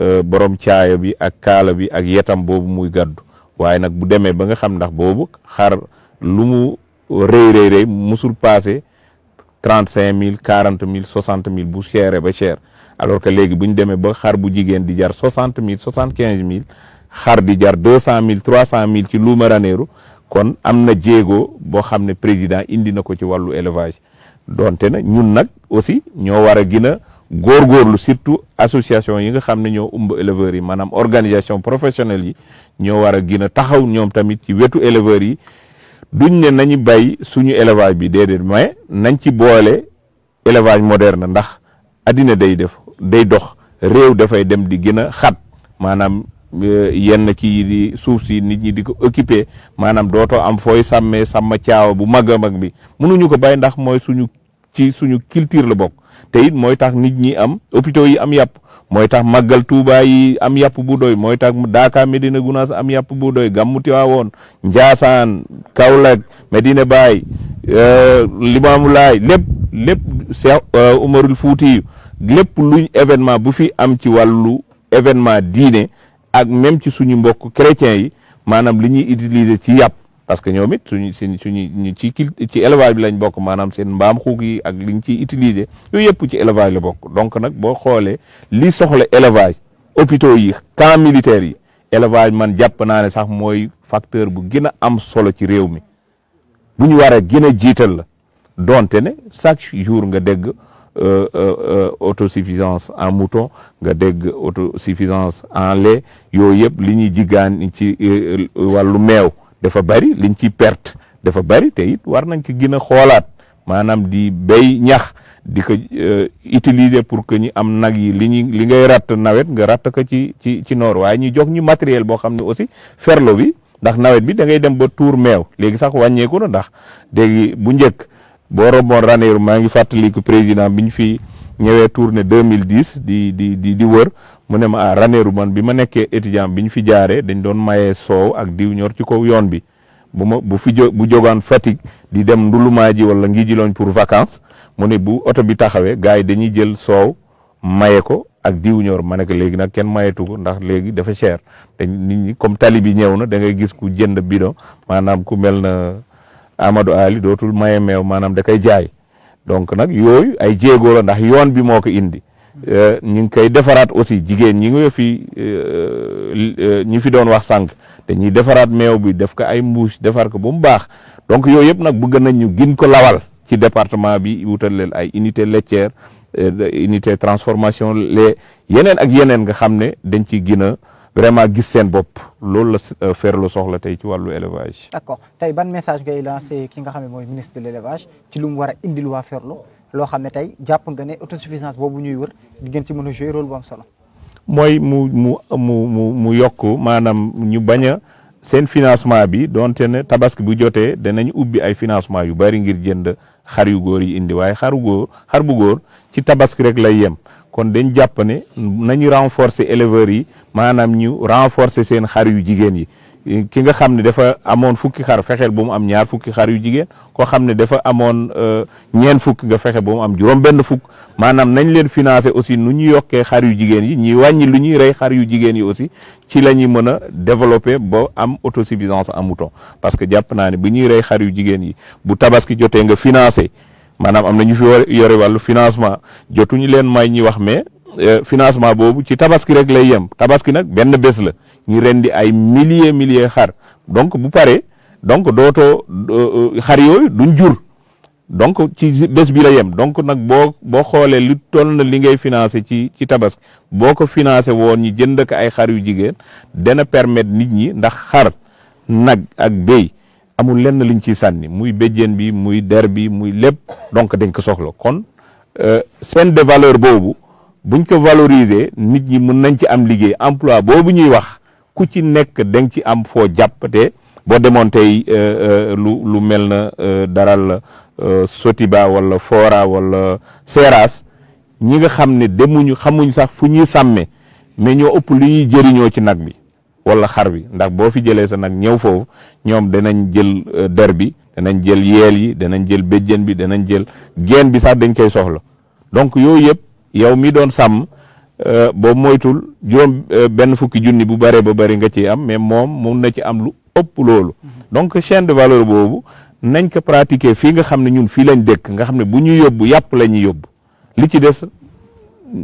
euh, borom caaya bi ak kaala bi ak yetam boobu muy gàddu waaye nag bu demee ba nga xam ndax boobu xar lu mu rëy rëy rëy trente cinq mille quarante mille soixante mille bu chéré ba cher alors que léegi bu ñu ba xar bu jigéen di jar soixante mille soixante quinze mille xar di jar deux cent mille trois cent mille ci luuma raneeru kon am na jéego boo xam ne président indi na ko ci wàllu élevage donte na ñun nag aussi ñoo war a gën a lu surtout association yi nga xam ne ñoo ëmb éleveurs yi maanaam organisation professionnelle yi ñoo war a gën a taxaw ñoom tamit ci wetu éleveurs yi duñ ne nañu bay suñu élevage bi déedéet mais nañ ci boole élevage moderne ndax addina day def day dox réew dafay dem di gën a xat maanaam euh, yenn kii di suuf si nit ñi di ko occupé maanaam dootoo am fooy sàmmee sàmm caawa bu mag a mag bi mënuñu ko bay ndax mooy suñu ci suñu culture la bokk te it mooy tax nit ñi am hôpitaux yi am yàpp mooy tax màggal Tuuba yi am yàpp bu doy mooy tax Daaka Medina Gunaas am yàpp bu doy Gàmmu Tiwaawoon Njaasaan Kaolack Medina Baay euh, Limaamu Laay lépp lépp Seex euh, Umarul Fuuti lépp luñ événement bu fi am ci wàllu événement diine ak même ci suñu mbokk chrétiens yi maanaam li ñuy utiliser ci yàpp parce que ñoom it suñu suñu suñu ci ci élevage bi lañ bokk maanaam seen mbaam xuug yi ak liñ ciy utiliser yëpp ci élevage la bokk donc nag boo xoolee li soxla élevage hôpitaux yi camp militaire yi élevage man jàpp naa ne sax mooy facteur bu gën a am solo ci réew mi bu ñu war a gën a jiital la donte ne chaque jour nga dégg euh, euh, euh, autosuffisance en mouton nga dégg autosuffisance en lait yooyu yëpp li ñuy jiggaan ci wàllu meew dafa bari liñ ciy perte dafa bari te it war nañ ko gën a xoolaat maanaam di béy ñax di ko euh, utiliser pour que ñu am nag yi li ñuy li ngay ratt nawet nga ratt ko ci ci ci noor waaye ñu jox ñu matériel boo xam ne aussi ferlo bi ndax nawet bi da ngay dem ba tuur meew léegi sax wàññeeku na ndax léegi bu njëkk boo roboon raneeru maa ngi fàttaliku président bi ñu fi ñëwee tournée 2010 di di di di wër mu ne ma ah Ranérou man bi ma nekkee étudiant bi ñu fi jaaree dañ doon mayee soow ak diw ñor ci kaw yoon bi bu ma bu fi bu jógaan Fatick di dem ndulumaa ji wala ngi jiloñ pour vacances mu ne bu oto bi taxawee gars yi dañuy jël soow maye ko ak diw ñor ma ne ko léegi nag kenn mayetu ko ndax léegi dafa cher te nit ñi comme tali bi ñëw na da ngay gis ku jënd bidon maanaam ku mel na Amadou Ali dootul maye meew maanaam da koy jaay. donc nag yooyu ay jéego la ndax yoon bi moo ko indi euh, ñu ngi koy defaraat aussi jigéen ñi nga fi euh, euh, ñi fi doon wax sànq dañuy defaraat meew bi def ko ay mbuus defar ko ba mu baax donc yooyu yëpp nag bëgg nañ ñu gin ko lawal ci département bi wutal leen ay unité laitière unité transformation lait yeneen ak yeneen nga xam ne dañ ci gën a vraiment gis seen bopp loolu la euh, Ferlo soxla tey ci wàllu élevage. accord tey ban message ngay lancé ki nga xam ne mooy ministre de l' ci lu mu war a indil waa loo xam ne tey jàpp nga ne autosuffisance boobu ñuy wër di ci mën a jouer rôle bu am solo. mooy mu mu mu mu mu yokk maanaam ñu bañ a seen financement bi donte ne tabaski bu jotee danañ ubbi ay financement yu bari ngir jënd xar yu góor yi indi waaye xaru góor xar bu góor ci tabaski rek lay yem. kon dañ jàpp ne nañu renforcer éleveurs yi maanaam ñu renforcer seen xar yu jigéen yi ki nga xam ne dafa amoon fukki xar fexeel bu mu am ñaar fukki xar yu jigéen koo xam ne dafa amoon euh, ñeen fukki nga fexe bu mu am juróom benn fukk maanaam nañ leen financer aussi nu ñu yokkee xar yu jigéen yi ñuy wàññi lu ñuy rey xar yu jigéen yi aussi ci la ñuy mën a développer ba am auto en mouton parce que jàpp naa ne bu ñuy rey xar yu jigéen yi bu tabaski jotee nga financer maanaam am na ñu fi yore wàllu financement jotuñu leen may ñi wax mais euh, financement boobu ci tabaski rek lay yem tabaski nag benn bes la ñu rendi ay millier milliers xar donc bu pare donc dootoo euh, xar yooyu duñ jur donc ci bés bi la yem donc nag boo boo xoolee lu tol na li ngay financé ci ci tabaski boo ko financé woon ñu jënd ak ay xar yu jigéen dana permettre nit ñi ndax xar nag ak béy amul lenn liñ ciy sànni muy béjjeen bi muy der bi muy lépp donc dañ ko soxla kon chaîne euh, de valeur boobu buñ ko valoriser nit ñi mun nañ ci am liggéey emploi boobu ñuy wax ku ci nekk dañ ci am foo jàppate boo demoon tey euh, euh, lu lu mel na daral Sotiba wala Fora wala Seras ñi nga xam ne demuñu xamuñ sax fu ñuy sàmmee mais ñoo ëpp lu ñuy jëriñoo ci nag bi wala xar bi ndax boo fi jëlee sa nag ñëw foofu ñoom danañ jël euh, der bi danañ jël yeel yi danañ jël béjjën bi danañ jël geen bi sax dañ koy soxla donc yooyu yëpp yow mi doon sàmm euh, boobu moytul juróom euh, benn fukki junni bu bare ba bari nga ci am mais moom mun na ci am lu ëpp loolu mhm. donc chaîne de valeur boobu nañ ko pratiquer fii nga xam ne ñun fii lañ dëkk nga xam ne bu ñu yóbbu yàpp la ñuy yóbbu li ci des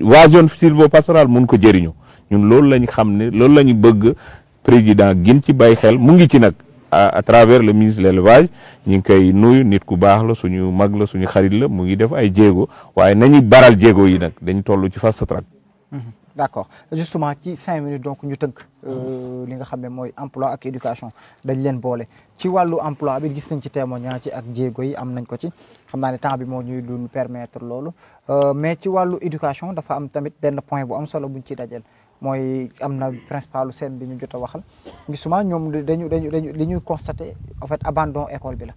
waa zone sylvo pastoral mun ko jëriñu ñun loolu lañ xam ne loolu la ñu bëgg président gin ci bàyyi xel mu ngi ci nag à travers le ministre de l'élevage ñu ngi koy nuyu nit ku baax la suñu mag la suñu xarit la mu ngi def ay jéego waaye nañu baral jéego yi nag dañu toll ci fast track mm-hmm. d'accord justement ci cinq minutes donc ñu tënk euh, li nga xam ne mooy emploi ak éducation dañ leen boole ci wàllu emploi bi gis nañ ci témoignage ci ak jéego yi am nañ ko ci xam naa ne temps bi moo ñuy dun permettre loolu euh, mais ci wàllu éducation dafa am tamit benn point bu am solo buñ ci dajeel mooy am na principalu seen bi ñu jot a waxal gisuma ñoom dañu dañu dañu li ñuy constaté en abandon école bi la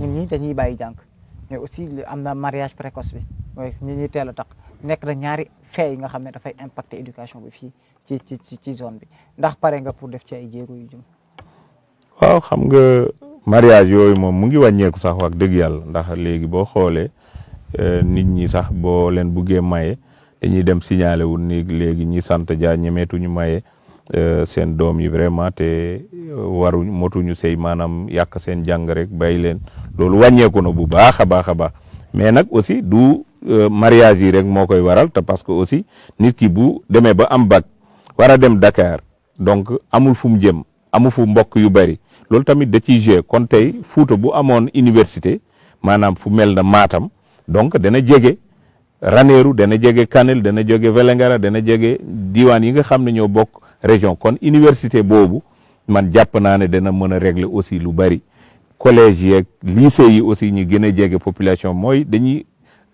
ñun ñi dañuy bàyyi jàng mais aussi am na mariage précoce bi mooy ñi ñuy teel a takk nekk na ñaari fee yi nga xam ne dafay impacter éducation bi fii ci ci ci zone bi ndax pare nga pour def ci ay jéego yu waaw xam nga mariage yooyu moom mu ngi wàññeeku sax wax dëgg yàlla ndax léegi boo xoolee eh, nit ñi sax boo leen buggee maye dañuy dem signalé wu ni léegi ñi sant Dia ñemeetuñu maye euh, seen doom yi vraiment te euh, waruñu motuñu sey maanaam yàq seen jàng rek bàyyi leen loolu wàññeeku na bu baax a baax a baax mais nag aussi du euh, mariage yi rek moo koy waral te parce que aussi nit ki bu demee ba am bag war a dem Dakar donc amul fu mu jëm amu fu mbokk yu bëri loolu tamit da ciy kon tey Fuuta bu amoon université maanaam fu mel na Matam donc dana jege. Ranérou dana jege Kanel dana jege Vélingara dana jege diwaan yi nga xam ne ñoo bokk région kon université boobu man jàpp naa ne dana mën a régler aussi lu bari collège yeeg lycée yi aussi ñu gën a jege population mooy dañuy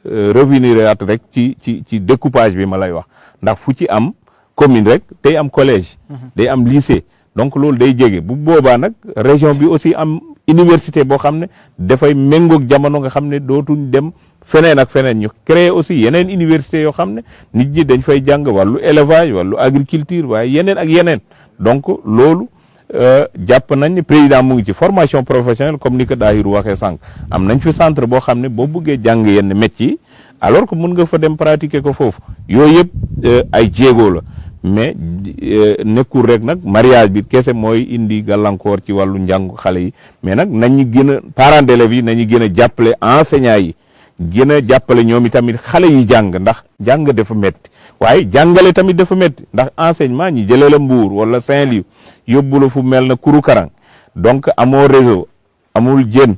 euh, revenir at rek ci ci ci découpage bi ma lay wax ndax fu ci am commune rek day am collège. Mhm. day am lycée donc loolu day jege bu boobaa nag région bi aussi am université boo xam ne dafay méngoog jamono nga xam ne dootuñ dem. feneen ak feneen ñu créer aussi yeneen université yoo xam ne nit ñi dañ fay jàng wàllu élevage wàllu agriculture waaye yeneen ak yeneen donc loolu euh, jàpp nañ président mu ngi ci formation professionnelle comme ni ko Dahirou waxee sànq am nañ fi centre boo xam ne boo bëggee jàng yenn métier yi alors que mun nga fa dem pratiquer ko foofu yooyu yëpp euh, ay jéego la mais euh, nekkul rek nag mariage bi kese mooy indi gàllankoor ci wàllu njàng xale yi mais nag nañu gën a parents d'élèves yi nañu gën a jàppale enseignants yi gën a jàppale ñoom itamit xale yi jàng ndax jàng dafa métti waaye jàngale tamit dafa métti ndax enseignement ñi jëlee la Mbuur wala Saint-Louis yóbbu la fu mel na Kuru Karang donc amoo réseau amul jën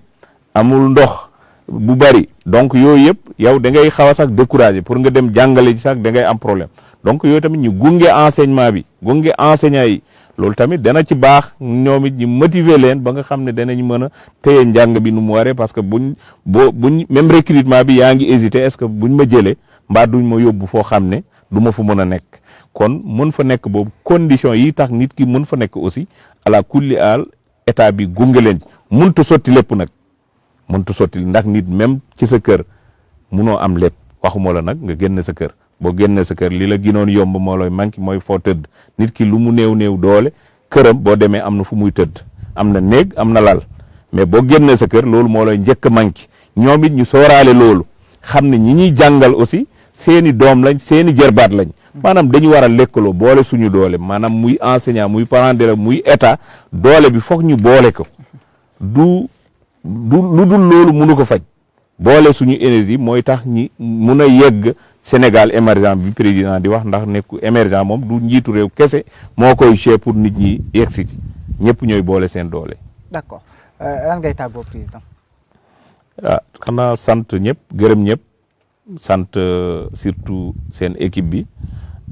amul ndox bu bari donc yooyu yëpp yow da ngay xaw a sax découragé pour nga dem jàngale ji sax da ngay am problème donc yooyu tamit ñu gunge enseignement bi gunge enseignant yi loolu tamit dana ci baax ñoom it ñu motiver leen ba nga xam ne danañ mën a téye njàng bi nu mu waree parce que buñ boo buñ même recrutement bi yaa ngi hésité est-ce que buñ ma jëlee mbaa duñ ma yóbbu foo xam ne du ma fu mën a nekk kon mën fa nekk boobu condition yi tax nit ki mën fa nekk aussi ala kulli aal état bi gunge leen mënut sotti lépp nag mënut a sotti ndax nit même ci sa kër munoo am lépp waxuma la nag nga génn sa kër. boo génn sa kër li la ginoon yomb moo lay manqué mooy foo tëdd nit ki lu mu néew néew doole këram boo demee am na fu muy tëdd am na néeg am na lal mais boo génnee sa kër loolu moo lay njëkk a manqué ñoom it ñu sooraale loolu xam ne ñi ñuy jàngal aussi seeni doom lañ seeni jërbaat lañ maanaam dañu war a lekkaloo boole suñu doole maanaam muy enseignant muy parent d'élève muy état doole bi foog ñu boole ko du du lu dul loolu mënu ko faj boole suñu énergie mooy tax ñi mun a yegg Sénégal émergent bi président di wax ndax nekku émergent moom du njiitu réew kese moo koy chef pour nit ñi yegg si ñëpp ñooy boole seen doole. d'accord euh, lan ngay tàggoo président. ah xanaa sant ñëpp gërëm ñëpp sant euh, surtout seen équipe bi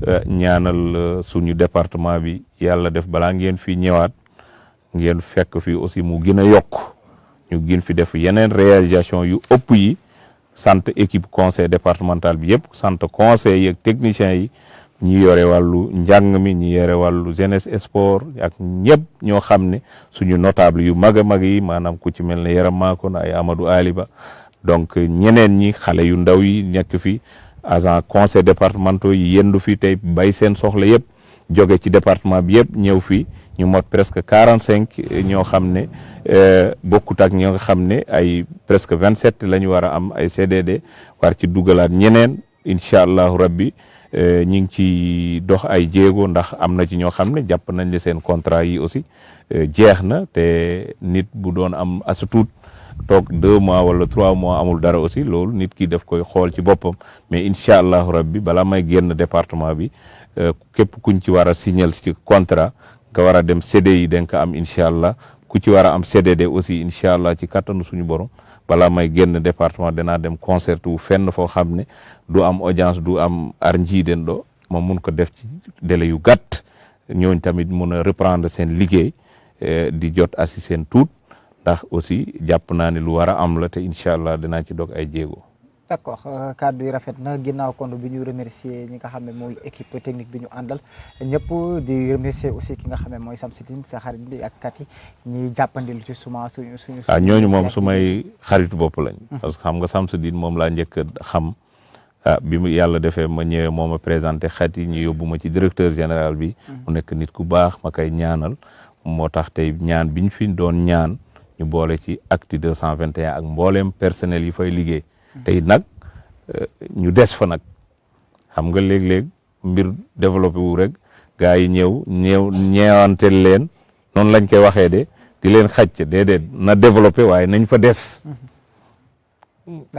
euh, ñaanal suñu département bi yàlla def balaa ngeen fi ñëwaat ngeen fekk fi aussi mu gën a yokk ñu gën fi def yeneen réalisation yu ëpp yi. sant équipe conseil départemental bi yëpp sant conseil yeeg techniciens yi ñi yore wàllu njàng mi ñi yore wàllu jeunesse sport ak ñëpp ñoo xam ne suñu notable yu mag a mag yi maanaam ku ci mel ne Yaram Makone ay Amadou Aliba donc ñeneen ñi xale yu ndaw yi nekk fi agent conseil départementaux yi yendu fi tey bay seen soxla yëpp jóge ci département bi yëpp ñëw fi ñu mot presque quarant cinq ñoo xam ne euh, bokkut ak ñoo xam ne ay presque vingt sept la ñu war a am ay CDD war ci dugalaat ñeneen incha allahu rabbi euh, ñi ngi ci dox ay jéego ndax am na ci ñoo xam ne jàpp nañ la seen contrat yi aussi euh, jeex na te nit bu doon am asutut toog deux mois wala trois mois amul dara aussi loolu nit ki def koy xool ci boppam mais incha allahu rabbi balaa may génn département bi képp kuñ ci war a signal ci contrat nga war a dem CDI da nga am incha allah ku ci war a am CDD aussi incha allah ci kattanu suñu borom balaa may génn département danaa dem concert wu fenn foo xam ne du am audience du am ar njiiden ɗo ma mun ko def ci délai yu gàtt ñooñ tamit mun a reprendre seen liggéey eh, di jot asi seen tuut ndax aussi jàpp naa ne lu war a am la te incha allah danaa ci dog ay jéego d' accord kàddu euh, yi rafet na ginnaaw kon bi ñu remercier ñi nga xam ne équipe technique bi ñu di remercier aussi ki nga xam ne Samsidine sa xarit bi ak kat yi ñiy jàppandilu ci suma suñu suñu. ah ñooñu moom sumay xaritu bopp lañ. Mm-hmm. parce que xam nga Samsidine moom laa njëkk xam ah bi mu yàlla defee ma ñëwee moo ma présenté xat yi ci directeur général bi. Mm-hmm. mu nekk nit ku baax ma ñaanal ñaan biñ fi doon ñaan ñu ci acte ak personnel yi fay liggéey. tey nag eh, ñu des fa nag xam nga léeg-léeg mbir développé wu rek gaa yi ñëw ñëw ñeewanteel leen noonu lañ koy waxee de di leen xàcc déedéet na développé waaye nañ fa des.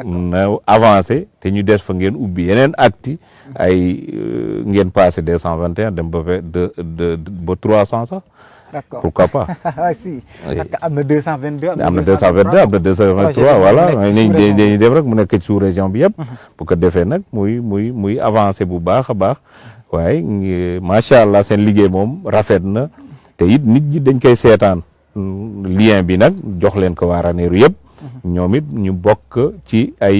na avancé te ñu des fa ngeen ubbi yeneen acti ay euh, ngeen passé des cent vingt et un dem ba ba ba trois cent sax. d'accord pourquoi pas. [laughs] ah si parce que am na 222. am na 222 am na 223 voilà. dañuy dañuy dem rek mu nekk ci sous région bi yëpp. bu mhm. ko defee nag muy muy muy avancé bu baax a baax. waaye macha allah seen liggéey moom rafet na te it nit ñi dañ koy seetaan lien bi nag jox leen ko waa Ranérou yëpp. Mhm. ñoom it ñu bokk ci ay.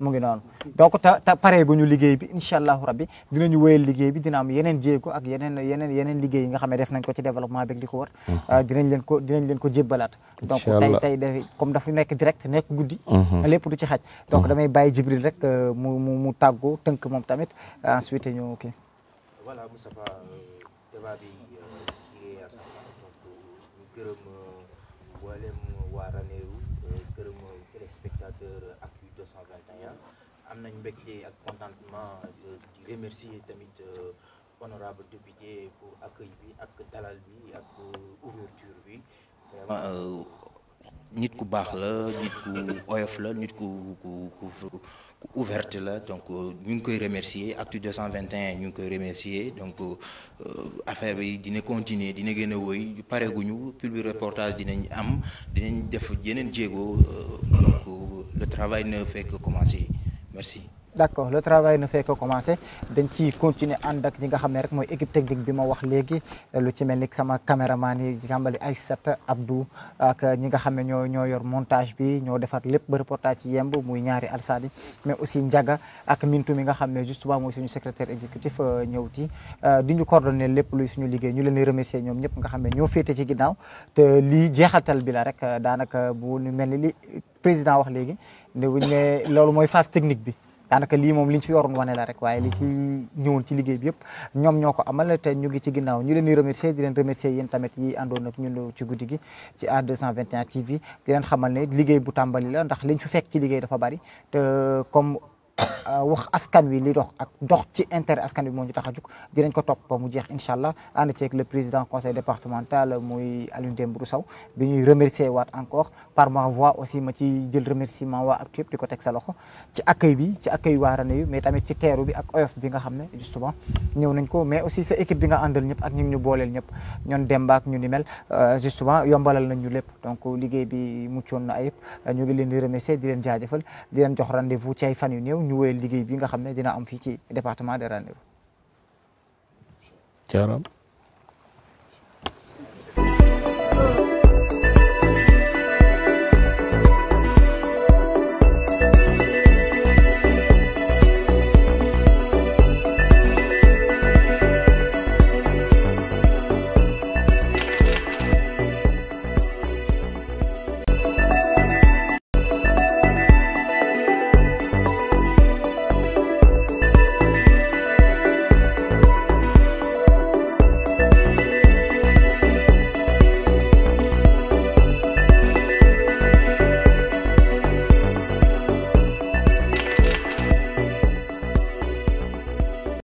mu ngi noonu donc te te ñu liggéey bi incha allahu rabbi ñu wéyal liggéey bi dina am yeneen jéego ak yeneen yeneen yeneen liggéey yi nga xam ne def nañ ko ci développement bi li ko war mhm. euh, dinañ leen ko dinañ leen ko jébbalaat donc tey tey da comme dafa nekk direct nekk guddi mhm. lépp du ci xaj donc mhm. damay bàyyi Jibril rek euh, mu mu mu tàggoo tënk moom tamit ensuite ñu kii voilà Moustapha mbégte ak contentement di remercier tamit euh, honorable député pour accueil bi ak dalal bi ak euh, ouverture bi vraiment ah, euh, nit ku bax la nit ku oyof la nit ku ku ku ouverte la donc ñu ngi koy remercier Actu 221 ñu ngi koy remercier donc affaire bi dina continuer dina gën a paré guñu public reportage dinañ am dinañ def yeneen jéego donc le travail ne fait que commencer. merci. d' accord le travail na fait que commencer dañ ciy continuer ànd ak ñi nga xam ne rek mooy équipe technique bi ma wax léegi lu ci mel ni sama caméraman yi jàmbali Aïssata Abdou ak ñi nga xam ne ñoo ñoo yor montage bi ñoo defar lépp ba reportage ci yemb muy ñaari alsadi mais aussi Ndiaga ak Mintu mi nga xam ne justement mooy suñu secrétaire exécutif euh, ñëw ci euh, di ñu coordonner lépp luy suñu liggéey ñu leen di remercier ñoom ñëpp nga xam ne ñoo féete ci ginnaaw te lii jeexatal bi la rek euh, daanaka bu ñu mel ni li président wax léegi ne buñ ne loolu mooy phase technique bi daanaka lii moom liñ ci yoroon wane la rek waaye li ci ñëwoon liggéey bi yëpp ñoom ñoo ko amal te ñu ngi ci ginnaaw ñu leen di remercier di leen remercier yéen tamit yi àndoon ak ñun ci guddi gi ci A221 TV di xamal ne liggéey bu tàmbali la ndax liñ fi fekk ci liggéey dafa bari te comme Euh, wax askan wi li dox ak dox ci intere askan wi moo ñu tax a jug dinañ ko topp mu jeex incha allah ànd ceeg le président conseil départemental muy Alioune Dembourou Sow bi ñuy remercier waat encore par ma voix aussi ma ci jël remerciement waa Actubes di ko teg sa loxo ci accueil bi ci accueil waa Ranérou mais tamit ci teeru bi ak oyof bi nga xam ne justement ñëw nañ ko mais aussi sa équipe bi nga àndal ñëpp ak ñu ngi ñu booleel ñëpp ñoon Demba ak ñu ni mel euh, justement yombalal nañ ñu lépp donc liggéey bi muccoon na ayib ñu ngi leen di remercier di leen jaajëfal di leen jox rendez fan yu néew ñu wéyal liggéey bi nga xam ne dina am fii ci département de Ranérou. jaaraam.